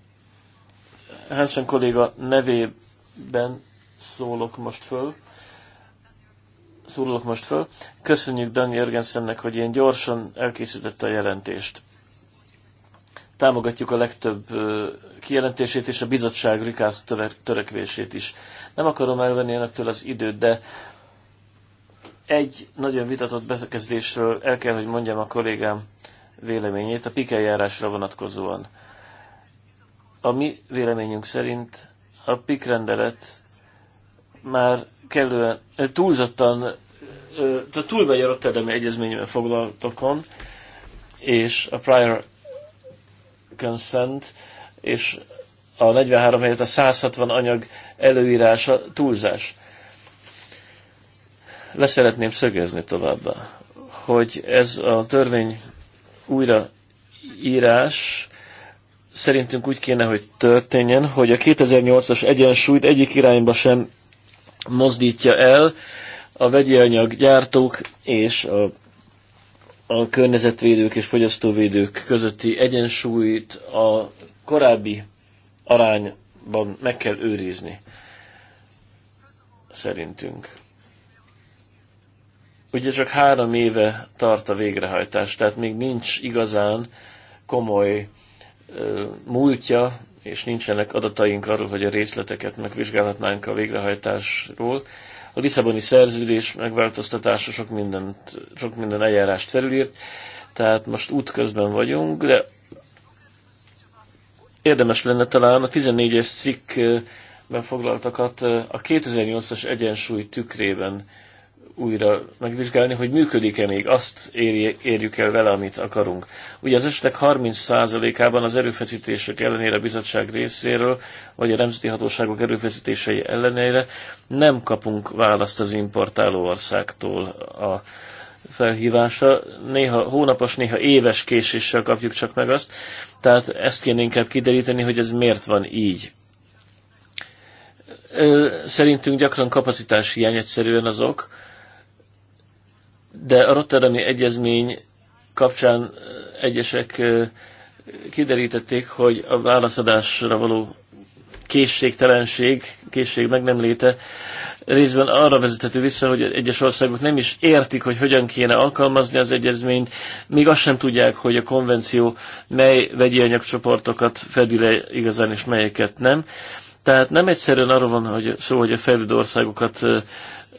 Hansen kolléga nevében szólok most föl szólok most föl. Köszönjük Dani Ergenszennek, hogy ilyen gyorsan elkészítette a jelentést. Támogatjuk a legtöbb kijelentését és a bizottság rikász törekvését is. Nem akarom elvenni önöktől az időt, de egy nagyon vitatott bekezdésről el kell, hogy mondjam a kollégám véleményét, a járásra vonatkozóan. A mi véleményünk szerint a rendelet már kellően, túlzottan, tehát túl megy a Rotterdami Egyezményben foglaltokon, és a prior consent, és a 43 helyett a 160 anyag előírása túlzás. Leszeretném szögezni továbbá, hogy ez a törvény újraírás szerintünk úgy kéne, hogy történjen, hogy a 2008-as egyensúlyt egyik irányba sem mozdítja el a vegyi anyag gyártók és a, a környezetvédők és fogyasztóvédők közötti egyensúlyt a korábbi arányban meg kell őrizni, szerintünk. Ugye csak három éve tart a végrehajtás, tehát még nincs igazán komoly múltja és nincsenek adataink arról, hogy a részleteket megvizsgálhatnánk a végrehajtásról. A Lisszaboni szerződés megváltoztatása sok, mindent, sok minden eljárást felülírt, tehát most útközben vagyunk, de érdemes lenne talán a 14-es cikkben foglaltakat a 2008-as egyensúly tükrében újra megvizsgálni, hogy működik-e még, azt érjük el vele, amit akarunk. Ugye az esetek 30%-ában az erőfeszítések ellenére a bizottság részéről, vagy a nemzeti hatóságok erőfeszítései ellenére nem kapunk választ az importáló országtól a felhívása. Néha hónapos, néha éves késéssel kapjuk csak meg azt. Tehát ezt kéne inkább kideríteni, hogy ez miért van így szerintünk gyakran kapacitás hiány egyszerűen azok, ok, de a Rotterdami Egyezmény kapcsán eh, egyesek eh, kiderítették, hogy a válaszadásra való készségtelenség, készség meg nem léte részben arra vezethető vissza, hogy egyes országok nem is értik, hogy hogyan kéne alkalmazni az egyezményt, még azt sem tudják, hogy a konvenció mely vegyi anyagcsoportokat fedi le igazán, és melyeket nem. Tehát nem egyszerűen arról van hogy szó, hogy a fejlődő országokat eh,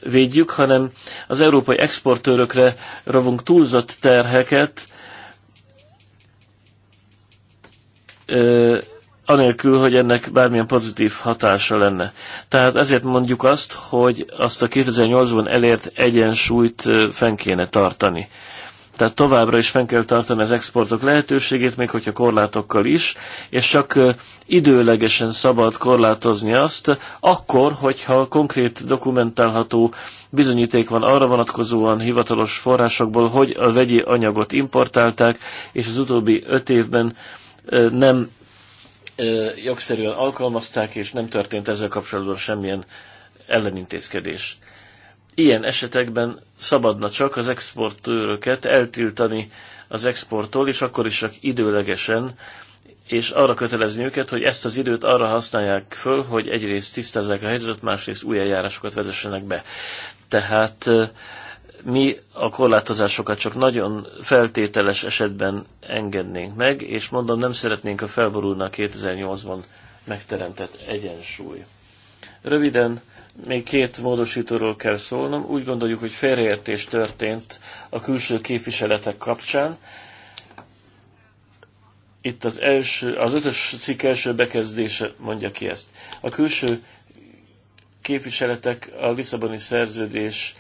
védjük, hanem az európai exportőrökre rovunk túlzott terheket, anélkül, hogy ennek bármilyen pozitív hatása lenne. Tehát ezért mondjuk azt, hogy azt a 2008-ban elért egyensúlyt fenn kéne tartani. Tehát továbbra is fenn kell tartani az exportok lehetőségét, még hogyha korlátokkal is, és csak időlegesen szabad korlátozni azt, akkor, hogyha konkrét dokumentálható bizonyíték van arra vonatkozóan hivatalos forrásokból, hogy a vegyi anyagot importálták, és az utóbbi öt évben nem jogszerűen alkalmazták, és nem történt ezzel kapcsolatban semmilyen ellenintézkedés ilyen esetekben szabadna csak az exportőröket eltiltani az exporttól, és akkor is csak időlegesen, és arra kötelezni őket, hogy ezt az időt arra használják föl, hogy egyrészt tisztázzák a helyzetet, másrészt új eljárásokat vezessenek be. Tehát mi a korlátozásokat csak nagyon feltételes esetben engednénk meg, és mondom, nem szeretnénk, a felborulna 2008-ban megteremtett egyensúly. Röviden még két módosítóról kell szólnom. Úgy gondoljuk, hogy félreértés történt a külső képviseletek kapcsán. Itt az, első, az ötös cikk első bekezdése mondja ki ezt. A külső képviseletek a Lisszaboni szerződés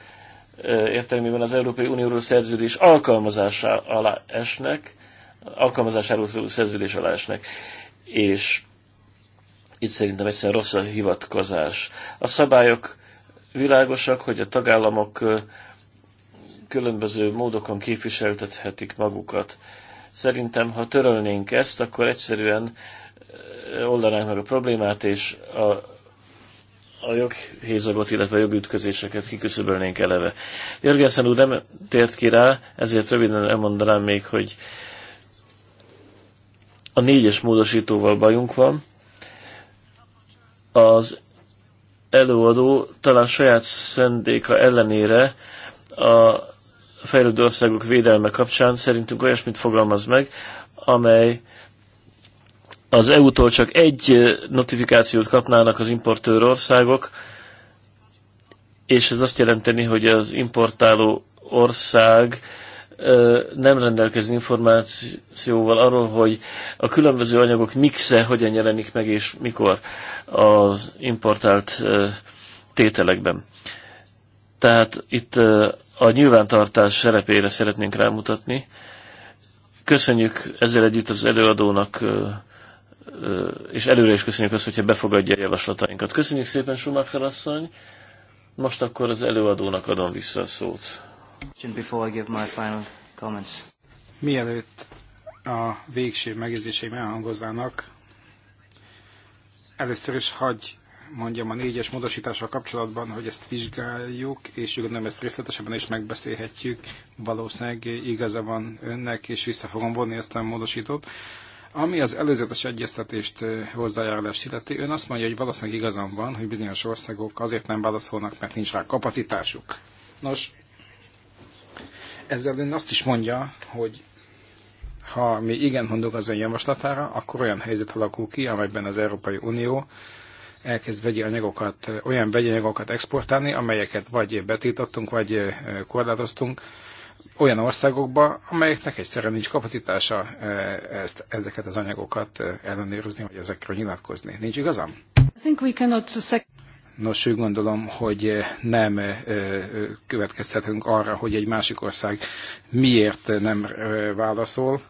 értelmében az Európai Unióról szerződés alkalmazása alá esnek, alkalmazásáról szóló szerződés alá esnek, és itt szerintem egyszerűen rossz a hivatkozás. A szabályok világosak, hogy a tagállamok különböző módokon képviseltethetik magukat. Szerintem, ha törölnénk ezt, akkor egyszerűen oldanánk meg a problémát, és a, a joghézagot, illetve a jogütközéseket kiküszöbölnénk eleve. Jörgenszen úr nem tért ki rá, ezért röviden elmondanám még, hogy a négyes módosítóval bajunk van, az előadó talán saját szendéka ellenére a fejlődő országok védelme kapcsán szerintünk olyasmit fogalmaz meg, amely az EU-tól csak egy notifikációt kapnának az importőr országok, és ez azt jelenteni, hogy az importáló ország nem rendelkezni információval arról, hogy a különböző anyagok mixe hogyan jelenik meg és mikor az importált tételekben. Tehát itt a nyilvántartás szerepére szeretnénk rámutatni. Köszönjük ezzel együtt az előadónak, és előre is köszönjük azt, hogyha befogadja a javaslatainkat. Köszönjük szépen, Sumacher asszony! Most akkor az előadónak adom vissza a szót. Mielőtt a végső megjegyzéseim elhangoznának, először is hagy mondjam a négyes módosítással kapcsolatban, hogy ezt vizsgáljuk, és gondolom ezt részletesebben is megbeszélhetjük. Valószínűleg igaza van önnek, és vissza fogom vonni ezt a módosítót. Ami az előzetes egyeztetést hozzájárulást illeti, ön azt mondja, hogy valószínűleg igazam van, hogy bizonyos országok azért nem válaszolnak, mert nincs rá kapacitásuk. Nos, ezzel ön azt is mondja, hogy ha mi igen mondok az ön javaslatára, akkor olyan helyzet alakul ki, amelyben az Európai Unió elkezd vegyi anyagokat, olyan vegyi anyagokat exportálni, amelyeket vagy betiltottunk, vagy korlátoztunk olyan országokba, amelyeknek egyszerűen nincs kapacitása ezt, ezeket az anyagokat ellenőrizni, vagy ezekről nyilatkozni. Nincs igazam? I think we cannot Nos, úgy gondolom, hogy eh, nem eh, eh, következtethetünk arra, hogy egy másik ország miért nem válaszol.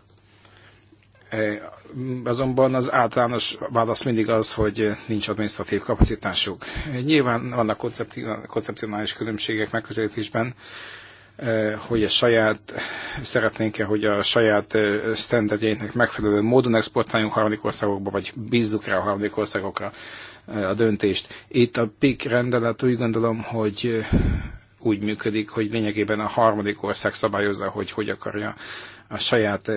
Azonban az általános válasz mindig az, hogy nincs adminisztratív kapacitásuk. Nyilván vannak koncepcionális különbségek megközelítésben, hogy a saját, szeretnénk-e, hogy a saját standardjainknak megfelelő módon exportáljunk harmadik országokba, vagy bízzuk rá a harmadik országokra a döntést. Itt a PIK rendelet úgy gondolom, hogy úgy működik, hogy lényegében a harmadik ország szabályozza, hogy hogy akarja a saját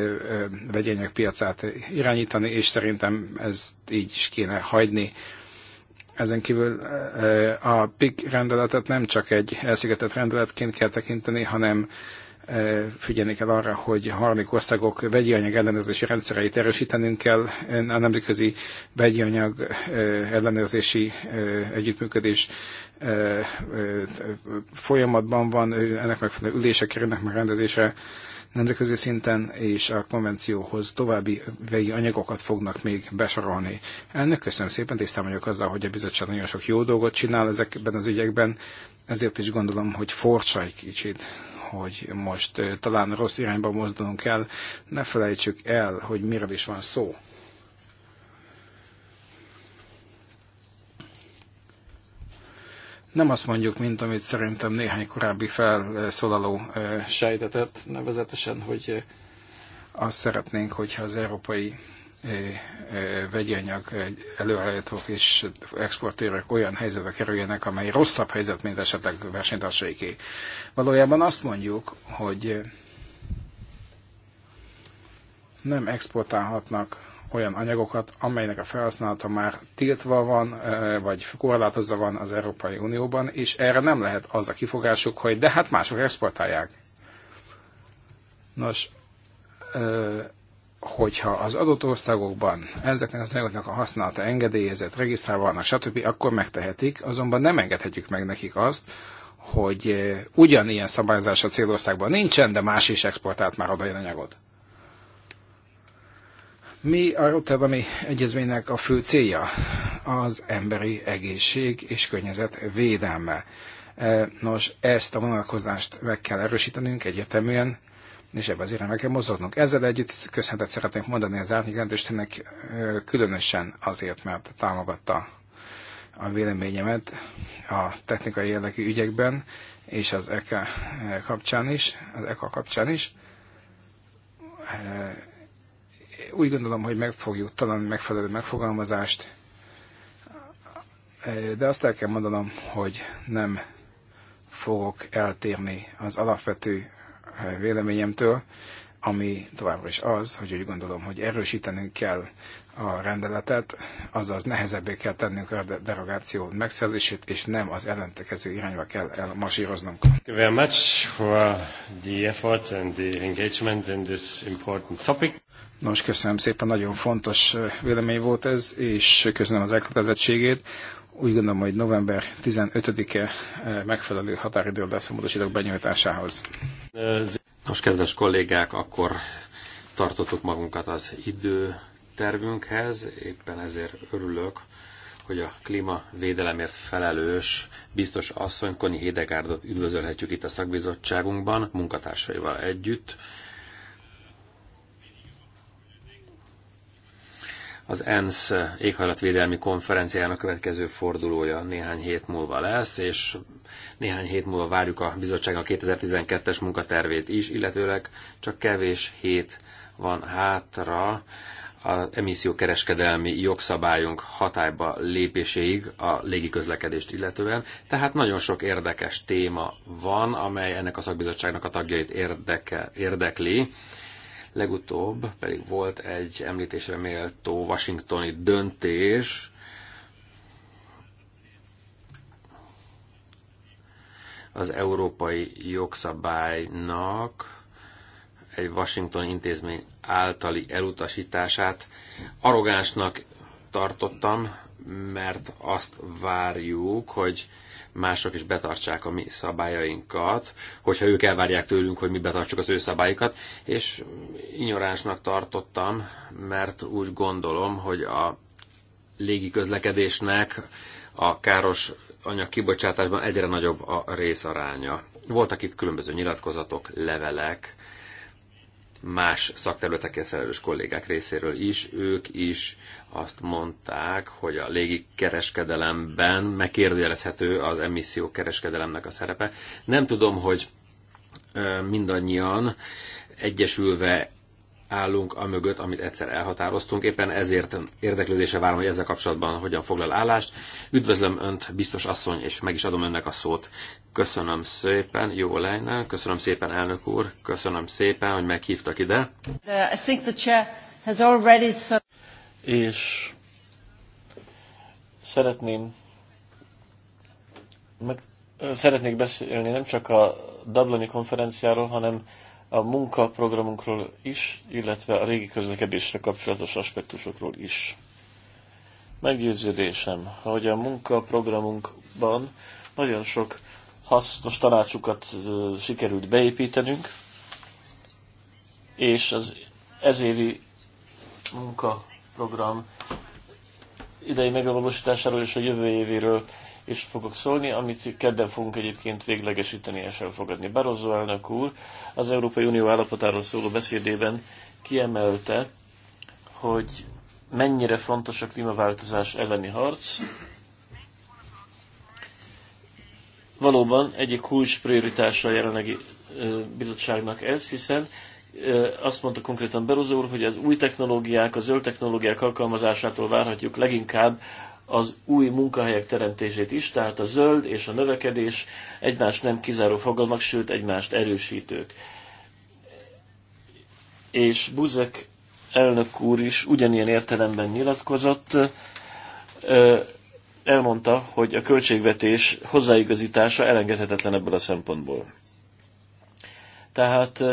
vegyények piacát irányítani, és szerintem ezt így is kéne hagyni. Ezen kívül a PIK rendeletet nem csak egy elszigetett rendeletként kell tekinteni, hanem figyelni kell arra, hogy harmadik országok vegyi anyag ellenőrzési rendszereit erősítenünk kell. A nemzetközi vegyi anyag ellenőrzési együttműködés folyamatban van, ennek megfelelő ülések kerülnek meg rendezésre nemzetközi szinten, és a konvencióhoz további vegyi anyagokat fognak még besorolni. Ennek köszönöm szépen, tisztában vagyok azzal, hogy a bizottság nagyon sok jó dolgot csinál ezekben az ügyekben, ezért is gondolom, hogy forcsa egy kicsit hogy most talán rossz irányba mozdulunk el, ne felejtsük el, hogy miről is van szó. Nem azt mondjuk, mint amit szerintem néhány korábbi felszólaló sejtetett, nevezetesen, hogy azt szeretnénk, hogyha az európai vegyi anyag előállítók és exportőrök olyan helyzetbe kerüljenek, amely rosszabb helyzet, mint esetleg versenytársaiké. Valójában azt mondjuk, hogy nem exportálhatnak olyan anyagokat, amelynek a felhasználata már tiltva van, vagy korlátozva van az Európai Unióban, és erre nem lehet az a kifogásuk, hogy de hát mások exportálják. Nos, hogyha az adott országokban ezeknek az anyagoknak a használata engedélyezett, regisztrálva vannak, stb., akkor megtehetik, azonban nem engedhetjük meg nekik azt, hogy eh, ugyanilyen szabályozás a célországban nincsen, de más is exportált már oda anyagot. Mi a Rotterdami Egyezménynek a fő célja? Az emberi egészség és környezet védelme. Eh, nos, ezt a vonatkozást meg kell erősítenünk egyeteműen, és ebben az irányba kell mozognunk. Ezzel együtt köszönetet szeretnénk mondani az árnyékjelentéstőnek, különösen azért, mert támogatta a véleményemet a technikai jellegű ügyekben, és az eka eh, kapcsán is, az eka kapcsán is. Eh, úgy gondolom, hogy meg fogjuk találni megfelelő megfogalmazást, eh, de azt el kell mondanom, hogy nem fogok eltérni az alapvető véleményemtől, ami továbbra is az, hogy úgy gondolom, hogy erősítenünk kell a rendeletet, azaz nehezebbé kell tennünk a derogáció megszerzését, és nem az ellentekező irányba kell elmasíroznunk. very much for the effort and the engagement in this important topic. Nos, köszönöm szépen, nagyon fontos vélemény volt ez, és köszönöm az elkötelezettségét úgy gondolom, hogy november 15-e eh, megfelelő határidő lesz a módosítók benyújtásához. Nos, kedves kollégák, akkor tartottuk magunkat az időtervünkhez, éppen ezért örülök, hogy a klímavédelemért felelős biztos asszony Konyi Hédegárdot üdvözölhetjük itt a szakbizottságunkban, munkatársaival együtt. az ENSZ éghajlatvédelmi konferenciának következő fordulója néhány hét múlva lesz, és néhány hét múlva várjuk a bizottságnak 2012-es munkatervét is, illetőleg csak kevés hét van hátra az emissziókereskedelmi jogszabályunk hatályba lépéséig a légiközlekedést illetően. Tehát nagyon sok érdekes téma van, amely ennek a szakbizottságnak a tagjait érdeke, érdekli Legutóbb pedig volt egy említésre méltó washingtoni döntés, az európai jogszabálynak egy Washington intézmény általi elutasítását arrogánsnak tartottam, mert azt várjuk, hogy mások is betartsák a mi szabályainkat, hogyha ők elvárják tőlünk, hogy mi betartsuk az ő szabályokat, és ignoránsnak tartottam, mert úgy gondolom, hogy a légi közlekedésnek a káros anyag kibocsátásban egyre nagyobb a részaránya. Voltak itt különböző nyilatkozatok, levelek, más szakterületekért felelős kollégák részéről is, ők is azt mondták, hogy a légi kereskedelemben megkérdőjelezhető az emisszió kereskedelemnek a szerepe. Nem tudom, hogy mindannyian egyesülve állunk a mögött, amit egyszer elhatároztunk. Éppen ezért érdeklődése várom, hogy ezzel kapcsolatban hogyan foglal állást. Üdvözlöm Önt, biztos asszony, és meg is adom Önnek a szót. Köszönöm szépen, jó lejnál, köszönöm szépen, elnök úr, köszönöm szépen, hogy meghívtak ide. I think the chair has already és szeretném meg, szeretnék beszélni nem csak a Dublini konferenciáról, hanem a munkaprogramunkról is, illetve a régi közlekedésre kapcsolatos aspektusokról is. Meggyőződésem, hogy a munkaprogramunkban nagyon sok hasznos tanácsukat sikerült beépítenünk, és az ezévi munka program idei megvalósításáról és a jövő évéről is fogok szólni, amit kedden fogunk egyébként véglegesíteni és elfogadni. Barozó elnök úr az Európai Unió állapotáról szóló beszédében kiemelte, hogy mennyire fontos a klímaváltozás elleni harc. Valóban egyik kulcs prioritása a jelenlegi bizottságnak ez, hiszen azt mondta konkrétan Beruzó úr, hogy az új technológiák, a zöld technológiák alkalmazásától várhatjuk leginkább az új munkahelyek teremtését is, tehát a zöld és a növekedés egymást nem kizáró fogalmak, sőt egymást erősítők. És Buzek elnök úr is ugyanilyen értelemben nyilatkozott, elmondta, hogy a költségvetés hozzáigazítása elengedhetetlen ebből a szempontból. Tehát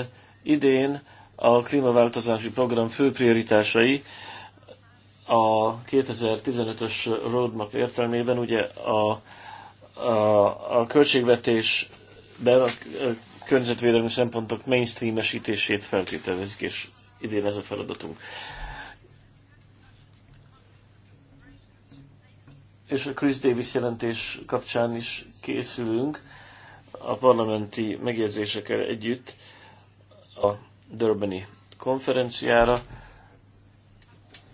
Idén a klímaváltozási program fő prioritásai a 2015-ös roadmap értelmében ugye a, a, a költségvetésben a környezetvédelmi szempontok mainstreamesítését feltételezik, és idén ez a feladatunk. És a Chris Davis jelentés kapcsán is készülünk a parlamenti megjegyzésekkel együtt, a Durbani konferenciára.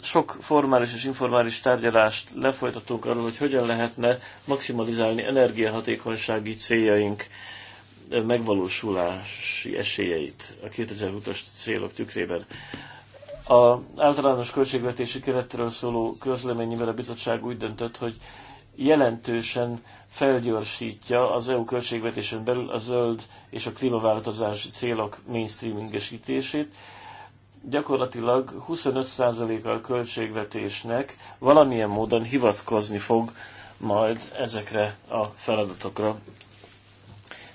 Sok formális és informális tárgyalást lefolytatunk arról, hogy hogyan lehetne maximalizálni energiahatékonysági céljaink megvalósulási esélyeit a 2020-as célok tükrében. A általános költségvetési keretről szóló közleményével a bizottság úgy döntött, hogy jelentősen felgyorsítja az EU költségvetésen belül a zöld és a klímaváltozási célok mainstreamingesítését. Gyakorlatilag 25%-a a költségvetésnek valamilyen módon hivatkozni fog majd ezekre a feladatokra.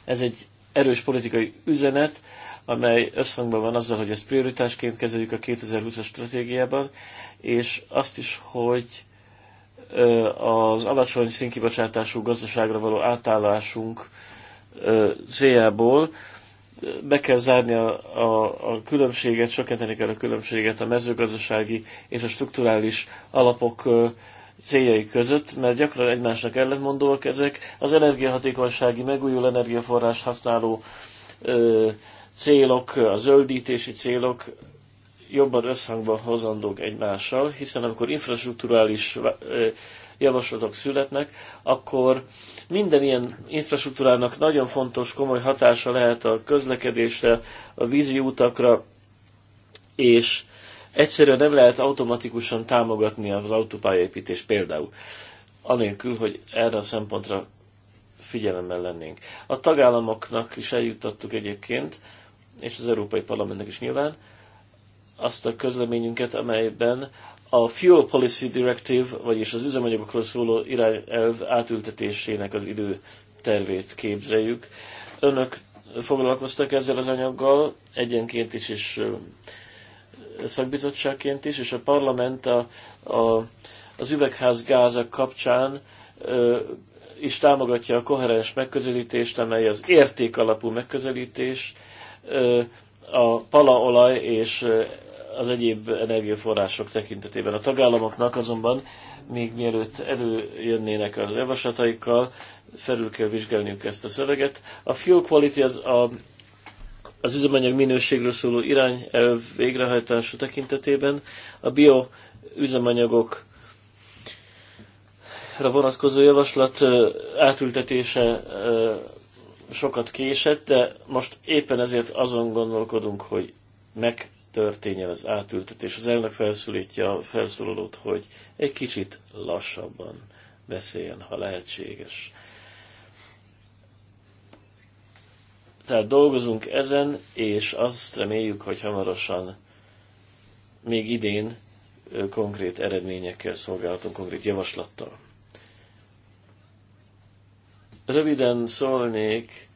Ez egy erős politikai üzenet, amely összhangban van azzal, hogy ezt prioritásként kezeljük a 2020-as stratégiában, és azt is, hogy az alacsony színkibocsátású gazdaságra való átállásunk céljából be kell zárni a, a, a különbséget, csökkenteni kell a különbséget a mezőgazdasági és a strukturális alapok céljai között, mert gyakran egymásnak ellentmondóak ezek. Az energiahatékonysági, megújuló energiaforrás használó ö, célok, a zöldítési célok jobban összhangban hozandók egymással, hiszen amikor infrastruktúrális eh, javaslatok születnek, akkor minden ilyen infrastruktúrának nagyon fontos, komoly hatása lehet a közlekedésre, a vízi utakra, és egyszerűen nem lehet automatikusan támogatni az autópályaépítést például, anélkül, hogy erre a szempontra figyelemmel lennénk. A tagállamoknak is eljuttattuk egyébként, és az Európai Parlamentnek is nyilván, azt a közleményünket, amelyben a Fuel Policy Directive, vagyis az üzemanyagokról szóló irányelv átültetésének az időtervét képzeljük. Önök foglalkoztak ezzel az anyaggal, egyenként is, és szakbizottságként is, és a parlament a, a, az üvegházgázak kapcsán ö, is támogatja a koherens megközelítést, amely az érték alapú megközelítés, ö, a palaolaj és az egyéb energiaforrások tekintetében. A tagállamoknak azonban még mielőtt előjönnének a javaslataikkal, felül kell vizsgálniuk ezt a szöveget. A fuel quality az a az üzemanyag minőségről szóló irány végrehajtása tekintetében a bio üzemanyagok vonatkozó javaslat átültetése sokat késett, de most éppen ezért azon gondolkodunk, hogy meg történjen az átültetés. Az elnök felszólítja a felszólalót, hogy egy kicsit lassabban beszéljen, ha lehetséges. Tehát dolgozunk ezen, és azt reméljük, hogy hamarosan, még idén konkrét eredményekkel szolgálhatunk, konkrét javaslattal. Röviden szólnék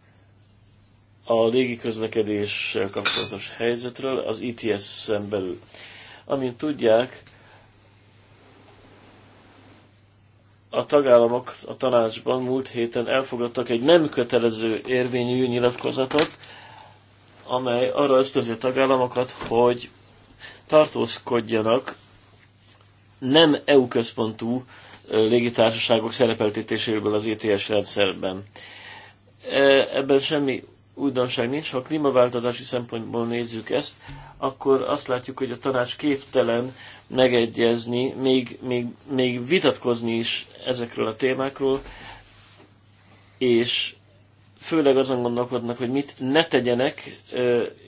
a közlekedéssel kapcsolatos helyzetről az ITS-en belül. Amint tudják, a tagállamok a tanácsban múlt héten elfogadtak egy nem kötelező érvényű nyilatkozatot, amely arra ösztönzi a tagállamokat, hogy tartózkodjanak nem EU központú légitársaságok szerepeltetéséből az ETS rendszerben. E, ebben semmi újdonság nincs. Ha a klímaváltozási szempontból nézzük ezt, akkor azt látjuk, hogy a tanács képtelen megegyezni, még, még, még vitatkozni is ezekről a témákról, és főleg azon gondolkodnak, hogy mit ne tegyenek,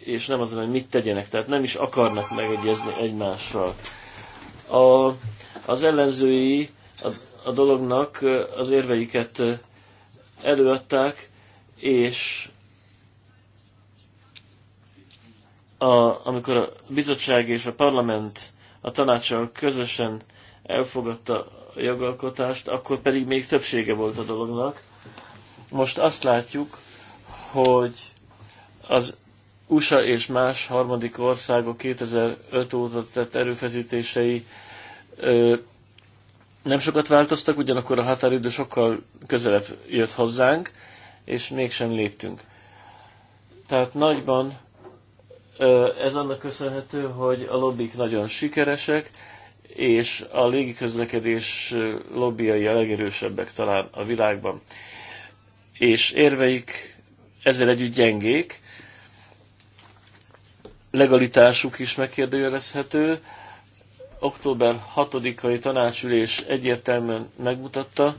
és nem azon, hogy mit tegyenek, tehát nem is akarnak megegyezni egymással. A, az ellenzői a, a dolognak az érveiket előadták, és a, amikor a bizottság és a parlament a tanácssal közösen elfogadta a jogalkotást, akkor pedig még többsége volt a dolognak. Most azt látjuk, hogy az USA és más harmadik országok 2005 óta tett erőfeszítései ö, nem sokat változtak, ugyanakkor a határidő sokkal közelebb jött hozzánk, és mégsem léptünk. Tehát nagyban ez annak köszönhető, hogy a lobbik nagyon sikeresek, és a légiközlekedés lobbiai a legerősebbek talán a világban. És érveik ezzel együtt gyengék, legalitásuk is megkérdőjelezhető. Október 6-ai tanácsülés egyértelműen megmutatta,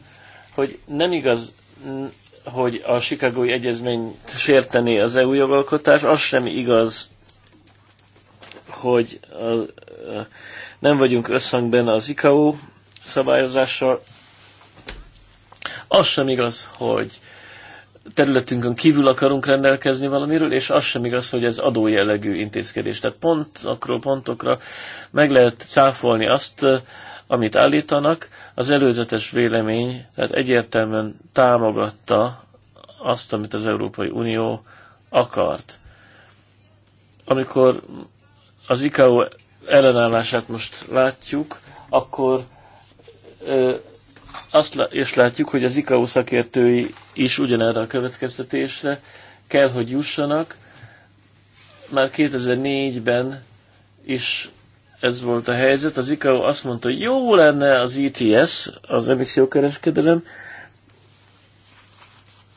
hogy nem igaz, hogy a Chicagói Egyezményt sértené az EU jogalkotás, az sem igaz, hogy a, a, nem vagyunk összhangben az ICAO szabályozással. Az sem igaz, hogy területünkön kívül akarunk rendelkezni valamiről, és az sem igaz, hogy ez adójellegű intézkedés. Tehát pontokról pontokra meg lehet cáfolni azt, amit állítanak. Az előzetes vélemény, tehát egyértelműen támogatta azt, amit az Európai Unió akart. Amikor az ICAO ellenállását most látjuk, akkor ö, azt és látjuk, hogy az ICAO szakértői is ugyanerre a következtetésre kell, hogy jussanak. Már 2004-ben is ez volt a helyzet. Az ICAO azt mondta, hogy jó lenne az ETS, az emissziókereskedelem,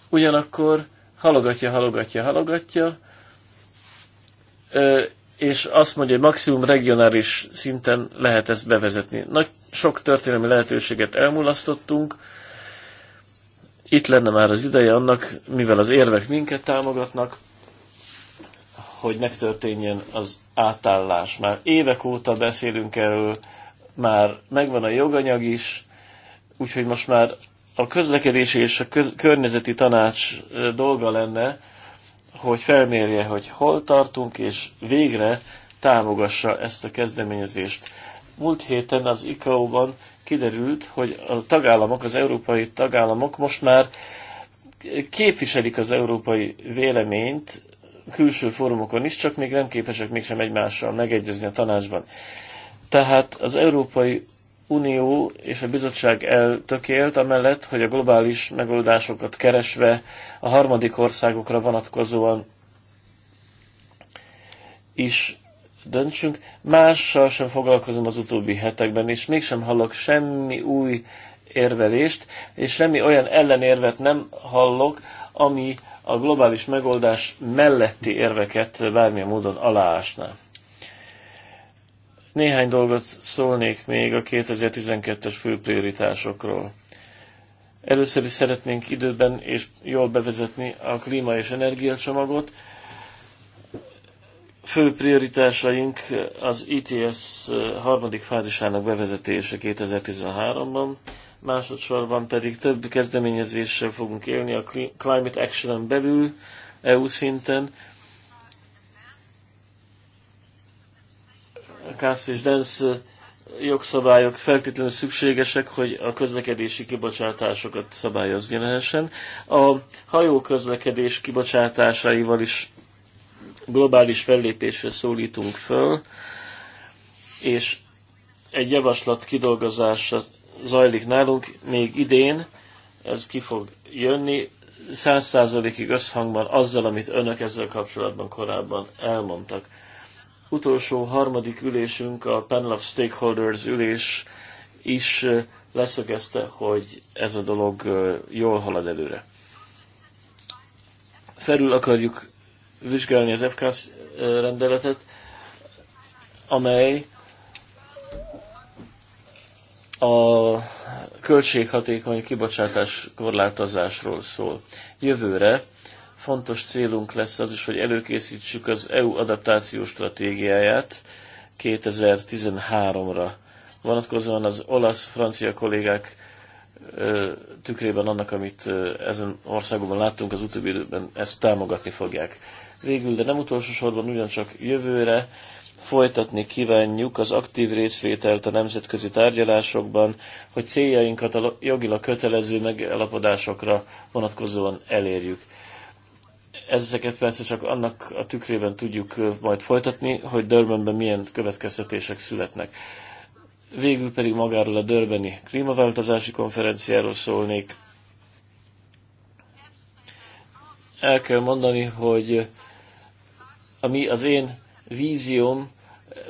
ugyanakkor halogatja, halogatja, halogatja, és azt mondja, hogy maximum regionális szinten lehet ezt bevezetni. Nagy, sok történelmi lehetőséget elmulasztottunk, itt lenne már az ideje annak, mivel az érvek minket támogatnak, hogy megtörténjen az átállás. Már évek óta beszélünk erről, már megvan a joganyag is, úgyhogy most már a közlekedési és a köz- környezeti tanács dolga lenne, hogy felmérje, hogy hol tartunk, és végre támogassa ezt a kezdeményezést. Múlt héten az ICAO-ban kiderült, hogy a tagállamok, az európai tagállamok most már képviselik az európai véleményt külső fórumokon is, csak még nem képesek mégsem egymással megegyezni a tanácsban. Tehát az Európai Unió és a bizottság eltökélt, amellett, hogy a globális megoldásokat keresve a harmadik országokra vonatkozóan is döntsünk. Mással sem foglalkozom az utóbbi hetekben, és mégsem hallok semmi új érvelést, és semmi olyan ellenérvet nem hallok, ami a globális megoldás melletti érveket bármilyen módon aláásná. Néhány dolgot szólnék még a 2012-es fő prioritásokról. Először is szeretnénk időben és jól bevezetni a klíma és energiacsomagot. Fő prioritásaink az ITS e harmadik fázisának bevezetése 2013-ban, másodszorban pedig több kezdeményezéssel fogunk élni a Climate Action-en belül, EU szinten, a Kász és Densz jogszabályok feltétlenül szükségesek, hogy a közlekedési kibocsátásokat szabályozni lehessen. A hajó közlekedés kibocsátásaival is globális fellépésre szólítunk föl, és egy javaslat kidolgozása zajlik nálunk még idén, ez ki fog jönni, száz százalékig összhangban azzal, amit önök ezzel kapcsolatban korábban elmondtak utolsó harmadik ülésünk, a Panel of Stakeholders ülés is leszögezte, hogy ez a dolog jól halad előre. Felül akarjuk vizsgálni az FKS rendeletet, amely a költséghatékony kibocsátás korlátozásról szól. Jövőre fontos célunk lesz az is, hogy előkészítsük az EU adaptáció stratégiáját 2013-ra. Vonatkozóan az olasz-francia kollégák tükrében annak, amit ezen országokban láttunk az utóbbi időben, ezt támogatni fogják. Végül, de nem utolsó sorban ugyancsak jövőre folytatni kívánjuk az aktív részvételt a nemzetközi tárgyalásokban, hogy céljainkat a jogilag kötelező megalapodásokra vonatkozóan elérjük ezeket persze csak annak a tükrében tudjuk majd folytatni, hogy Dörbenben milyen következtetések születnek. Végül pedig magáról a Dörbeni klímaváltozási konferenciáról szólnék. El kell mondani, hogy ami az én vízióm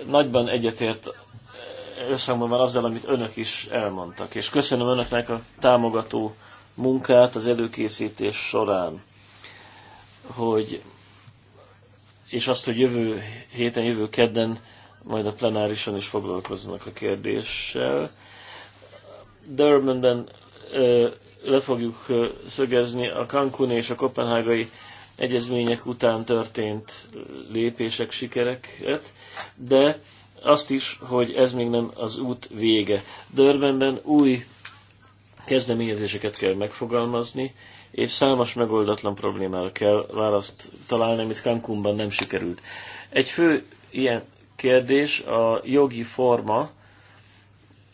nagyban egyetért összhangban van azzal, amit önök is elmondtak. És köszönöm önöknek a támogató munkát az előkészítés során hogy és azt, hogy jövő héten, jövő kedden majd a plenárison is foglalkoznak a kérdéssel. Durbanben le fogjuk szögezni a Cancun és a kopenhágai egyezmények után történt lépések, sikereket, de azt is, hogy ez még nem az út vége. Durbanben új kezdeményezéseket kell megfogalmazni, és számos megoldatlan problémára kell választ találni, amit Cancúnban nem sikerült. Egy fő ilyen kérdés a jogi forma,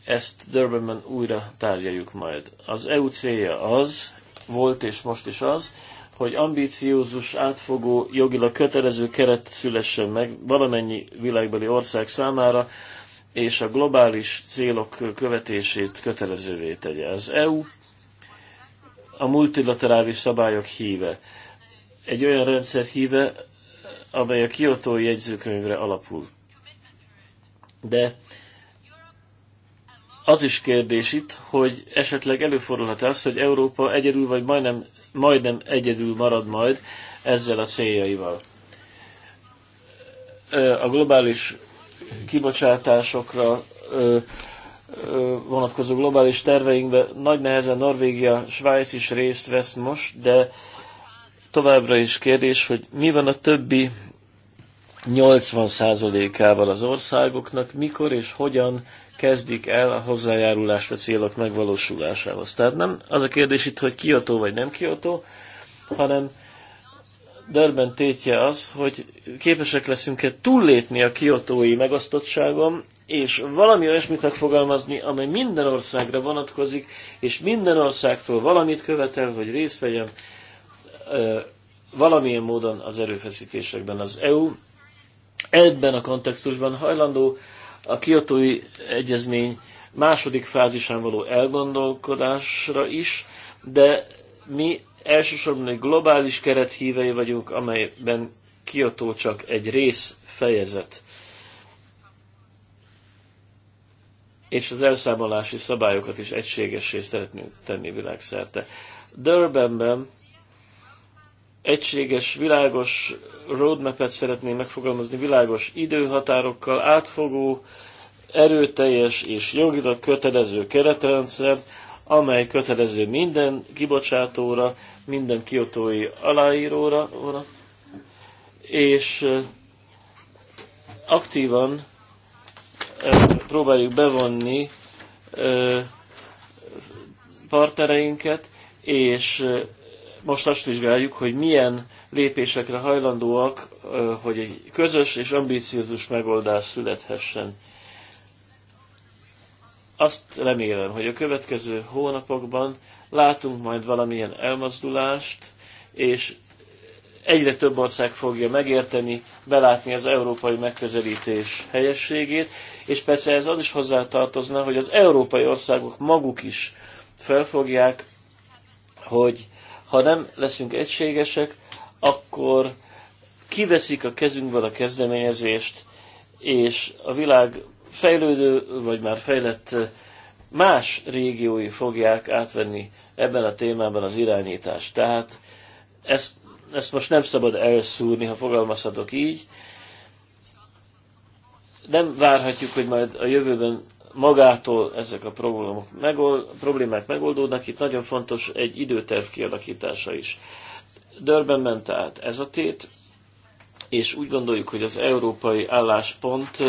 ezt Durbanben újra tárgyaljuk majd. Az EU célja az, volt és most is az, hogy ambíciózus, átfogó, jogilag kötelező keret szülessen meg valamennyi világbeli ország számára, és a globális célok követését kötelezővé tegye. Az EU a multilaterális szabályok híve. Egy olyan rendszer híve, amely a kiotói jegyzőkönyvre alapul. De az is kérdés itt, hogy esetleg előfordulhat az, hogy Európa egyedül vagy majdnem, majdnem egyedül marad majd ezzel a céljaival. A globális kibocsátásokra vonatkozó globális terveinkben nagy nehezen Norvégia, Svájc is részt vesz most, de továbbra is kérdés, hogy mi van a többi 80%-ával az országoknak, mikor és hogyan kezdik el a hozzájárulást a célok megvalósulásához. Tehát nem az a kérdés itt, hogy kiotó vagy nem kiotó, hanem Dörben tétje az, hogy képesek leszünk-e túllépni a kiotói megosztottságon, és valami olyasmit megfogalmazni, amely minden országra vonatkozik, és minden országtól valamit követel, hogy részt vegyen valamilyen módon az erőfeszítésekben az EU. Ebben a kontextusban hajlandó a kiotói egyezmény második fázisán való elgondolkodásra is, de mi elsősorban egy globális keret hívei vagyunk, amelyben Kiotó csak egy rész fejezet. és az elszámolási szabályokat is egységessé szeretnénk tenni világszerte. Durbanben egységes, világos roadmap-et szeretnénk megfogalmazni, világos időhatárokkal, átfogó, erőteljes és jogilag kötelező keretrendszert, amely kötelező minden kibocsátóra, minden kiotói aláíróra, és aktívan próbáljuk bevonni partnereinket, és most azt vizsgáljuk, hogy milyen lépésekre hajlandóak, hogy egy közös és ambíciózus megoldás születhessen. Azt remélem, hogy a következő hónapokban látunk majd valamilyen elmozdulást, és egyre több ország fogja megérteni, belátni az európai megközelítés helyességét, és persze ez az is hozzátartozna, hogy az európai országok maguk is felfogják, hogy ha nem leszünk egységesek, akkor kiveszik a kezünkből a kezdeményezést, és a világ fejlődő, vagy már fejlett más régiói fogják átvenni ebben a témában az irányítást. Tehát ezt ezt most nem szabad elszúrni, ha fogalmazhatok így. Nem várhatjuk, hogy majd a jövőben magától ezek a problémák, megold, problémák megoldódnak, itt nagyon fontos egy időterv kialakítása is. Dörben ment át ez a tét, és úgy gondoljuk, hogy az európai álláspont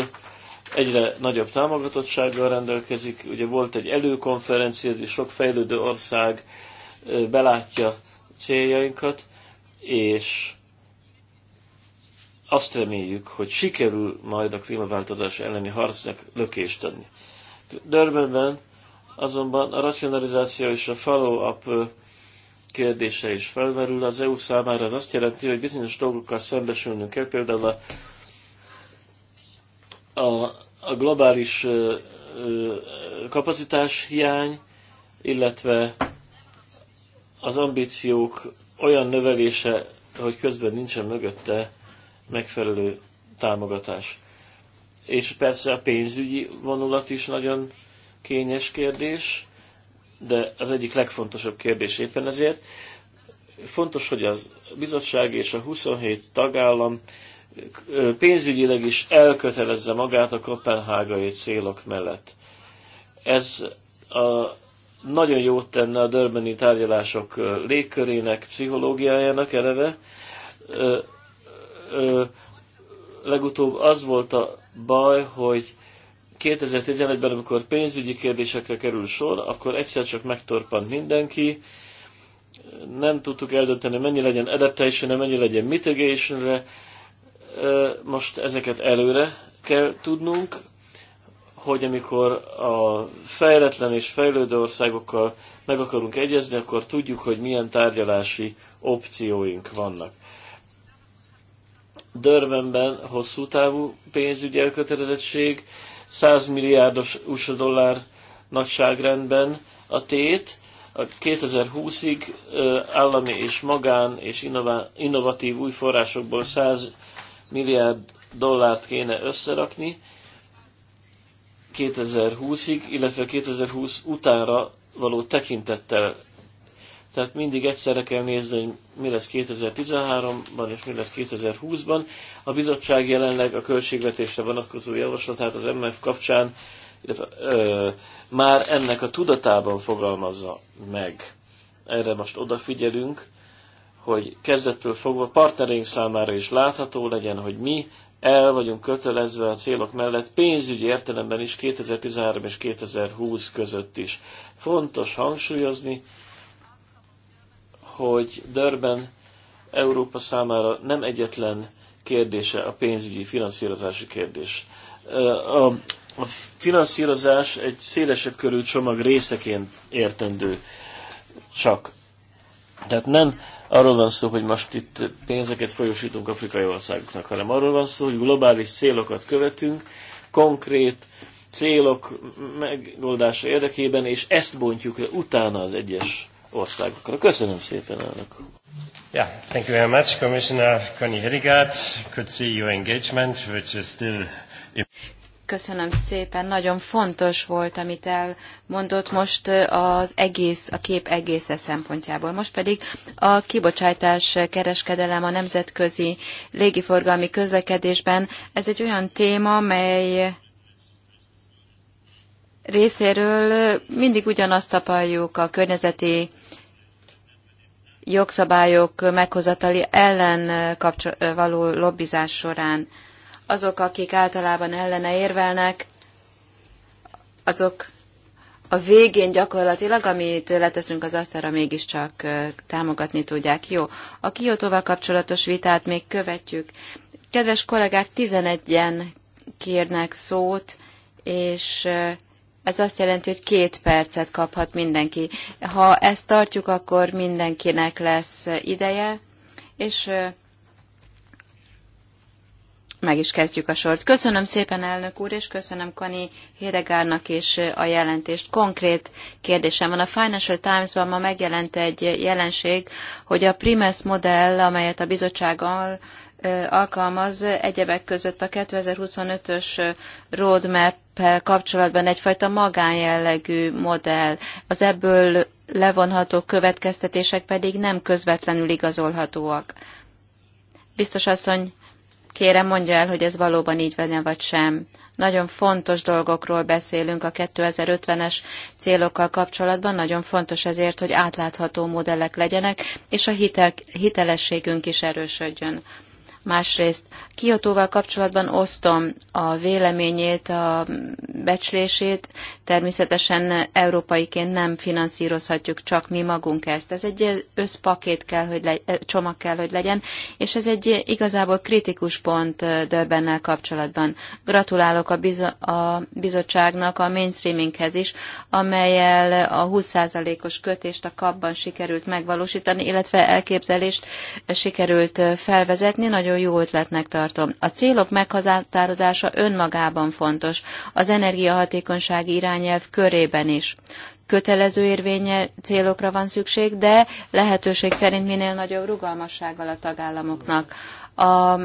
egyre nagyobb támogatottsággal rendelkezik. Ugye volt egy előkonferencia, és sok fejlődő ország belátja céljainkat, és azt reméljük, hogy sikerül majd a klímaváltozás elleni harcnak lökést adni. Durbanben azonban a racionalizáció és a follow-up kérdése is felmerül. Az EU számára az azt jelenti, hogy bizonyos dolgokkal szembesülnünk kell, például a, a, a globális ö, ö, kapacitás hiány, illetve az ambíciók olyan növelése, hogy közben nincsen mögötte megfelelő támogatás. És persze a pénzügyi vonulat is nagyon kényes kérdés, de az egyik legfontosabb kérdés éppen ezért. Fontos, hogy az bizottság és a 27 tagállam pénzügyileg is elkötelezze magát a kopenhágai célok mellett. Ez a nagyon jót tenne a dörbeni tárgyalások légkörének, pszichológiájának eleve. Ö, ö, legutóbb az volt a baj, hogy 2011-ben, amikor pénzügyi kérdésekre kerül sor, akkor egyszer csak megtorpant mindenki, nem tudtuk eldönteni, mennyi legyen adaptation mennyi legyen mitigation-re. Most ezeket előre kell tudnunk, hogy amikor a fejletlen és fejlődő országokkal meg akarunk egyezni, akkor tudjuk, hogy milyen tárgyalási opcióink vannak. Dörbenben hosszú távú pénzügyi elkötelezettség, 100 milliárdos USA dollár nagyságrendben a tét, a 2020-ig állami és magán és innovatív új forrásokból 100 milliárd dollárt kéne összerakni, 2020-ig, illetve 2020 utánra való tekintettel. Tehát mindig egyszerre kell nézni, hogy mi lesz 2013-ban és mi lesz 2020-ban. A bizottság jelenleg a költségvetésre vonatkozó javaslatát az MF kapcsán illetve, ö, már ennek a tudatában fogalmazza meg. Erre most odafigyelünk, hogy kezdettől fogva partnereink számára is látható legyen, hogy mi el vagyunk kötelezve a célok mellett pénzügyi értelemben is 2013 és 2020 között is. Fontos hangsúlyozni, hogy Dörben Európa számára nem egyetlen kérdése a pénzügyi finanszírozási kérdés. A, a finanszírozás egy szélesebb körű csomag részeként értendő csak. Tehát nem arról van szó, hogy most itt pénzeket folyosítunk afrikai országoknak, hanem arról van szó, hogy globális célokat követünk, konkrét célok megoldása érdekében, és ezt bontjuk le utána az egyes országokra. Köszönöm szépen elnök. Yeah, thank you very much, Commissioner Connie Hedigard. Could see your engagement, which is still Köszönöm szépen, nagyon fontos volt, amit elmondott most az egész, a kép egésze szempontjából. Most pedig a kibocsátás kereskedelem a nemzetközi légiforgalmi közlekedésben. Ez egy olyan téma, mely részéről mindig ugyanazt tapaljuk a környezeti jogszabályok meghozatali ellen kapcsol- való lobbizás során azok, akik általában ellene érvelnek, azok a végén gyakorlatilag, amit leteszünk az asztalra, mégiscsak támogatni tudják. Jó, a Kiotóval kapcsolatos vitát még követjük. Kedves kollégák, 11-en kérnek szót, és ez azt jelenti, hogy két percet kaphat mindenki. Ha ezt tartjuk, akkor mindenkinek lesz ideje, és meg is kezdjük a sort. Köszönöm szépen, elnök úr, és köszönöm Kani Hédegárnak is a jelentést. Konkrét kérdésem van. A Financial Times-ban ma megjelent egy jelenség, hogy a Primes modell, amelyet a bizottsággal alkalmaz, egyebek között a 2025-ös roadmap kapcsolatban egyfajta magánjellegű modell. Az ebből levonható következtetések pedig nem közvetlenül igazolhatóak. Biztos asszony, Kérem, mondja el, hogy ez valóban így van vagy sem. Nagyon fontos dolgokról beszélünk a 2050-es célokkal kapcsolatban, nagyon fontos ezért, hogy átlátható modellek legyenek, és a hitel, hitelességünk is erősödjön. Másrészt Kiotóval kapcsolatban osztom a véleményét, a becslését. Természetesen európaiként nem finanszírozhatjuk csak mi magunk ezt. Ez egy összpakét kell, hogy legy, csomag kell, hogy legyen, és ez egy igazából kritikus pont Dörbennel kapcsolatban. Gratulálok a, bizo- a bizottságnak a mainstreaminghez is, amelyel a 20%-os kötést a kapban sikerült megvalósítani, illetve elképzelést sikerült felvezetni. Nagyon jó ötletnek tartom tartom. A célok meghatározása önmagában fontos, az energiahatékonyság irányelv körében is. Kötelező érvénye célokra van szükség, de lehetőség szerint minél nagyobb rugalmassággal a tagállamoknak a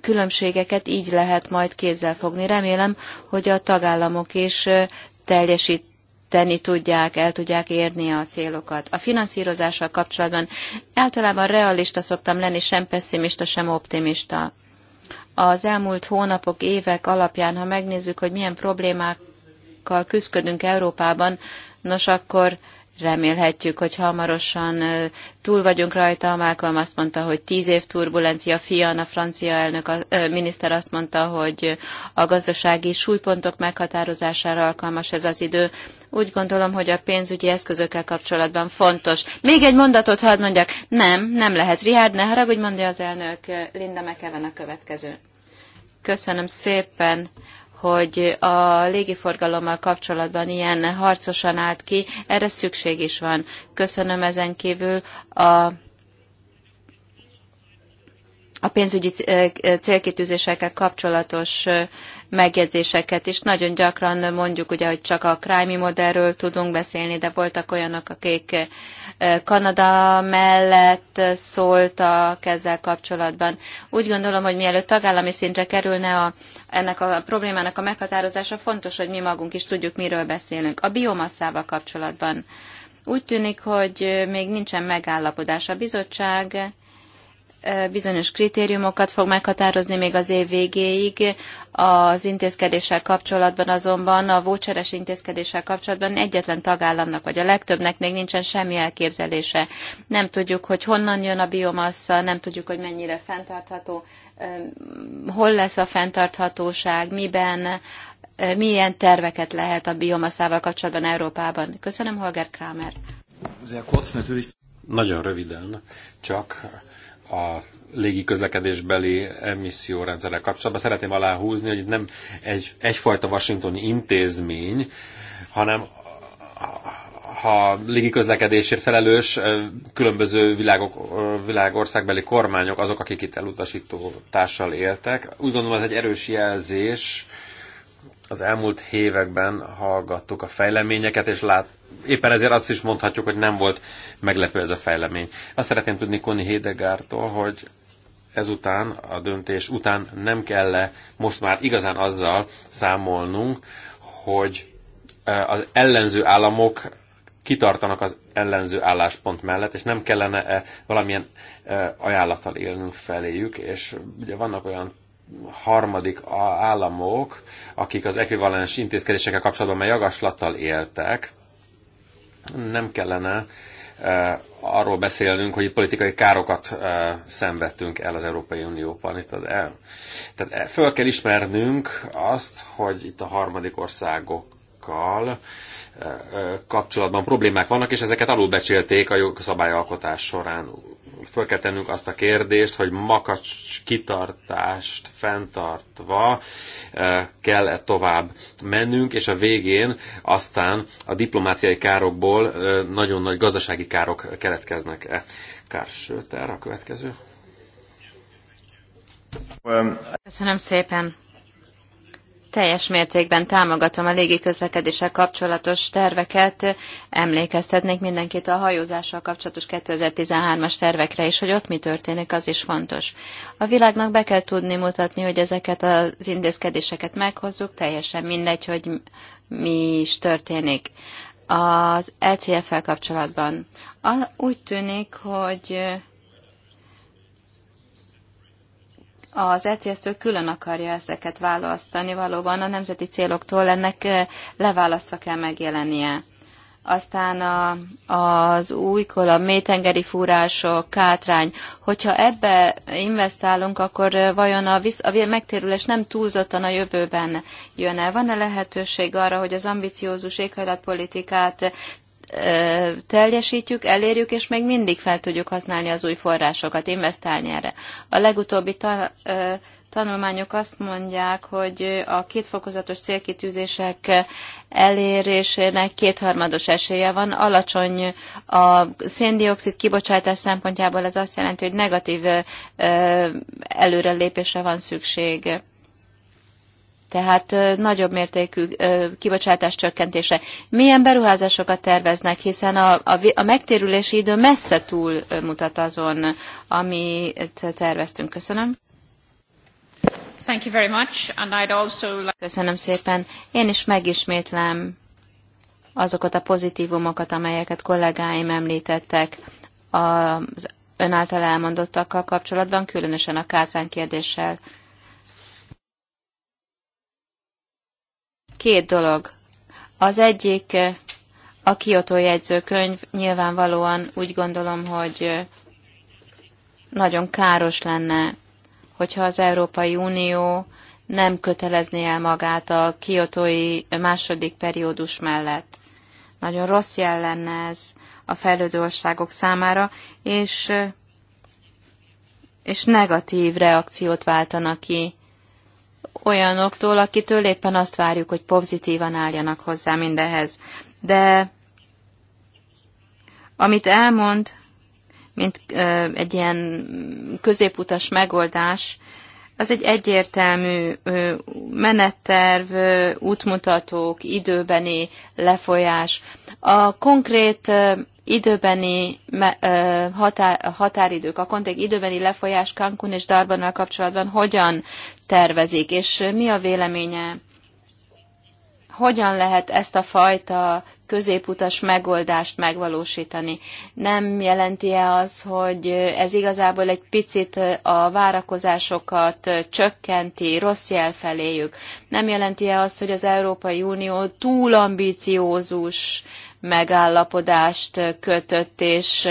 különbségeket így lehet majd kézzel fogni. Remélem, hogy a tagállamok is teljesíteni tudják, el tudják érni a célokat. A finanszírozással kapcsolatban általában realista szoktam lenni, sem pessimista, sem optimista az elmúlt hónapok, évek alapján, ha megnézzük, hogy milyen problémákkal küzdködünk Európában, nos akkor remélhetjük, hogy hamarosan túl vagyunk rajta. Malcolm azt mondta, hogy tíz év turbulencia, Fian, a francia elnök, a miniszter azt mondta, hogy a gazdasági súlypontok meghatározására alkalmas ez az idő. Úgy gondolom, hogy a pénzügyi eszközökkel kapcsolatban fontos. Még egy mondatot hadd mondjak. Nem, nem lehet. Rihárd, ne haragudj, mondja az elnök. Linda McEwen a következő. Köszönöm szépen, hogy a légiforgalommal kapcsolatban ilyen harcosan állt ki. Erre szükség is van. Köszönöm ezen kívül a a pénzügyi célkitűzésekkel kapcsolatos megjegyzéseket is. Nagyon gyakran mondjuk, ugye, hogy csak a crime modellről tudunk beszélni, de voltak olyanok, akik eh, Kanada mellett szóltak ezzel kapcsolatban. Úgy gondolom, hogy mielőtt tagállami szintre kerülne a, ennek a problémának a meghatározása, fontos, hogy mi magunk is tudjuk, miről beszélünk. A biomasszával kapcsolatban. Úgy tűnik, hogy még nincsen megállapodás. A bizottság bizonyos kritériumokat fog meghatározni még az év végéig. Az intézkedéssel kapcsolatban azonban, a vócseres intézkedéssel kapcsolatban egyetlen tagállamnak, vagy a legtöbbnek még nincsen semmi elképzelése. Nem tudjuk, hogy honnan jön a biomassa, nem tudjuk, hogy mennyire fenntartható, hol lesz a fenntarthatóság, miben, milyen terveket lehet a biomaszával kapcsolatban Európában. Köszönöm, Holger Kramer. Nagyon röviden, csak a légi közlekedésbeli emissziórendszerrel kapcsolatban. Szeretném aláhúzni, hogy itt nem egy, egyfajta washingtoni intézmény, hanem ha légiközlekedésért felelős különböző világok, világországbeli kormányok, azok, akik itt elutasító társal éltek. Úgy gondolom, ez egy erős jelzés az elmúlt években hallgattuk a fejleményeket, és lát, éppen ezért azt is mondhatjuk, hogy nem volt meglepő ez a fejlemény. Azt szeretném tudni Koni Hédegártól, hogy ezután, a döntés után nem kell -e most már igazán azzal számolnunk, hogy e, az ellenző államok kitartanak az ellenző álláspont mellett, és nem kellene -e valamilyen ajánlattal élnünk feléjük, és ugye vannak olyan harmadik államok, akik az ekvivalens intézkedésekkel kapcsolatban már jagaslattal éltek, nem kellene eh, arról beszélnünk, hogy politikai károkat eh, szenvedtünk el az Európai Unióban. Itt az el. Tehát eh, föl kell ismernünk azt, hogy itt a harmadik országokkal kapcsolatban problémák vannak, és ezeket alulbecsélték a jogszabályalkotás során fel kell tennünk azt a kérdést, hogy makacs kitartást fenntartva eh, kell-e tovább mennünk, és a végén aztán a diplomáciai károkból eh, nagyon nagy gazdasági károk keletkeznek-e. erre a következő. Köszönöm szépen. Teljes mértékben támogatom a légiközlekedéssel kapcsolatos terveket. Emlékeztetnék mindenkit a hajózással kapcsolatos 2013-as tervekre is, hogy ott mi történik, az is fontos. A világnak be kell tudni mutatni, hogy ezeket az intézkedéseket meghozzuk, teljesen mindegy, hogy mi is történik. Az LCF-fel kapcsolatban úgy tűnik, hogy az ETS-től külön akarja ezeket választani, valóban a nemzeti céloktól ennek eh, leválasztva kell megjelennie. Aztán a, az újkor a mélytengeri fúrások, kátrány, hogyha ebbe investálunk, akkor eh, vajon a, visz, a megtérülés nem túlzottan a jövőben jön el? Van-e lehetőség arra, hogy az ambiciózus éghajlatpolitikát teljesítjük, elérjük, és még mindig fel tudjuk használni az új forrásokat, investálni erre. A legutóbbi ta, tanulmányok azt mondják, hogy a kétfokozatos célkitűzések elérésének kétharmados esélye van. Alacsony a széndiokszid kibocsátás szempontjából ez azt jelenti, hogy negatív előrelépésre van szükség tehát nagyobb mértékű kibocsátás csökkentése. Milyen beruházásokat terveznek, hiszen a, a, a megtérülési idő messze túl mutat azon, amit terveztünk. Köszönöm. Thank you very much, and I'd also like... Köszönöm szépen. Én is megismétlem azokat a pozitívumokat, amelyeket kollégáim említettek az ön által elmondottakkal kapcsolatban, különösen a kátrán kérdéssel Két dolog. Az egyik eh, a Kyoto jegyzőkönyv nyilvánvalóan úgy gondolom, hogy eh, nagyon káros lenne, hogyha az Európai Unió nem kötelezné el magát a kiotói második periódus mellett. Nagyon rossz jel lenne ez a fejlődő országok számára, és, eh, és negatív reakciót váltana ki olyanoktól, akitől éppen azt várjuk, hogy pozitívan álljanak hozzá mindehez. De amit elmond, mint egy ilyen középutas megoldás, az egy egyértelmű menetterv, útmutatók, időbeni lefolyás. A konkrét időbeni határ, határidők, a konték időbeni lefolyás Cancun és Darbannal kapcsolatban hogyan tervezik, és mi a véleménye? Hogyan lehet ezt a fajta középutas megoldást megvalósítani? Nem jelenti-e az, hogy ez igazából egy picit a várakozásokat csökkenti, rossz jel feléjük? Nem jelenti-e azt, hogy az Európai Unió túl ambiciózus, megállapodást kötött, és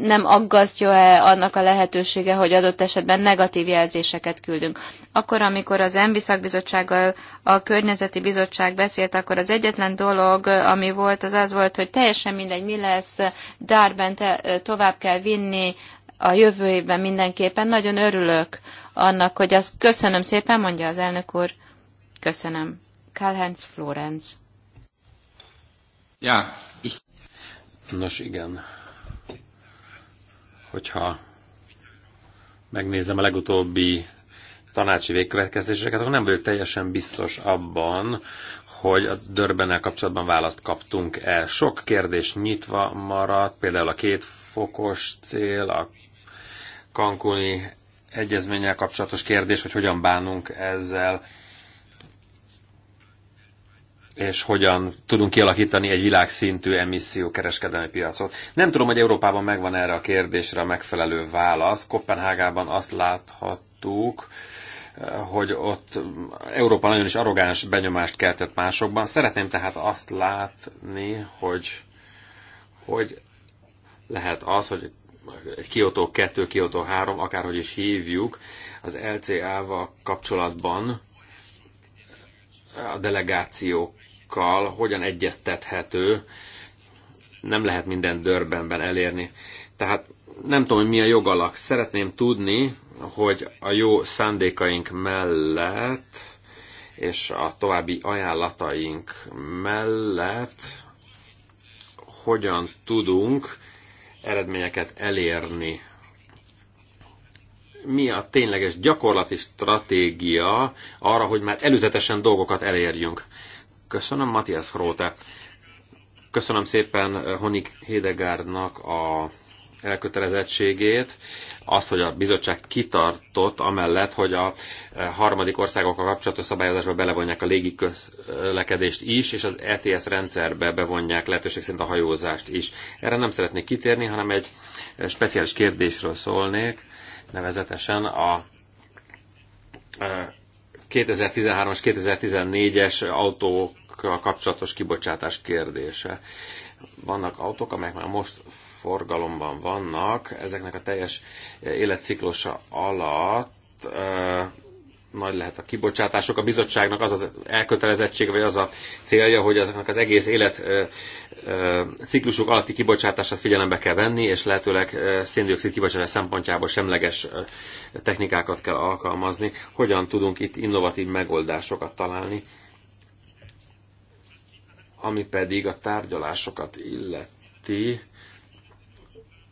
nem aggasztja-e annak a lehetősége, hogy adott esetben negatív jelzéseket küldünk. Akkor, amikor az ENVI szakbizottsággal a környezeti bizottság beszélt, akkor az egyetlen dolog, ami volt, az az volt, hogy teljesen mindegy, mi lesz, Dárben tovább kell vinni, a jövő évben mindenképpen. Nagyon örülök annak, hogy azt köszönöm szépen, mondja az elnök úr. Köszönöm. Karl-Heinz Florenz. Ja, ich... Nos igen, hogyha megnézem a legutóbbi tanácsi végkövetkeztéseket, akkor nem vagyok teljesen biztos abban, hogy a Dörbennel kapcsolatban választ kaptunk el. Sok kérdés nyitva maradt, például a két fokos cél, a kankuni egyezménnyel kapcsolatos kérdés, hogy hogyan bánunk ezzel, és hogyan tudunk kialakítani egy világszintű emissziókereskedelmi piacot. Nem tudom, hogy Európában megvan erre a kérdésre a megfelelő válasz. Kopenhágában azt láthattuk, hogy ott Európa nagyon is arrogáns benyomást keltett másokban. Szeretném tehát azt látni, hogy, hogy lehet az, hogy egy Kyoto 2, Kyoto 3, akárhogy is hívjuk, az LCA-val kapcsolatban a delegációk másikkal hogyan egyeztethető, nem lehet minden dörbenben elérni. Tehát nem tudom, hogy mi a jogalak. Szeretném tudni, hogy a jó szándékaink mellett és a további ajánlataink mellett hogyan tudunk eredményeket elérni. Mi a tényleges gyakorlati stratégia arra, hogy már előzetesen dolgokat elérjünk? Köszönöm, Matthias Hróte. Köszönöm szépen eh, Honik Hédegárdnak a elkötelezettségét, azt, hogy a bizottság kitartott amellett, hogy a eh, harmadik országokkal kapcsolatos szabályozásba belevonják a légiközlekedést is, és az ETS rendszerbe bevonják lehetőség szerint a hajózást is. Erre nem szeretnék kitérni, hanem egy eh, speciális kérdésről szólnék, nevezetesen a 2013-as, 2014-es autókkal kapcsolatos kibocsátás kérdése. Vannak autók, amelyek már most forgalomban vannak, ezeknek a teljes életciklusa alatt nagy lehet a kibocsátások. A bizottságnak az az elkötelezettség, vagy az a célja, hogy azoknak az egész élet ö, ö, ciklusuk alatti kibocsátását figyelembe kell venni, és lehetőleg széndiokszid kibocsátás szempontjából semleges technikákat kell alkalmazni. Hogyan tudunk itt innovatív megoldásokat találni, ami pedig a tárgyalásokat illeti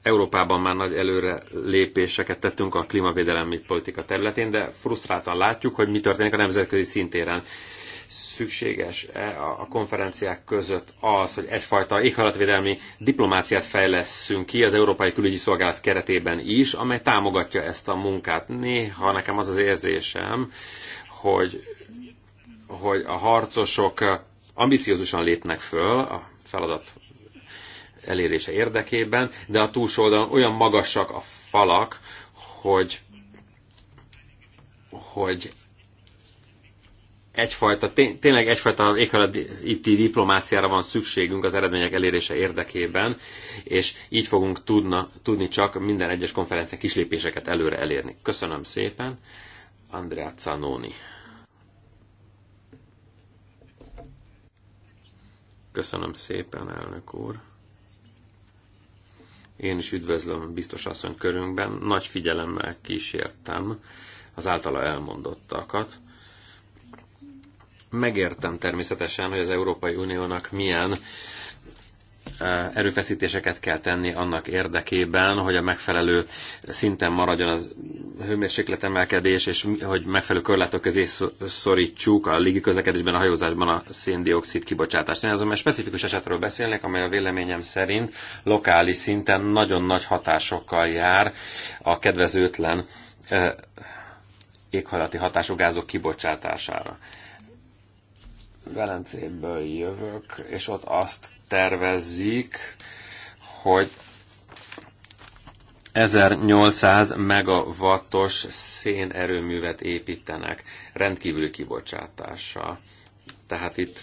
Európában már nagy előre lépéseket tettünk a klímavédelemi politika területén, de frusztráltan látjuk, hogy mi történik a nemzetközi szintéren. szükséges -e a konferenciák között az, hogy egyfajta éghajlatvédelmi diplomáciát fejleszünk ki az Európai Külügyi Szolgálat keretében is, amely támogatja ezt a munkát. Néha nekem az az érzésem, hogy, hogy a harcosok ambiciózusan lépnek föl a feladat elérése érdekében, de a oldalon olyan magasak a falak, hogy, hogy egyfajta, tényleg egyfajta éghajlati diplomáciára van szükségünk az eredmények elérése érdekében, és így fogunk tudna, tudni csak minden egyes konferencián kislépéseket előre elérni. Köszönöm szépen, Andrea Zanoni. Köszönöm szépen, elnök úr. Én is üdvözlöm biztos asszony körünkben. Nagy figyelemmel kísértem az általa elmondottakat. Megértem természetesen, hogy az Európai Uniónak milyen Eh, erőfeszítéseket kell tenni annak érdekében, hogy a megfelelő szinten maradjon a hőmérséklet emelkedés, és hogy megfelelő körlátok közé szorítsuk a légi közlekedésben, a hajózásban a széndiokszid kibocsátást. Én azonban specifikus esetről beszélnek, amely a véleményem szerint lokális szinten nagyon nagy hatásokkal jár a kedvezőtlen eh, éghajlati hatású gázok kibocsátására Velencéből jövök, és ott azt tervezzik, hogy 1800 megawattos szénerőművet építenek rendkívüli kibocsátással. Tehát itt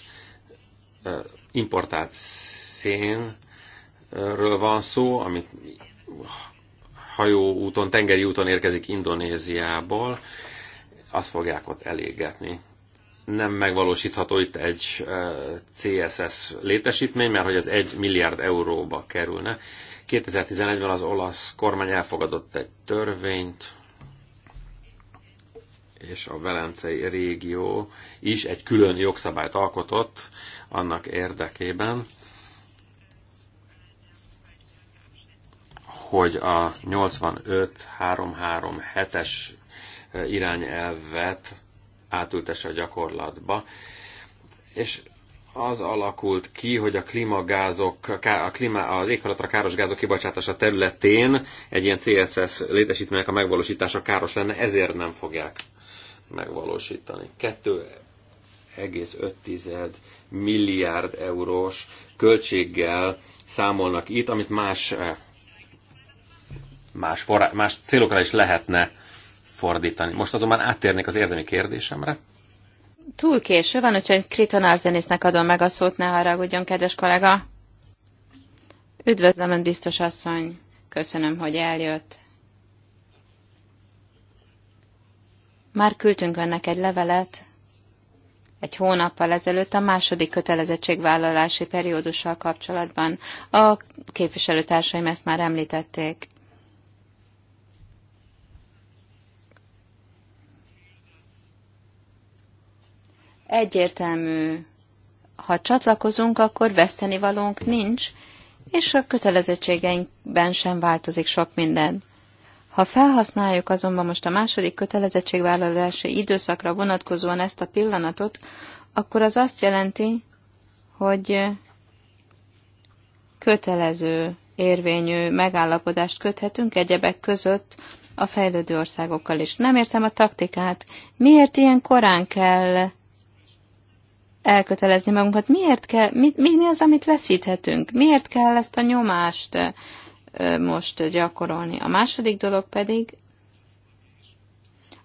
importált szénről van szó, amit hajóúton, tengeri úton érkezik Indonéziából, azt fogják ott elégetni nem megvalósítható itt egy CSS létesítmény, mert hogy az egy milliárd euróba kerülne. 2011-ben az olasz kormány elfogadott egy törvényt, és a Velencei régió is egy külön jogszabályt alkotott annak érdekében, hogy a 85-337-es irányelvet átültesse a gyakorlatba. És az alakult ki, hogy a klímagázok, a klíma, az éghajlatra káros gázok kibocsátása területén egy ilyen CSS létesítmények a megvalósítása káros lenne, ezért nem fogják megvalósítani. 2,5 milliárd eurós költséggel számolnak itt, amit más eh, más, forrá, más célokra is lehetne fordítani. Most azonban áttérnék az érdemi kérdésemre. Túl késő van, úgyhogy Kriton Arzenésznek adom meg a szót, ne haragudjon, kedves kollega. Üdvözlöm, ön biztos asszony. Köszönöm, hogy eljött. Már küldtünk önnek egy levelet, egy hónappal ezelőtt a második kötelezettségvállalási periódussal kapcsolatban. A képviselőtársaim ezt már említették. egyértelmű. Ha csatlakozunk, akkor vesztenivalónk nincs, és a kötelezettségeinkben sem változik sok minden. Ha felhasználjuk azonban most a második kötelezettségvállalási időszakra vonatkozóan ezt a pillanatot, akkor az azt jelenti, hogy kötelező érvényű megállapodást köthetünk egyebek között a fejlődő országokkal is. Nem értem a taktikát. Miért ilyen korán kell elkötelezni magunkat. Miért kell, mi, mi, mi az, amit veszíthetünk? Miért kell ezt a nyomást most gyakorolni? A második dolog pedig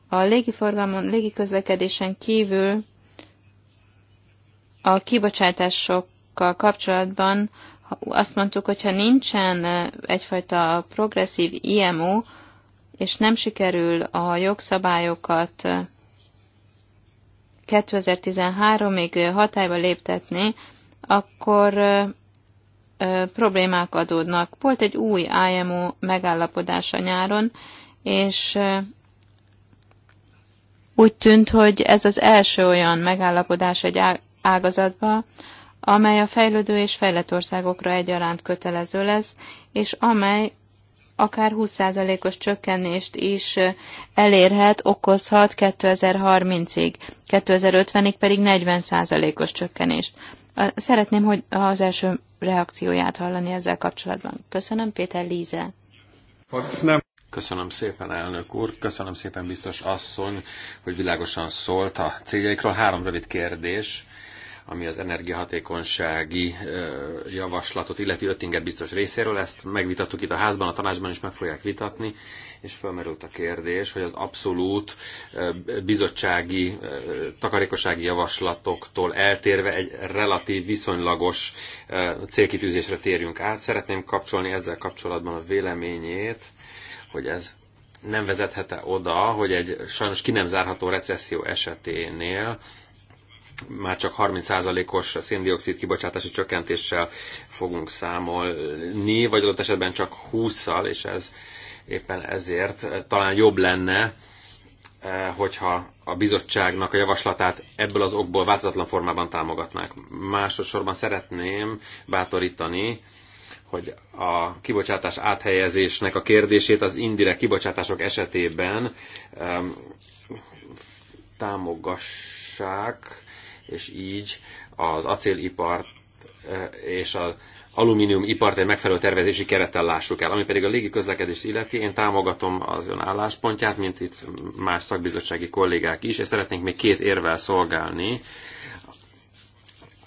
a légiforgalmon, légiközlekedésen kívül a kibocsátásokkal kapcsolatban azt mondtuk, hogy ha nincsen egyfajta progresszív IMO, és nem sikerül a jogszabályokat 2013-ig hatályba léptetni, akkor problémák adódnak. Volt egy új IMO a nyáron, és úgy tűnt, hogy ez az első olyan megállapodás egy ágazatba, amely a fejlődő és fejlett országokra egyaránt kötelező lesz, és amely akár 20%-os csökkenést is elérhet, okozhat 2030-ig, 2050-ig pedig 40%-os csökkenést. Szeretném, hogy az első reakcióját hallani ezzel kapcsolatban. Köszönöm, Péter Líze. Köszönöm. Köszönöm szépen, elnök úr, köszönöm szépen, biztos asszony, hogy világosan szólt a céljaikról. Három rövid kérdés ami az energiahatékonysági javaslatot illeti Öttinger biztos részéről. Ezt megvitattuk itt a házban, a tanácsban is meg fogják vitatni, és felmerült a kérdés, hogy az abszolút bizottsági, takarékossági javaslatoktól eltérve egy relatív, viszonylagos célkitűzésre térjünk át. Szeretném kapcsolni ezzel kapcsolatban a véleményét, hogy ez nem vezethete oda, hogy egy sajnos ki nem zárható recesszió eseténél már csak 30%-os széndiokszid kibocsátási csökkentéssel fogunk számolni, vagy adott esetben csak 20-szal, és ez éppen ezért talán jobb lenne, eh, hogyha a bizottságnak a javaslatát ebből az okból változatlan formában támogatnák. Másodszorban szeretném bátorítani, hogy a kibocsátás áthelyezésnek a kérdését az indirekt kibocsátások esetében um, támogassák, és így az acélipart eh, és az alumínium ipart egy megfelelő tervezési kerettel lássuk el. Ami pedig a légi közlekedést illeti, én támogatom az ön álláspontját, mint itt más szakbizottsági kollégák is, és szeretnénk még két érvel szolgálni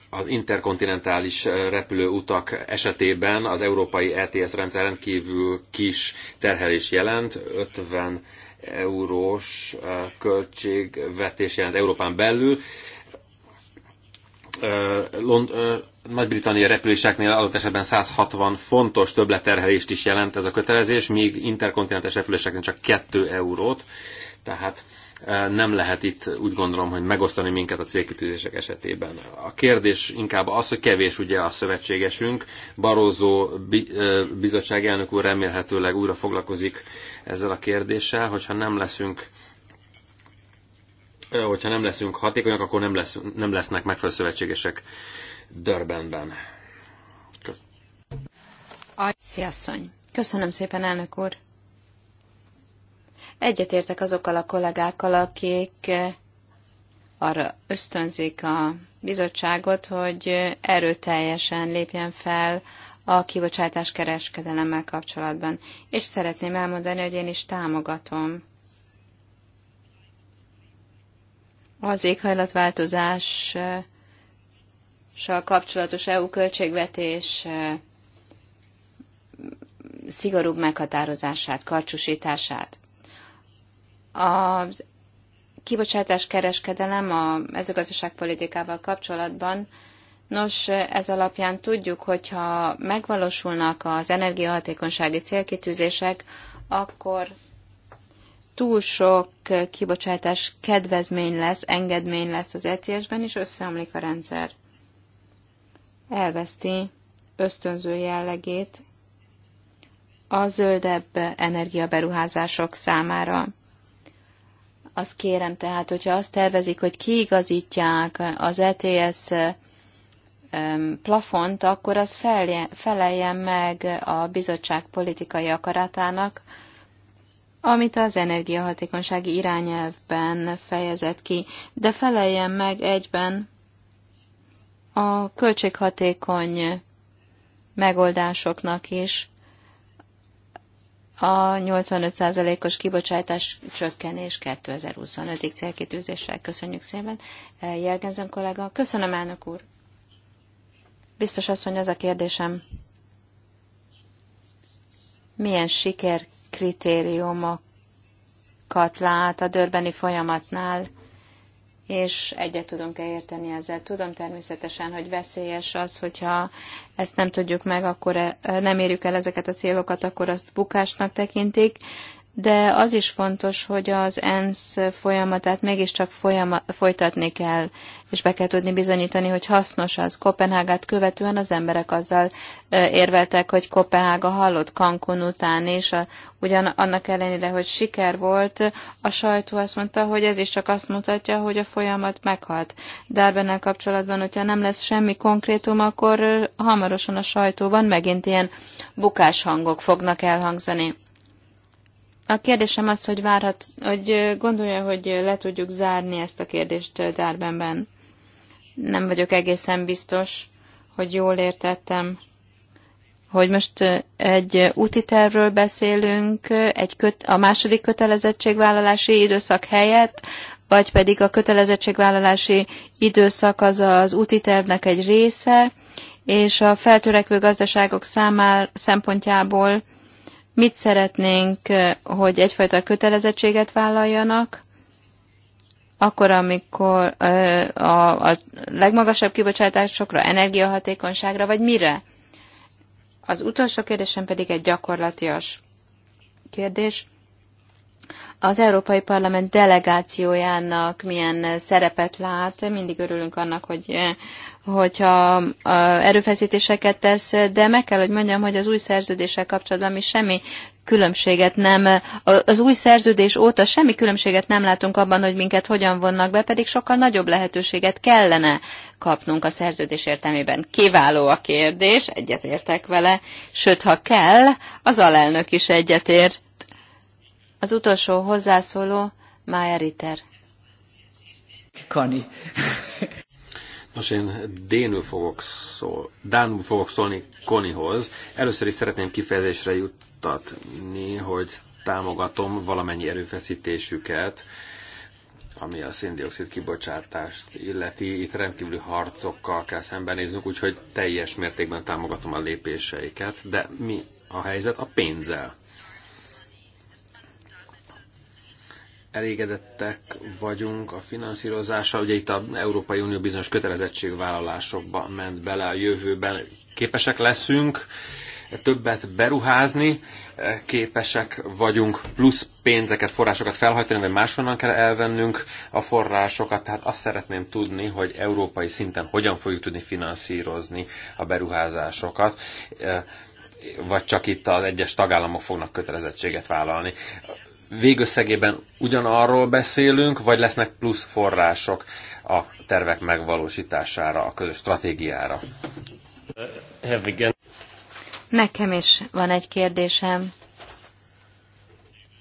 az interkontinentális eh, repülőutak esetében az európai ETS rendszer rendkívül kis terhelés jelent, 50 eurós eh, költségvetés jelent Európán belül, nagy-Britannia repüléseknél adott esetben 160 fontos többletterhelést is jelent ez a kötelezés, míg interkontinentes repüléseknél csak 2 eurót, tehát nem lehet itt úgy gondolom, hogy megosztani minket a célkitűzések esetében. A kérdés inkább az, hogy kevés ugye a szövetségesünk. Barózó bizottság elnök úr remélhetőleg újra foglalkozik ezzel a kérdéssel, hogyha nem leszünk hogyha nem leszünk hatékonyak, akkor nem, lesz, nem lesznek megfelelő szövetségesek Dörbenben. Sziasszony. Köszönöm szépen, elnök úr. Egyetértek azokkal a kollégákkal, akik eh, arra ösztönzik a bizottságot, hogy erőteljesen lépjen fel a kibocsátás kereskedelemmel kapcsolatban. És szeretném elmondani, hogy én is támogatom az éghajlatváltozással kapcsolatos EU költségvetés szigorúbb meghatározását, karcsúsítását. Az kibocsátás kereskedelem a mezőgazdaságpolitikával kapcsolatban Nos, ez alapján tudjuk, hogyha megvalósulnak az energiahatékonysági célkitűzések, akkor túl sok kibocsátás kedvezmény lesz, engedmény lesz az ETS-ben, és összeomlik a rendszer. Elveszti ösztönző jellegét a zöldebb energiaberuházások számára. Azt kérem tehát, hogyha azt tervezik, hogy kiigazítják az ETS plafont, akkor az feleljen meg a bizottság politikai akaratának, amit az energiahatékonysági irányelvben fejezett ki, de feleljen meg egyben a költséghatékony megoldásoknak is a 85%-os kibocsátás csökkenés 2025-ig célkitűzéssel. Köszönjük szépen, Jergenzen kollega. Köszönöm, elnök úr. Biztos asszony, az a kérdésem, milyen siker kritériumokat lát a dörbeni folyamatnál, és egyet tudunk-e érteni ezzel. Tudom természetesen, hogy veszélyes az, hogyha ezt nem tudjuk meg, akkor eh, nem érjük el ezeket a célokat, akkor azt bukásnak tekintik, de az is fontos, hogy az ENSZ folyamatát mégiscsak folyama, folytatni kell, és be kell tudni bizonyítani, hogy hasznos az. Kopenhágát követően az emberek azzal érveltek, hogy Kopenhága hallott Cancun után, és a, ugyan annak ellenére, hogy siker volt, a sajtó azt mondta, hogy ez is csak azt mutatja, hogy a folyamat meghalt. Darbennel kapcsolatban, hogyha nem lesz semmi konkrétum, akkor hamarosan a sajtóban megint ilyen bukás hangok fognak elhangzani. A kérdésem az, hogy várhat, hogy gondolja, hogy le tudjuk zárni ezt a kérdést Darbenben. Nem vagyok egészen biztos, hogy jól értettem, hogy most egy úti tervről beszélünk, egy köt, a második kötelezettségvállalási időszak helyett, vagy pedig a kötelezettségvállalási időszak az az úti tervnek egy része, és a feltörekvő gazdaságok számára szempontjából mit szeretnénk, hogy egyfajta kötelezettséget vállaljanak, akkor, amikor a, a legmagasabb kibocsátásokra, energiahatékonyságra, vagy mire? Az utolsó kérdésem pedig egy gyakorlatias kérdés. Az Európai Parlament delegációjának milyen szerepet lát? Mindig örülünk annak, hogy hogyha erőfeszítéseket tesz, de meg kell, hogy mondjam, hogy az új szerződéssel kapcsolatban mi semmi különbséget nem, az új szerződés óta semmi különbséget nem látunk abban, hogy minket hogyan vonnak be, pedig sokkal nagyobb lehetőséget kellene kapnunk a szerződés értelmében. Kiváló a kérdés, egyetértek vele, sőt, ha kell, az alelnök is egyetért. Az utolsó hozzászóló, Maja Ritter. Kani. Nos, én Dénül fogok szól, Dánul fogok szólni Konihoz. Először is szeretném kifejezésre juttatni, hogy támogatom valamennyi erőfeszítésüket, ami a széndiokszid kibocsátást illeti. Itt rendkívüli harcokkal kell szembenéznünk, úgyhogy teljes mértékben támogatom a lépéseiket, de mi a helyzet a pénzzel? elégedettek vagyunk a finanszírozása. Ugye itt a Európai Unió bizonyos kötelezettségvállalásokba ment bele a jövőben. Képesek leszünk többet beruházni, képesek vagyunk plusz pénzeket, forrásokat felhajtani, vagy máshonnan kell elvennünk a forrásokat. Tehát azt szeretném tudni, hogy európai szinten hogyan fogjuk tudni finanszírozni a beruházásokat vagy csak itt az egyes tagállamok fognak kötelezettséget vállalni végösszegében ugyanarról beszélünk, vagy lesznek plusz források a tervek megvalósítására, a közös stratégiára? Nekem is van egy kérdésem,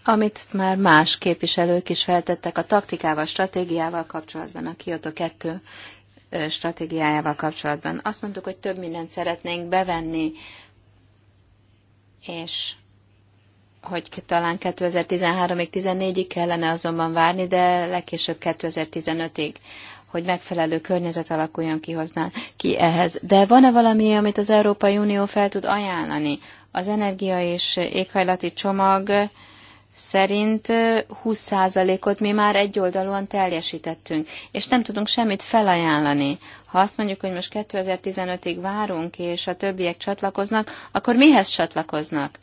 amit már más képviselők is feltettek a taktikával, stratégiával kapcsolatban, a Kyoto 2 stratégiájával kapcsolatban. Azt mondtuk, hogy több mindent szeretnénk bevenni, és hogy talán 2013-ig, 14-ig kellene azonban várni, de legkésőbb 2015-ig hogy megfelelő környezet alakuljon ki, hozná ki ehhez. De van-e valami, amit az Európai Unió fel tud ajánlani? Az energia és éghajlati csomag szerint 20%-ot mi már egyoldalúan teljesítettünk, és nem tudunk semmit felajánlani. Ha azt mondjuk, hogy most 2015-ig várunk, és a többiek csatlakoznak, akkor mihez csatlakoznak?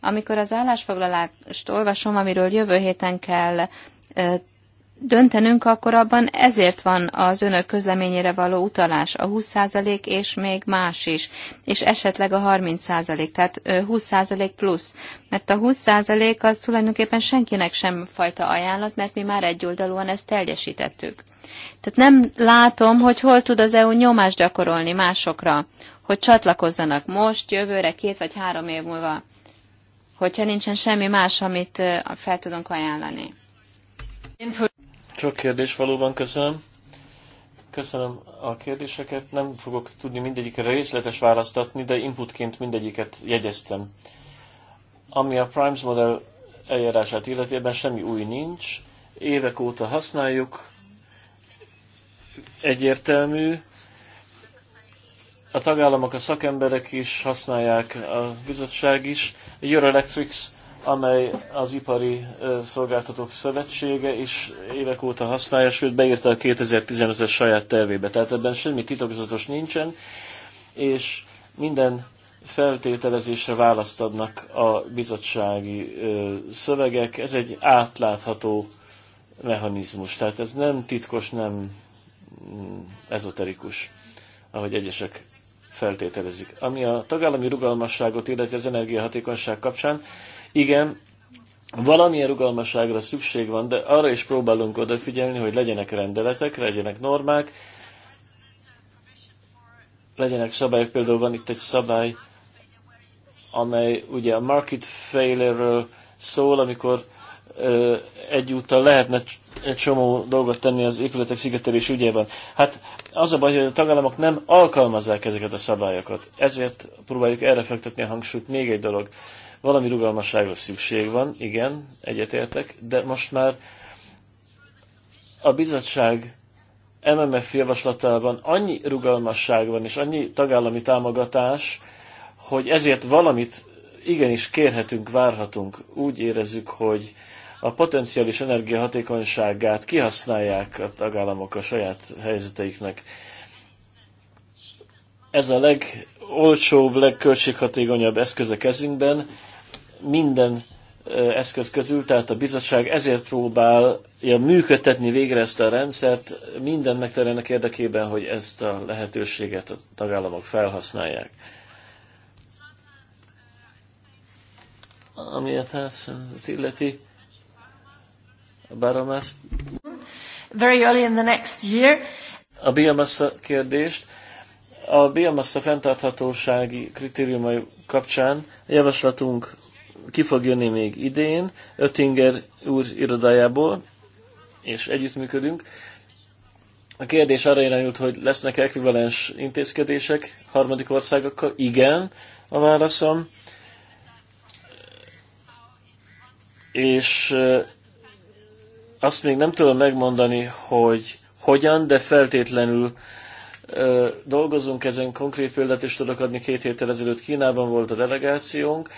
Amikor az állásfoglalást olvasom, amiről jövő héten kell döntenünk, akkor abban ezért van az önök közleményére való utalás, a 20% és még más is, és esetleg a 30%, tehát 20% plusz. Mert a 20% az tulajdonképpen senkinek sem fajta ajánlat, mert mi már egyoldalúan ezt teljesítettük. Tehát nem látom, hogy hol tud az EU nyomást gyakorolni másokra, hogy csatlakozzanak most, jövőre, két vagy három év múlva hogyha nincsen semmi más, amit fel tudunk ajánlani. Sok kérdés valóban köszönöm. Köszönöm a kérdéseket. Nem fogok tudni mindegyikre részletes választatni, de inputként mindegyiket jegyeztem. Ami a Primes Model eljárását illeti, ebben semmi új nincs. Évek óta használjuk. Egyértelmű, a tagállamok, a szakemberek is használják, a bizottság is. A Euroelectrics, amely az Ipari Szolgáltatók Szövetsége is évek óta használja, sőt beírta a 2015-ös saját tervébe, tehát ebben semmi titokzatos nincsen, és minden feltételezésre választ adnak a bizottsági szövegek. Ez egy átlátható mechanizmus, tehát ez nem titkos, nem mm, ezoterikus, ahogy egyesek feltételezik. Ami a tagállami rugalmasságot illetve az energiahatékonyság kapcsán, igen, valamilyen rugalmasságra szükség van, de arra is próbálunk odafigyelni, hogy legyenek rendeletek, legyenek normák, legyenek szabályok. Például van itt egy szabály, amely ugye a market failure szól, amikor egyúttal lehetne egy csomó dolgot tenni az épületek szigetelés ügyében. Hát az a baj, hogy a tagállamok nem alkalmazzák ezeket a szabályokat. Ezért próbáljuk erre fektetni a hangsúlyt. Még egy dolog. Valami rugalmasságra szükség van, igen, egyetértek, de most már a bizottság MMF javaslatában annyi rugalmasság van, és annyi tagállami támogatás, hogy ezért valamit igenis kérhetünk, várhatunk. Úgy érezzük, hogy a potenciális energiahatékonyságát kihasználják a tagállamok a saját helyzeteiknek. Ez a legolcsóbb, legköltséghatékonyabb eszköz a kezünkben, minden eszköz közül, tehát a bizottság ezért próbálja működtetni végre ezt a rendszert, minden megterelnek érdekében, hogy ezt a lehetőséget a tagállamok felhasználják. Ami a társzendet illeti, biomass. Very early in the next year. A biomassa kérdést. A biomassa fenntarthatósági kritériumai kapcsán a javaslatunk ki fog jönni még idén, Öttinger úr irodájából, és együttműködünk. A kérdés arra irányult, hogy lesznek ekvivalens intézkedések harmadik országokkal? Igen, a válaszom. És azt még nem tudom megmondani, hogy hogyan, de feltétlenül ö, dolgozunk ezen. Konkrét példát is tudok adni. Két héttel ezelőtt Kínában volt a delegációnk,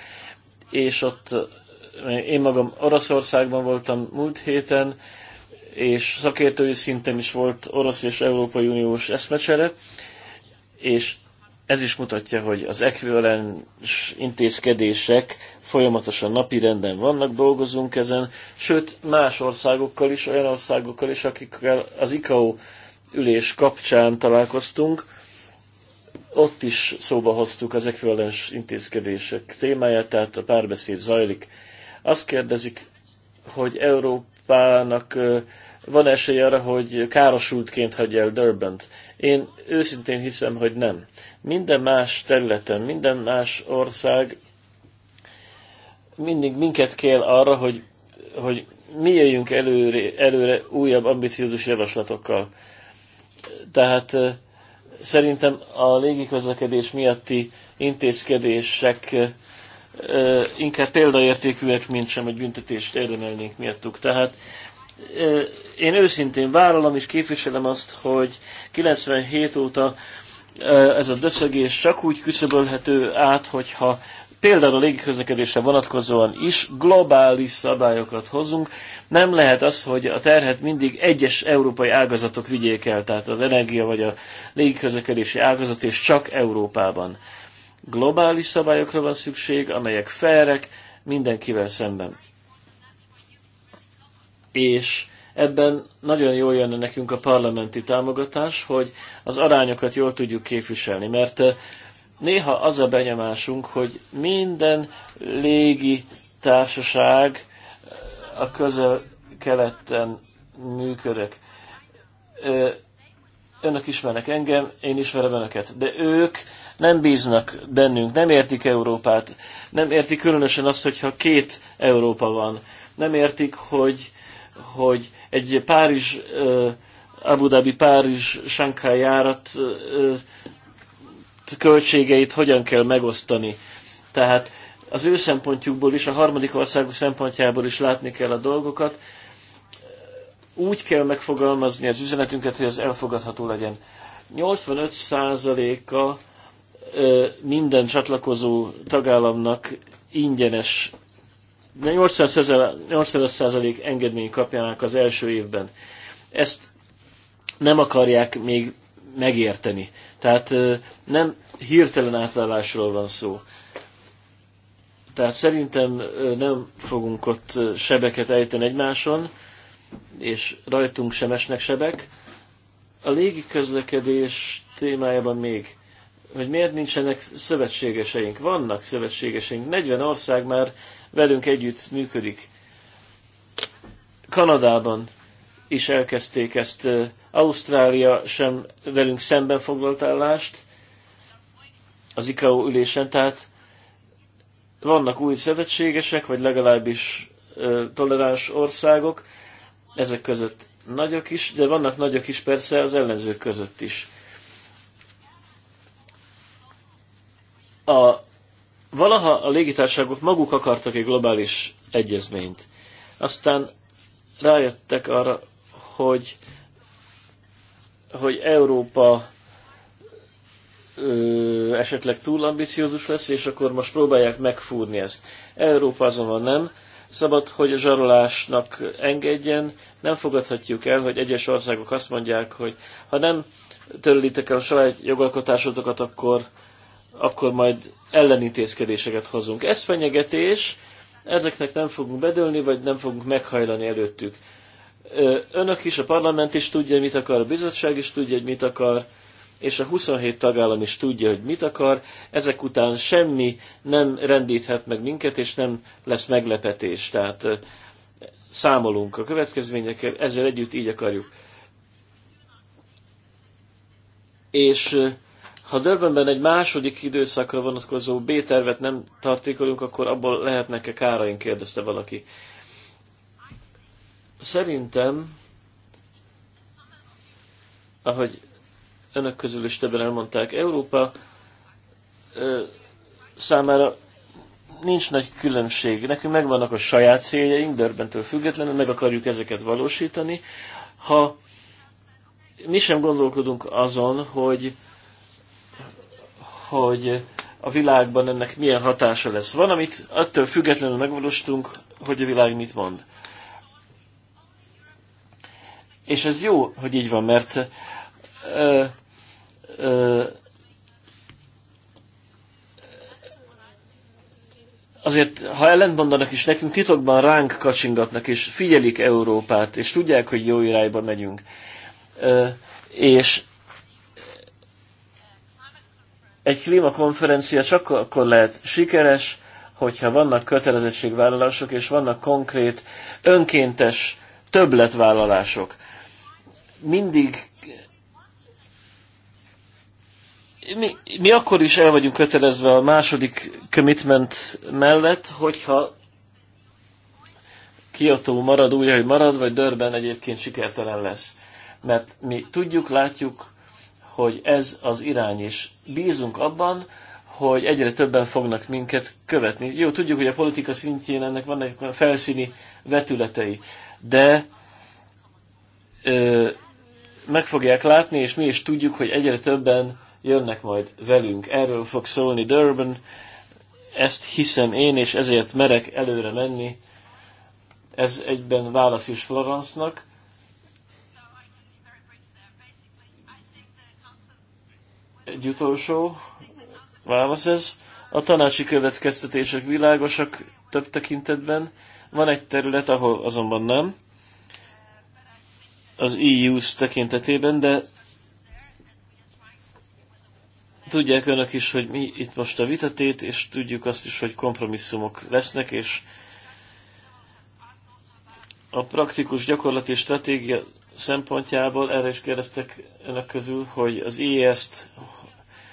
és ott én magam Oroszországban voltam múlt héten, és szakértői szinten is volt orosz és Európai Uniós eszmecsere, és ez is mutatja, hogy az ekvivalens intézkedések folyamatosan napi renden vannak, dolgozunk ezen, sőt más országokkal is, olyan országokkal is, akikkel az ICAO ülés kapcsán találkoztunk, ott is szóba hoztuk az ekvivalens intézkedések témáját, tehát a párbeszéd zajlik. Azt kérdezik, hogy Európának van esélye arra, hogy károsultként hagyja el Durbant. Én őszintén hiszem, hogy nem. Minden más területen, minden más ország mindig minket kell arra, hogy, hogy mi jöjjünk előre, előre újabb ambiciózus javaslatokkal. Tehát szerintem a légiközlekedés miatti intézkedések inkább példaértékűek, mint sem, egy büntetést érdemelnénk miattuk. Tehát én őszintén vállalom és képviselem azt, hogy 97 óta ez a döszögés csak úgy küszöbölhető át, hogyha például a légiközlekedésre vonatkozóan is globális szabályokat hozunk. Nem lehet az, hogy a terhet mindig egyes európai ágazatok vigyék el, tehát az energia vagy a légiközlekedési ágazat, és csak Európában. Globális szabályokra van szükség, amelyek felrek mindenkivel szemben. És ebben nagyon jól jönne nekünk a parlamenti támogatás, hogy az arányokat jól tudjuk képviselni, mert néha az a benyomásunk, hogy minden légi társaság a közel-keleten működök. Önök ismernek engem, én ismerem önöket, de ők nem bíznak bennünk, nem értik Európát, nem értik különösen azt, hogyha két Európa van. Nem értik, hogy, hogy egy Párizs, Abu Dhabi, Párizs, Sankhá járat költségeit hogyan kell megosztani. Tehát az ő szempontjukból is, a harmadik országok szempontjából is látni kell a dolgokat. Úgy kell megfogalmazni az üzenetünket, hogy az elfogadható legyen. 85%-a minden csatlakozó tagállamnak ingyenes 85% engedmény kapjanak az első évben. Ezt nem akarják még megérteni. Tehát nem hirtelen átállásról van szó. Tehát szerintem nem fogunk ott sebeket ejteni egymáson, és rajtunk sem esnek sebek. A légi közlekedés témájában még, hogy miért nincsenek szövetségeseink? Vannak szövetségeseink, 40 ország már velünk együtt működik. Kanadában is elkezdték ezt. Ausztrália sem velünk szemben foglalt állást az ICAO ülésen, tehát vannak új szövetségesek, vagy legalábbis toleráns országok, ezek között nagyok is, de vannak nagyok is persze az ellenzők között is. A, valaha a légitárságok maguk akartak egy globális egyezményt. Aztán rájöttek arra, hogy, hogy Európa ö, esetleg túl ambiciózus lesz, és akkor most próbálják megfúrni ezt. Európa azonban nem szabad, hogy a zsarolásnak engedjen, nem fogadhatjuk el, hogy egyes országok azt mondják, hogy ha nem törlítek el a saját jogalkotásodokat, akkor, akkor majd ellenintézkedéseket hozunk. Ez fenyegetés, ezeknek nem fogunk bedőlni, vagy nem fogunk meghajlani előttük. Önök is, a parlament is tudja, mit akar, a bizottság is tudja, hogy mit akar, és a 27 tagállam is tudja, hogy mit akar. Ezek után semmi nem rendíthet meg minket, és nem lesz meglepetés. Tehát számolunk a következményekkel, ezzel együtt így akarjuk. És ha Dörbenben egy második időszakra vonatkozó B-tervet nem tartékolunk, akkor abból lehetnek-e káraink, kérdezte valaki. Szerintem, ahogy önök közül is többen elmondták, Európa ö, számára nincs nagy különbség. Nekünk megvannak a saját céljaink, Dörbentől függetlenül, meg akarjuk ezeket valósítani. Ha mi sem gondolkodunk azon, hogy, hogy a világban ennek milyen hatása lesz. Van, amit attól függetlenül megvalósítunk, hogy a világ mit mond. És ez jó, hogy így van, mert ö, ö, azért, ha ellentmondanak is nekünk, titokban ránk kacsingatnak, és figyelik Európát, és tudják, hogy jó irányba megyünk. Ö, és egy klímakonferencia csak akkor lehet sikeres, hogyha vannak kötelezettségvállalások, és vannak konkrét önkéntes többletvállalások mindig mi, mi akkor is el vagyunk kötelezve a második commitment mellett, hogyha Kyoto marad úgy, hogy marad, vagy Dörben egyébként sikertelen lesz. Mert mi tudjuk, látjuk, hogy ez az irány, és bízunk abban, hogy egyre többen fognak minket követni. Jó, tudjuk, hogy a politika szintjén ennek vannak felszíni vetületei, de ö, meg fogják látni, és mi is tudjuk, hogy egyre többen jönnek majd velünk. Erről fog szólni Durban, ezt hiszem én, és ezért merek előre menni. Ez egyben válasz is Florence-nak. Egy utolsó válasz ez. A tanácsi következtetések világosak több tekintetben. Van egy terület, ahol azonban nem az eu tekintetében, de tudják önök is, hogy mi itt most a vitatét, és tudjuk azt is, hogy kompromisszumok lesznek, és a praktikus gyakorlati stratégia szempontjából erre is kérdeztek önök közül, hogy az IES-t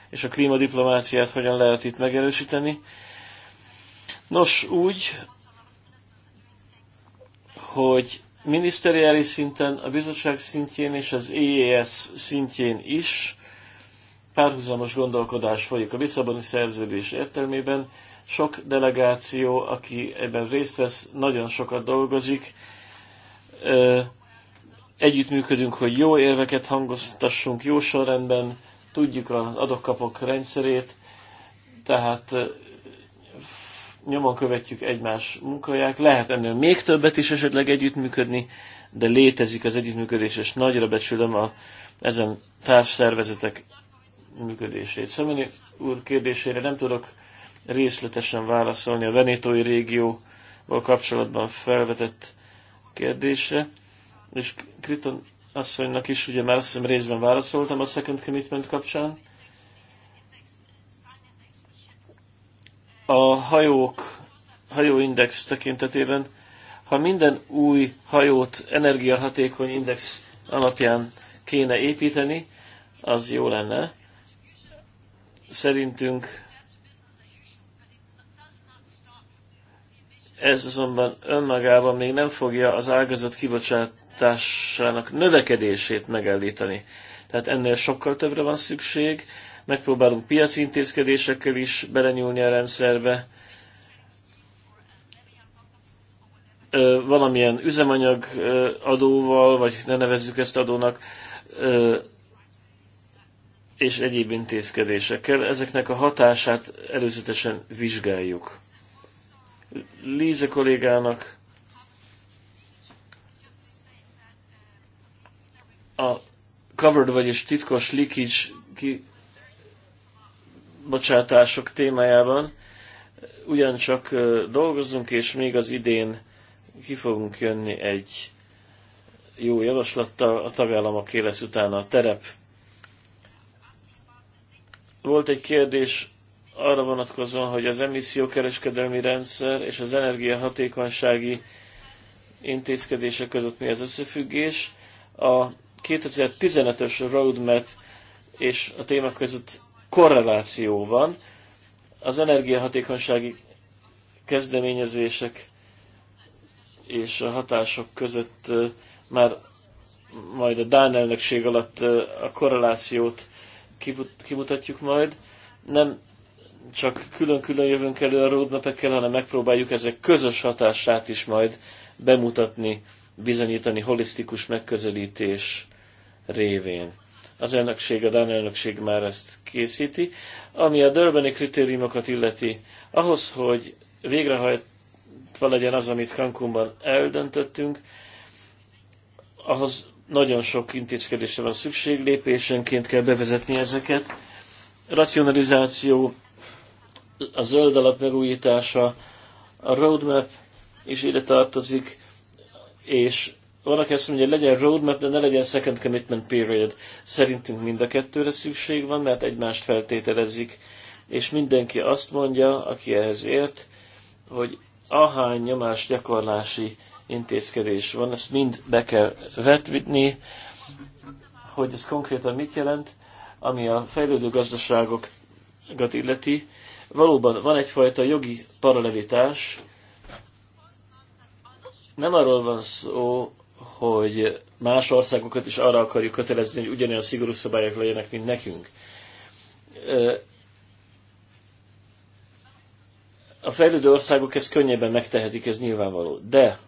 és a klímadiplomáciát hogyan lehet itt megerősíteni. Nos, úgy, hogy miniszteriális szinten, a bizottság szintjén és az EES szintjén is párhuzamos gondolkodás folyik a Visszaboni szerződés értelmében. Sok delegáció, aki ebben részt vesz, nagyon sokat dolgozik. Együttműködünk, hogy jó érveket hangoztassunk jó sorrendben, tudjuk az adokkapok rendszerét, tehát nyomon követjük egymás munkáját, lehet ennél még többet is esetleg együttműködni, de létezik az együttműködés, és nagyra becsülöm a, ezen társszervezetek működését. Szemeni úr kérdésére nem tudok részletesen válaszolni a Venétói régióval kapcsolatban felvetett kérdésre, és Kriton asszonynak is ugye már azt hiszem részben válaszoltam a second commitment kapcsán. a hajók, hajóindex tekintetében, ha minden új hajót energiahatékony index alapján kéne építeni, az jó lenne. Szerintünk ez azonban önmagában még nem fogja az ágazat kibocsátásának növekedését megállítani. Tehát ennél sokkal többre van szükség, megpróbálunk piaci intézkedésekkel is belenyúlni a rendszerbe, valamilyen üzemanyag adóval, vagy ne nevezzük ezt adónak, és egyéb intézkedésekkel. Ezeknek a hatását előzetesen vizsgáljuk. Líze kollégának a covered, vagyis titkos leakage bocsátások témájában ugyancsak dolgozunk, és még az idén ki fogunk jönni egy jó javaslattal, a tagállamoké lesz utána a terep. Volt egy kérdés arra vonatkozóan, hogy az emissziókereskedelmi rendszer és az energiahatékonysági intézkedések között mi az összefüggés. A 2015-ös roadmap és a téma között korreláció van. Az energiahatékonysági kezdeményezések és a hatások között már majd a Dán elnökség alatt a korrelációt kimutatjuk majd. Nem csak külön-külön jövünk elő a roadmap hanem megpróbáljuk ezek közös hatását is majd bemutatni, bizonyítani holisztikus megközelítés révén az elnökség, a Dán elnökség már ezt készíti. Ami a Durbani kritériumokat illeti, ahhoz, hogy végrehajtva legyen az, amit Cancúnban eldöntöttünk, ahhoz nagyon sok intézkedésre van szükség, lépésenként kell bevezetni ezeket. Racionalizáció, a zöld alap megújítása, a roadmap is ide tartozik, és van, aki azt mondja, hogy legyen roadmap, de ne legyen second commitment period. Szerintünk mind a kettőre szükség van, mert egymást feltételezik, és mindenki azt mondja, aki ehhez ért, hogy ahány nyomás gyakorlási intézkedés van, ezt mind be kell vetni, hogy ez konkrétan mit jelent, ami a fejlődő gazdaságokat illeti. Valóban van egyfajta jogi paralelitás, nem arról van szó, hogy más országokat is arra akarjuk kötelezni, hogy ugyanilyen szigorú szabályok legyenek, mint nekünk. A fejlődő országok ezt könnyebben megtehetik, ez nyilvánvaló. De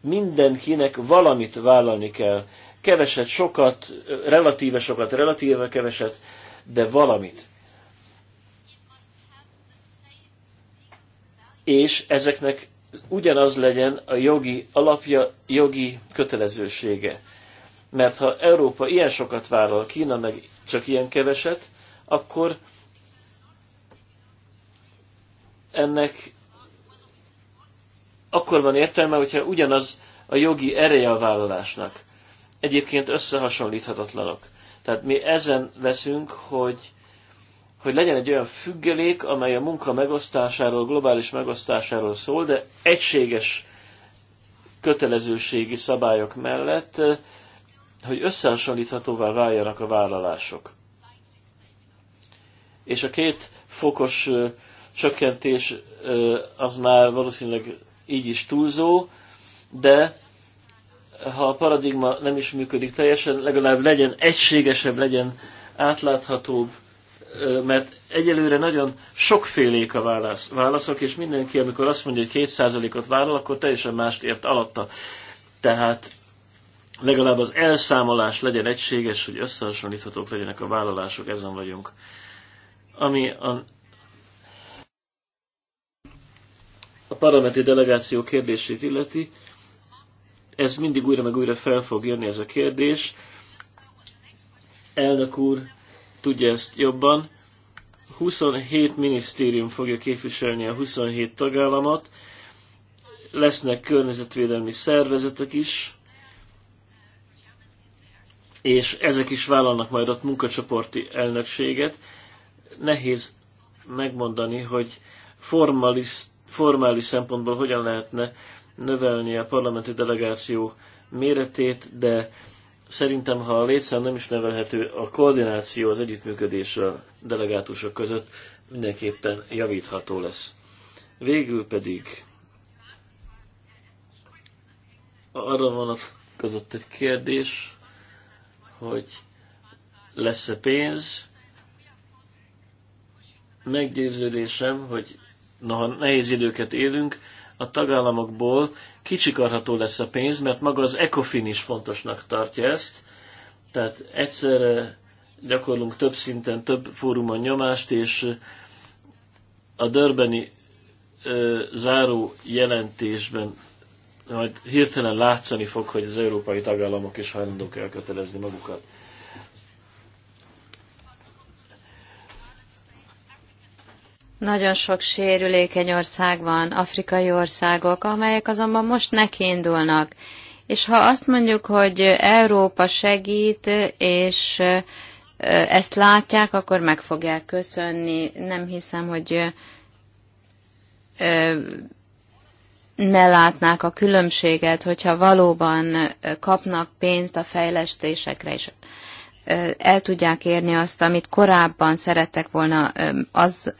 mindenkinek valamit vállalni kell. Keveset, sokat, relatíve sokat, relatíve keveset, de valamit. És ezeknek ugyanaz legyen a jogi alapja, jogi kötelezősége. Mert ha Európa ilyen sokat vállal, Kína meg csak ilyen keveset, akkor ennek akkor van értelme, hogyha ugyanaz a jogi ereje a vállalásnak. Egyébként összehasonlíthatatlanok. Tehát mi ezen leszünk, hogy hogy legyen egy olyan függelék, amely a munka megosztásáról, globális megosztásáról szól, de egységes kötelezőségi szabályok mellett, eh, hogy összehasonlíthatóvá váljanak a vállalások. És a két fokos eh, csökkentés eh, az már valószínűleg így is túlzó, de ha a paradigma nem is működik teljesen, legalább legyen egységesebb, legyen átláthatóbb, mert egyelőre nagyon sokfélék a válasz, válaszok, és mindenki, amikor azt mondja, hogy 2%-ot vállal, akkor teljesen mást ért alatta. Tehát legalább az elszámolás legyen egységes, hogy összehasonlíthatók legyenek a vállalások, ezen vagyunk. Ami a, a parlamenti delegáció kérdését illeti, ez mindig újra meg újra fel fog jönni ez a kérdés. Elnök úr tudja ezt jobban. 27 minisztérium fogja képviselni a 27 tagállamot, lesznek környezetvédelmi szervezetek is, és ezek is vállalnak majd ott munkacsoporti elnökséget. Nehéz megmondani, hogy formális, formális szempontból hogyan lehetne növelni a parlamenti delegáció méretét, de Szerintem, ha a létszám nem is nevelhető, a koordináció, az együttműködés a delegátusok között mindenképpen javítható lesz. Végül pedig arra vonatkozott egy kérdés, hogy lesz-e pénz. Meggyőződésem, hogy noha nehéz időket élünk, a tagállamokból kicsikarható lesz a pénz, mert maga az ECOFIN is fontosnak tartja ezt, tehát egyszerre gyakorlunk több szinten, több fórumon nyomást, és a Dörbeni záró jelentésben majd hirtelen látszani fog, hogy az európai tagállamok is hajlandók elkötelezni magukat. Nagyon sok sérülékeny ország van, afrikai országok, amelyek azonban most nekiindulnak. És ha azt mondjuk, hogy Európa segít, és ezt látják, akkor meg fogják köszönni. Nem hiszem, hogy ne látnák a különbséget, hogyha valóban kapnak pénzt a fejlesztésekre, és el tudják érni azt, amit korábban szerettek volna, az,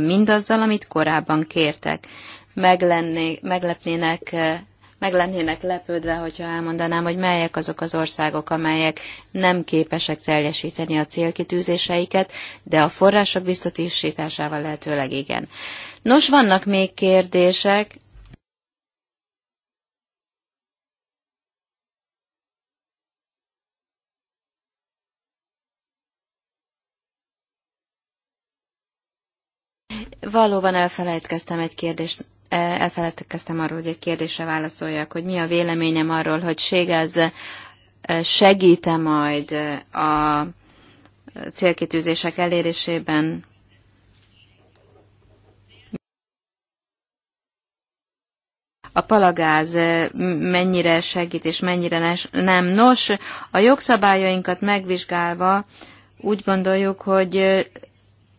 mindazzal, amit korábban kértek. meglepnének meg lennének lepődve, hogyha elmondanám, hogy melyek azok az országok, amelyek nem képesek teljesíteni a célkitűzéseiket, de a források biztosításával lehetőleg igen. Nos, vannak még kérdések, Valóban elfelejtkeztem egy kérdést, e, elfelejtkeztem arról, hogy egy kérdésre válaszoljak, hogy mi a véleményem arról, hogy Ségez e, segíte majd a célkitűzések elérésében. A palagáz e, mennyire segít és mennyire nem. Nos, a jogszabályainkat megvizsgálva úgy gondoljuk, hogy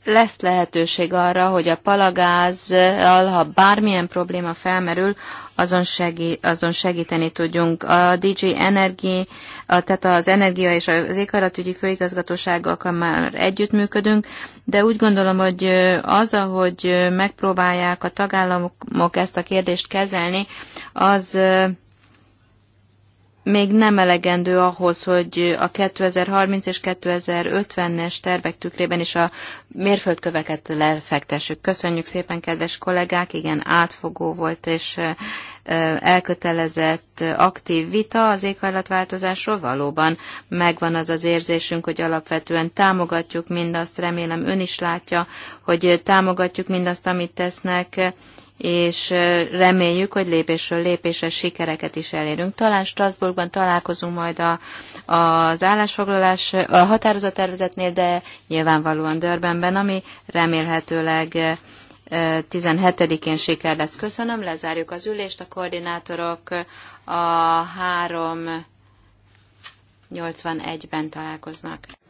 lesz lehetőség arra, hogy a palagázzal, ha bármilyen probléma felmerül, azon, segí, azon segíteni tudjunk. A DJ Energy, a, tehát az Energia és az Ékaratügyi Főigazgatóságokkal már együttműködünk, de úgy gondolom, hogy az, ahogy megpróbálják a tagállamok ezt a kérdést kezelni, az még nem elegendő ahhoz, hogy a 2030 és 2050-es tervek tükrében is a mérföldköveket lefektessük. Köszönjük szépen, kedves kollégák, igen, átfogó volt és elkötelezett, aktív vita az éghajlatváltozásról. Valóban megvan az az érzésünk, hogy alapvetően támogatjuk mindazt, remélem ön is látja, hogy támogatjuk mindazt, amit tesznek, és reméljük, hogy lépésről lépésre sikereket is elérünk. Talán Strasbourgban találkozunk majd a, az állásfoglalás, a határozattervezetnél, de nyilvánvalóan Dörbenben, ami remélhetőleg 17-én siker lesz. Köszönöm, lezárjuk az ülést, a koordinátorok a 381-ben találkoznak.